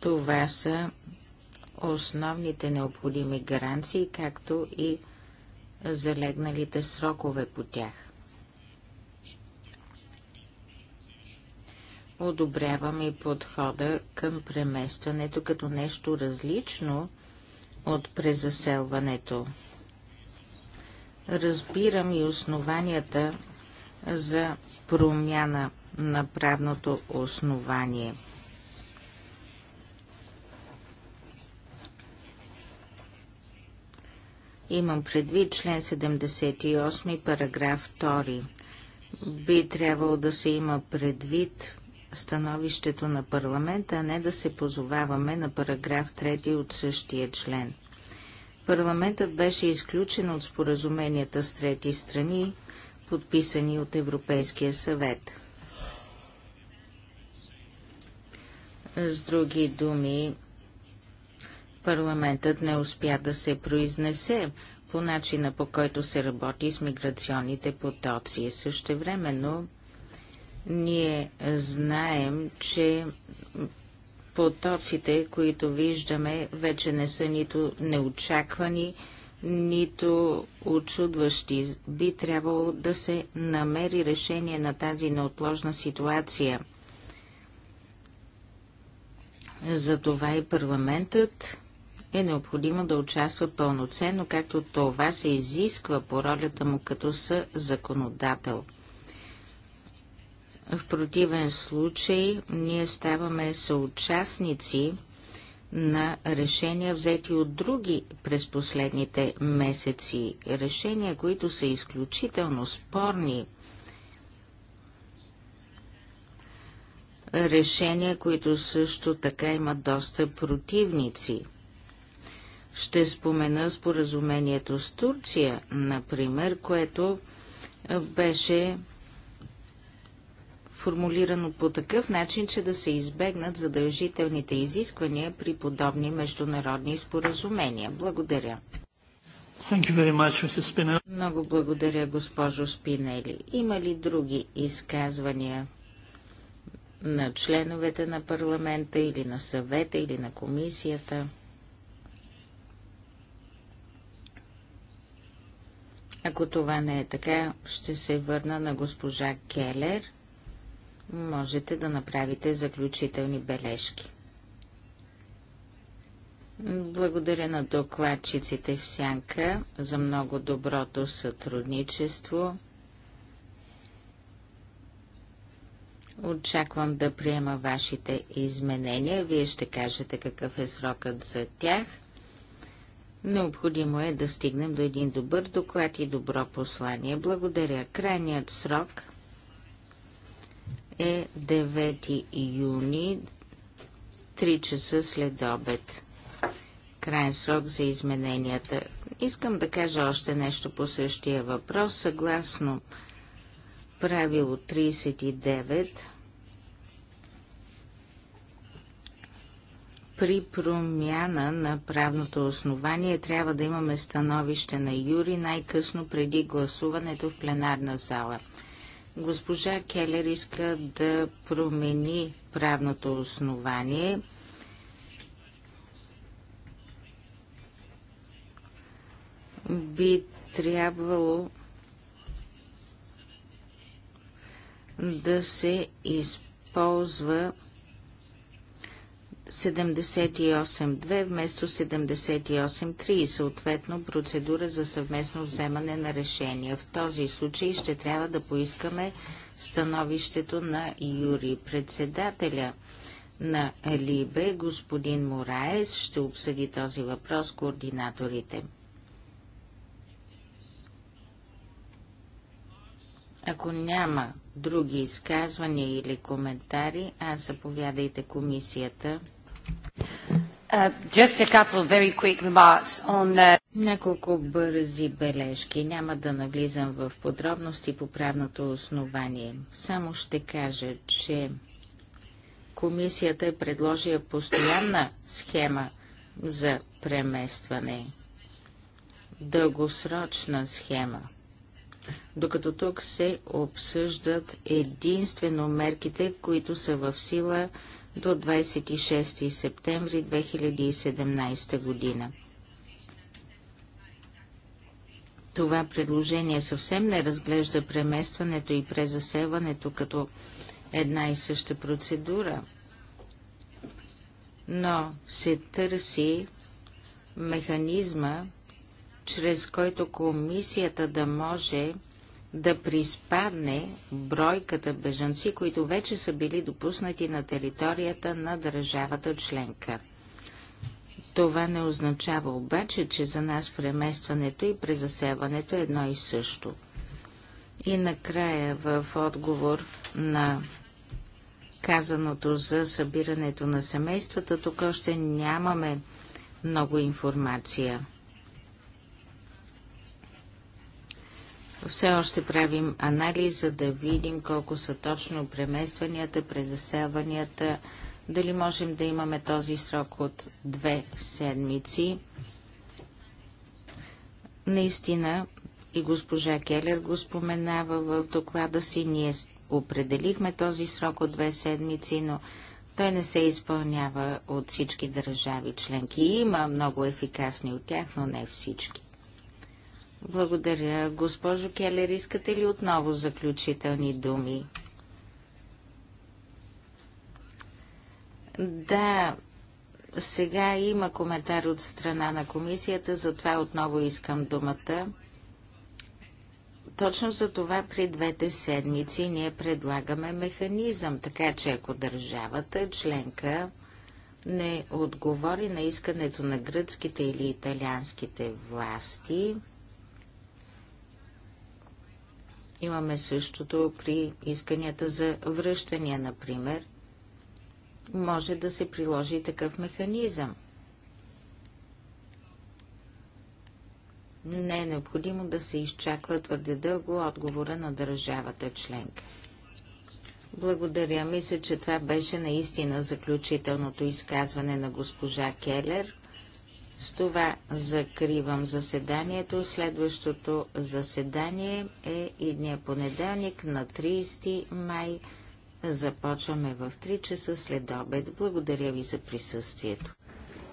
Това са основните необходими гаранции, както и залегналите срокове по тях. одобрявам и подхода към преместването като нещо различно от презаселването. Разбирам и основанията за промяна на правното основание. Имам предвид член 78, параграф 2. Би трябвало да се има предвид становището на парламента, а не да се позоваваме на параграф 3 от същия член. Парламентът беше изключен от споразуменията с трети страни, подписани от Европейския съвет. С други думи, парламентът не успя да се произнесе по начина по който се работи с миграционните потоци. времено. Ние знаем, че потоците, които виждаме, вече не са нито неочаквани, нито очудващи. Би трябвало да се намери решение на тази неотложна ситуация. Затова и парламентът е необходимо да участва пълноценно, както това се изисква по ролята му като съ законодател. В противен случай ние ставаме съучастници на решения, взети от други през последните месеци. Решения, които са изключително спорни. Решения, които също така имат доста противници. Ще спомена споразумението с Турция, например, което беше формулирано по такъв начин, че да се избегнат задължителните изисквания при подобни международни споразумения. Благодаря. Much, Много благодаря, госпожо Спинели. Има ли други изказвания на членовете на парламента или на съвета или на комисията? Ако това не е така, ще се върна на госпожа Келер – можете да направите заключителни бележки. Благодаря на докладчиците в Сянка за много доброто сътрудничество. Очаквам да приема вашите изменения. Вие ще кажете какъв е срокът за тях. Необходимо е да стигнем до един добър доклад и добро послание. Благодаря. Крайният срок е 9 юни, 3 часа след обед. Крайен срок за измененията. Искам да кажа още нещо по същия въпрос. Съгласно правило 39, при промяна на правното основание трябва да имаме становище на Юри най-късно преди гласуването в пленарна зала. Госпожа Келер иска да промени правното основание. Би трябвало да се използва 78.2 вместо 78.3 съответно процедура за съвместно вземане на решение. В този случай ще трябва да поискаме становището на Юри. Председателя на Либе, господин Мораес, ще обсъди този въпрос с координаторите. Ако няма други изказвания или коментари, аз заповядайте комисията. Uh, the... Uh, Няколко бързи бележки. Няма да навлизам в подробности по правното основание. Само ще кажа, че комисията е предложила постоянна схема за преместване. Дългосрочна схема. Докато тук се обсъждат единствено мерките, които са в сила до 26 септември 2017 година. Това предложение съвсем не разглежда преместването и презасеването като една и съща процедура, но се търси механизма, чрез който комисията да може да приспадне бройката бежанци, които вече са били допуснати на територията на държавата членка. Това не означава обаче, че за нас преместването и презасеването е едно и също. И накрая в отговор на казаното за събирането на семействата, тук още нямаме много информация. Все още правим анализ, за да видим колко са точно преместванията, презаселванията, дали можем да имаме този срок от две седмици. Наистина, и госпожа Келер го споменава в доклада си, ние определихме този срок от две седмици, но той не се изпълнява от всички държави членки. Има много ефикасни от тях, но не всички. Благодаря. Госпожо Келер, искате ли отново заключителни думи? Да, сега има коментар от страна на комисията, затова отново искам думата. Точно за това при двете седмици ние предлагаме механизъм, така че ако държавата членка не отговори на искането на гръцките или италианските власти, Имаме същото при исканията за връщания, например. Може да се приложи такъв механизъм. Не е необходимо да се изчаква твърде дълго отговора на държавата членка. Благодаря. Мисля, че това беше наистина заключителното изказване на госпожа Келер. С това закривам заседанието. Следващото заседание е идния понеделник на 30 май. Започваме в 3 часа след обед. Благодаря ви за присъствието.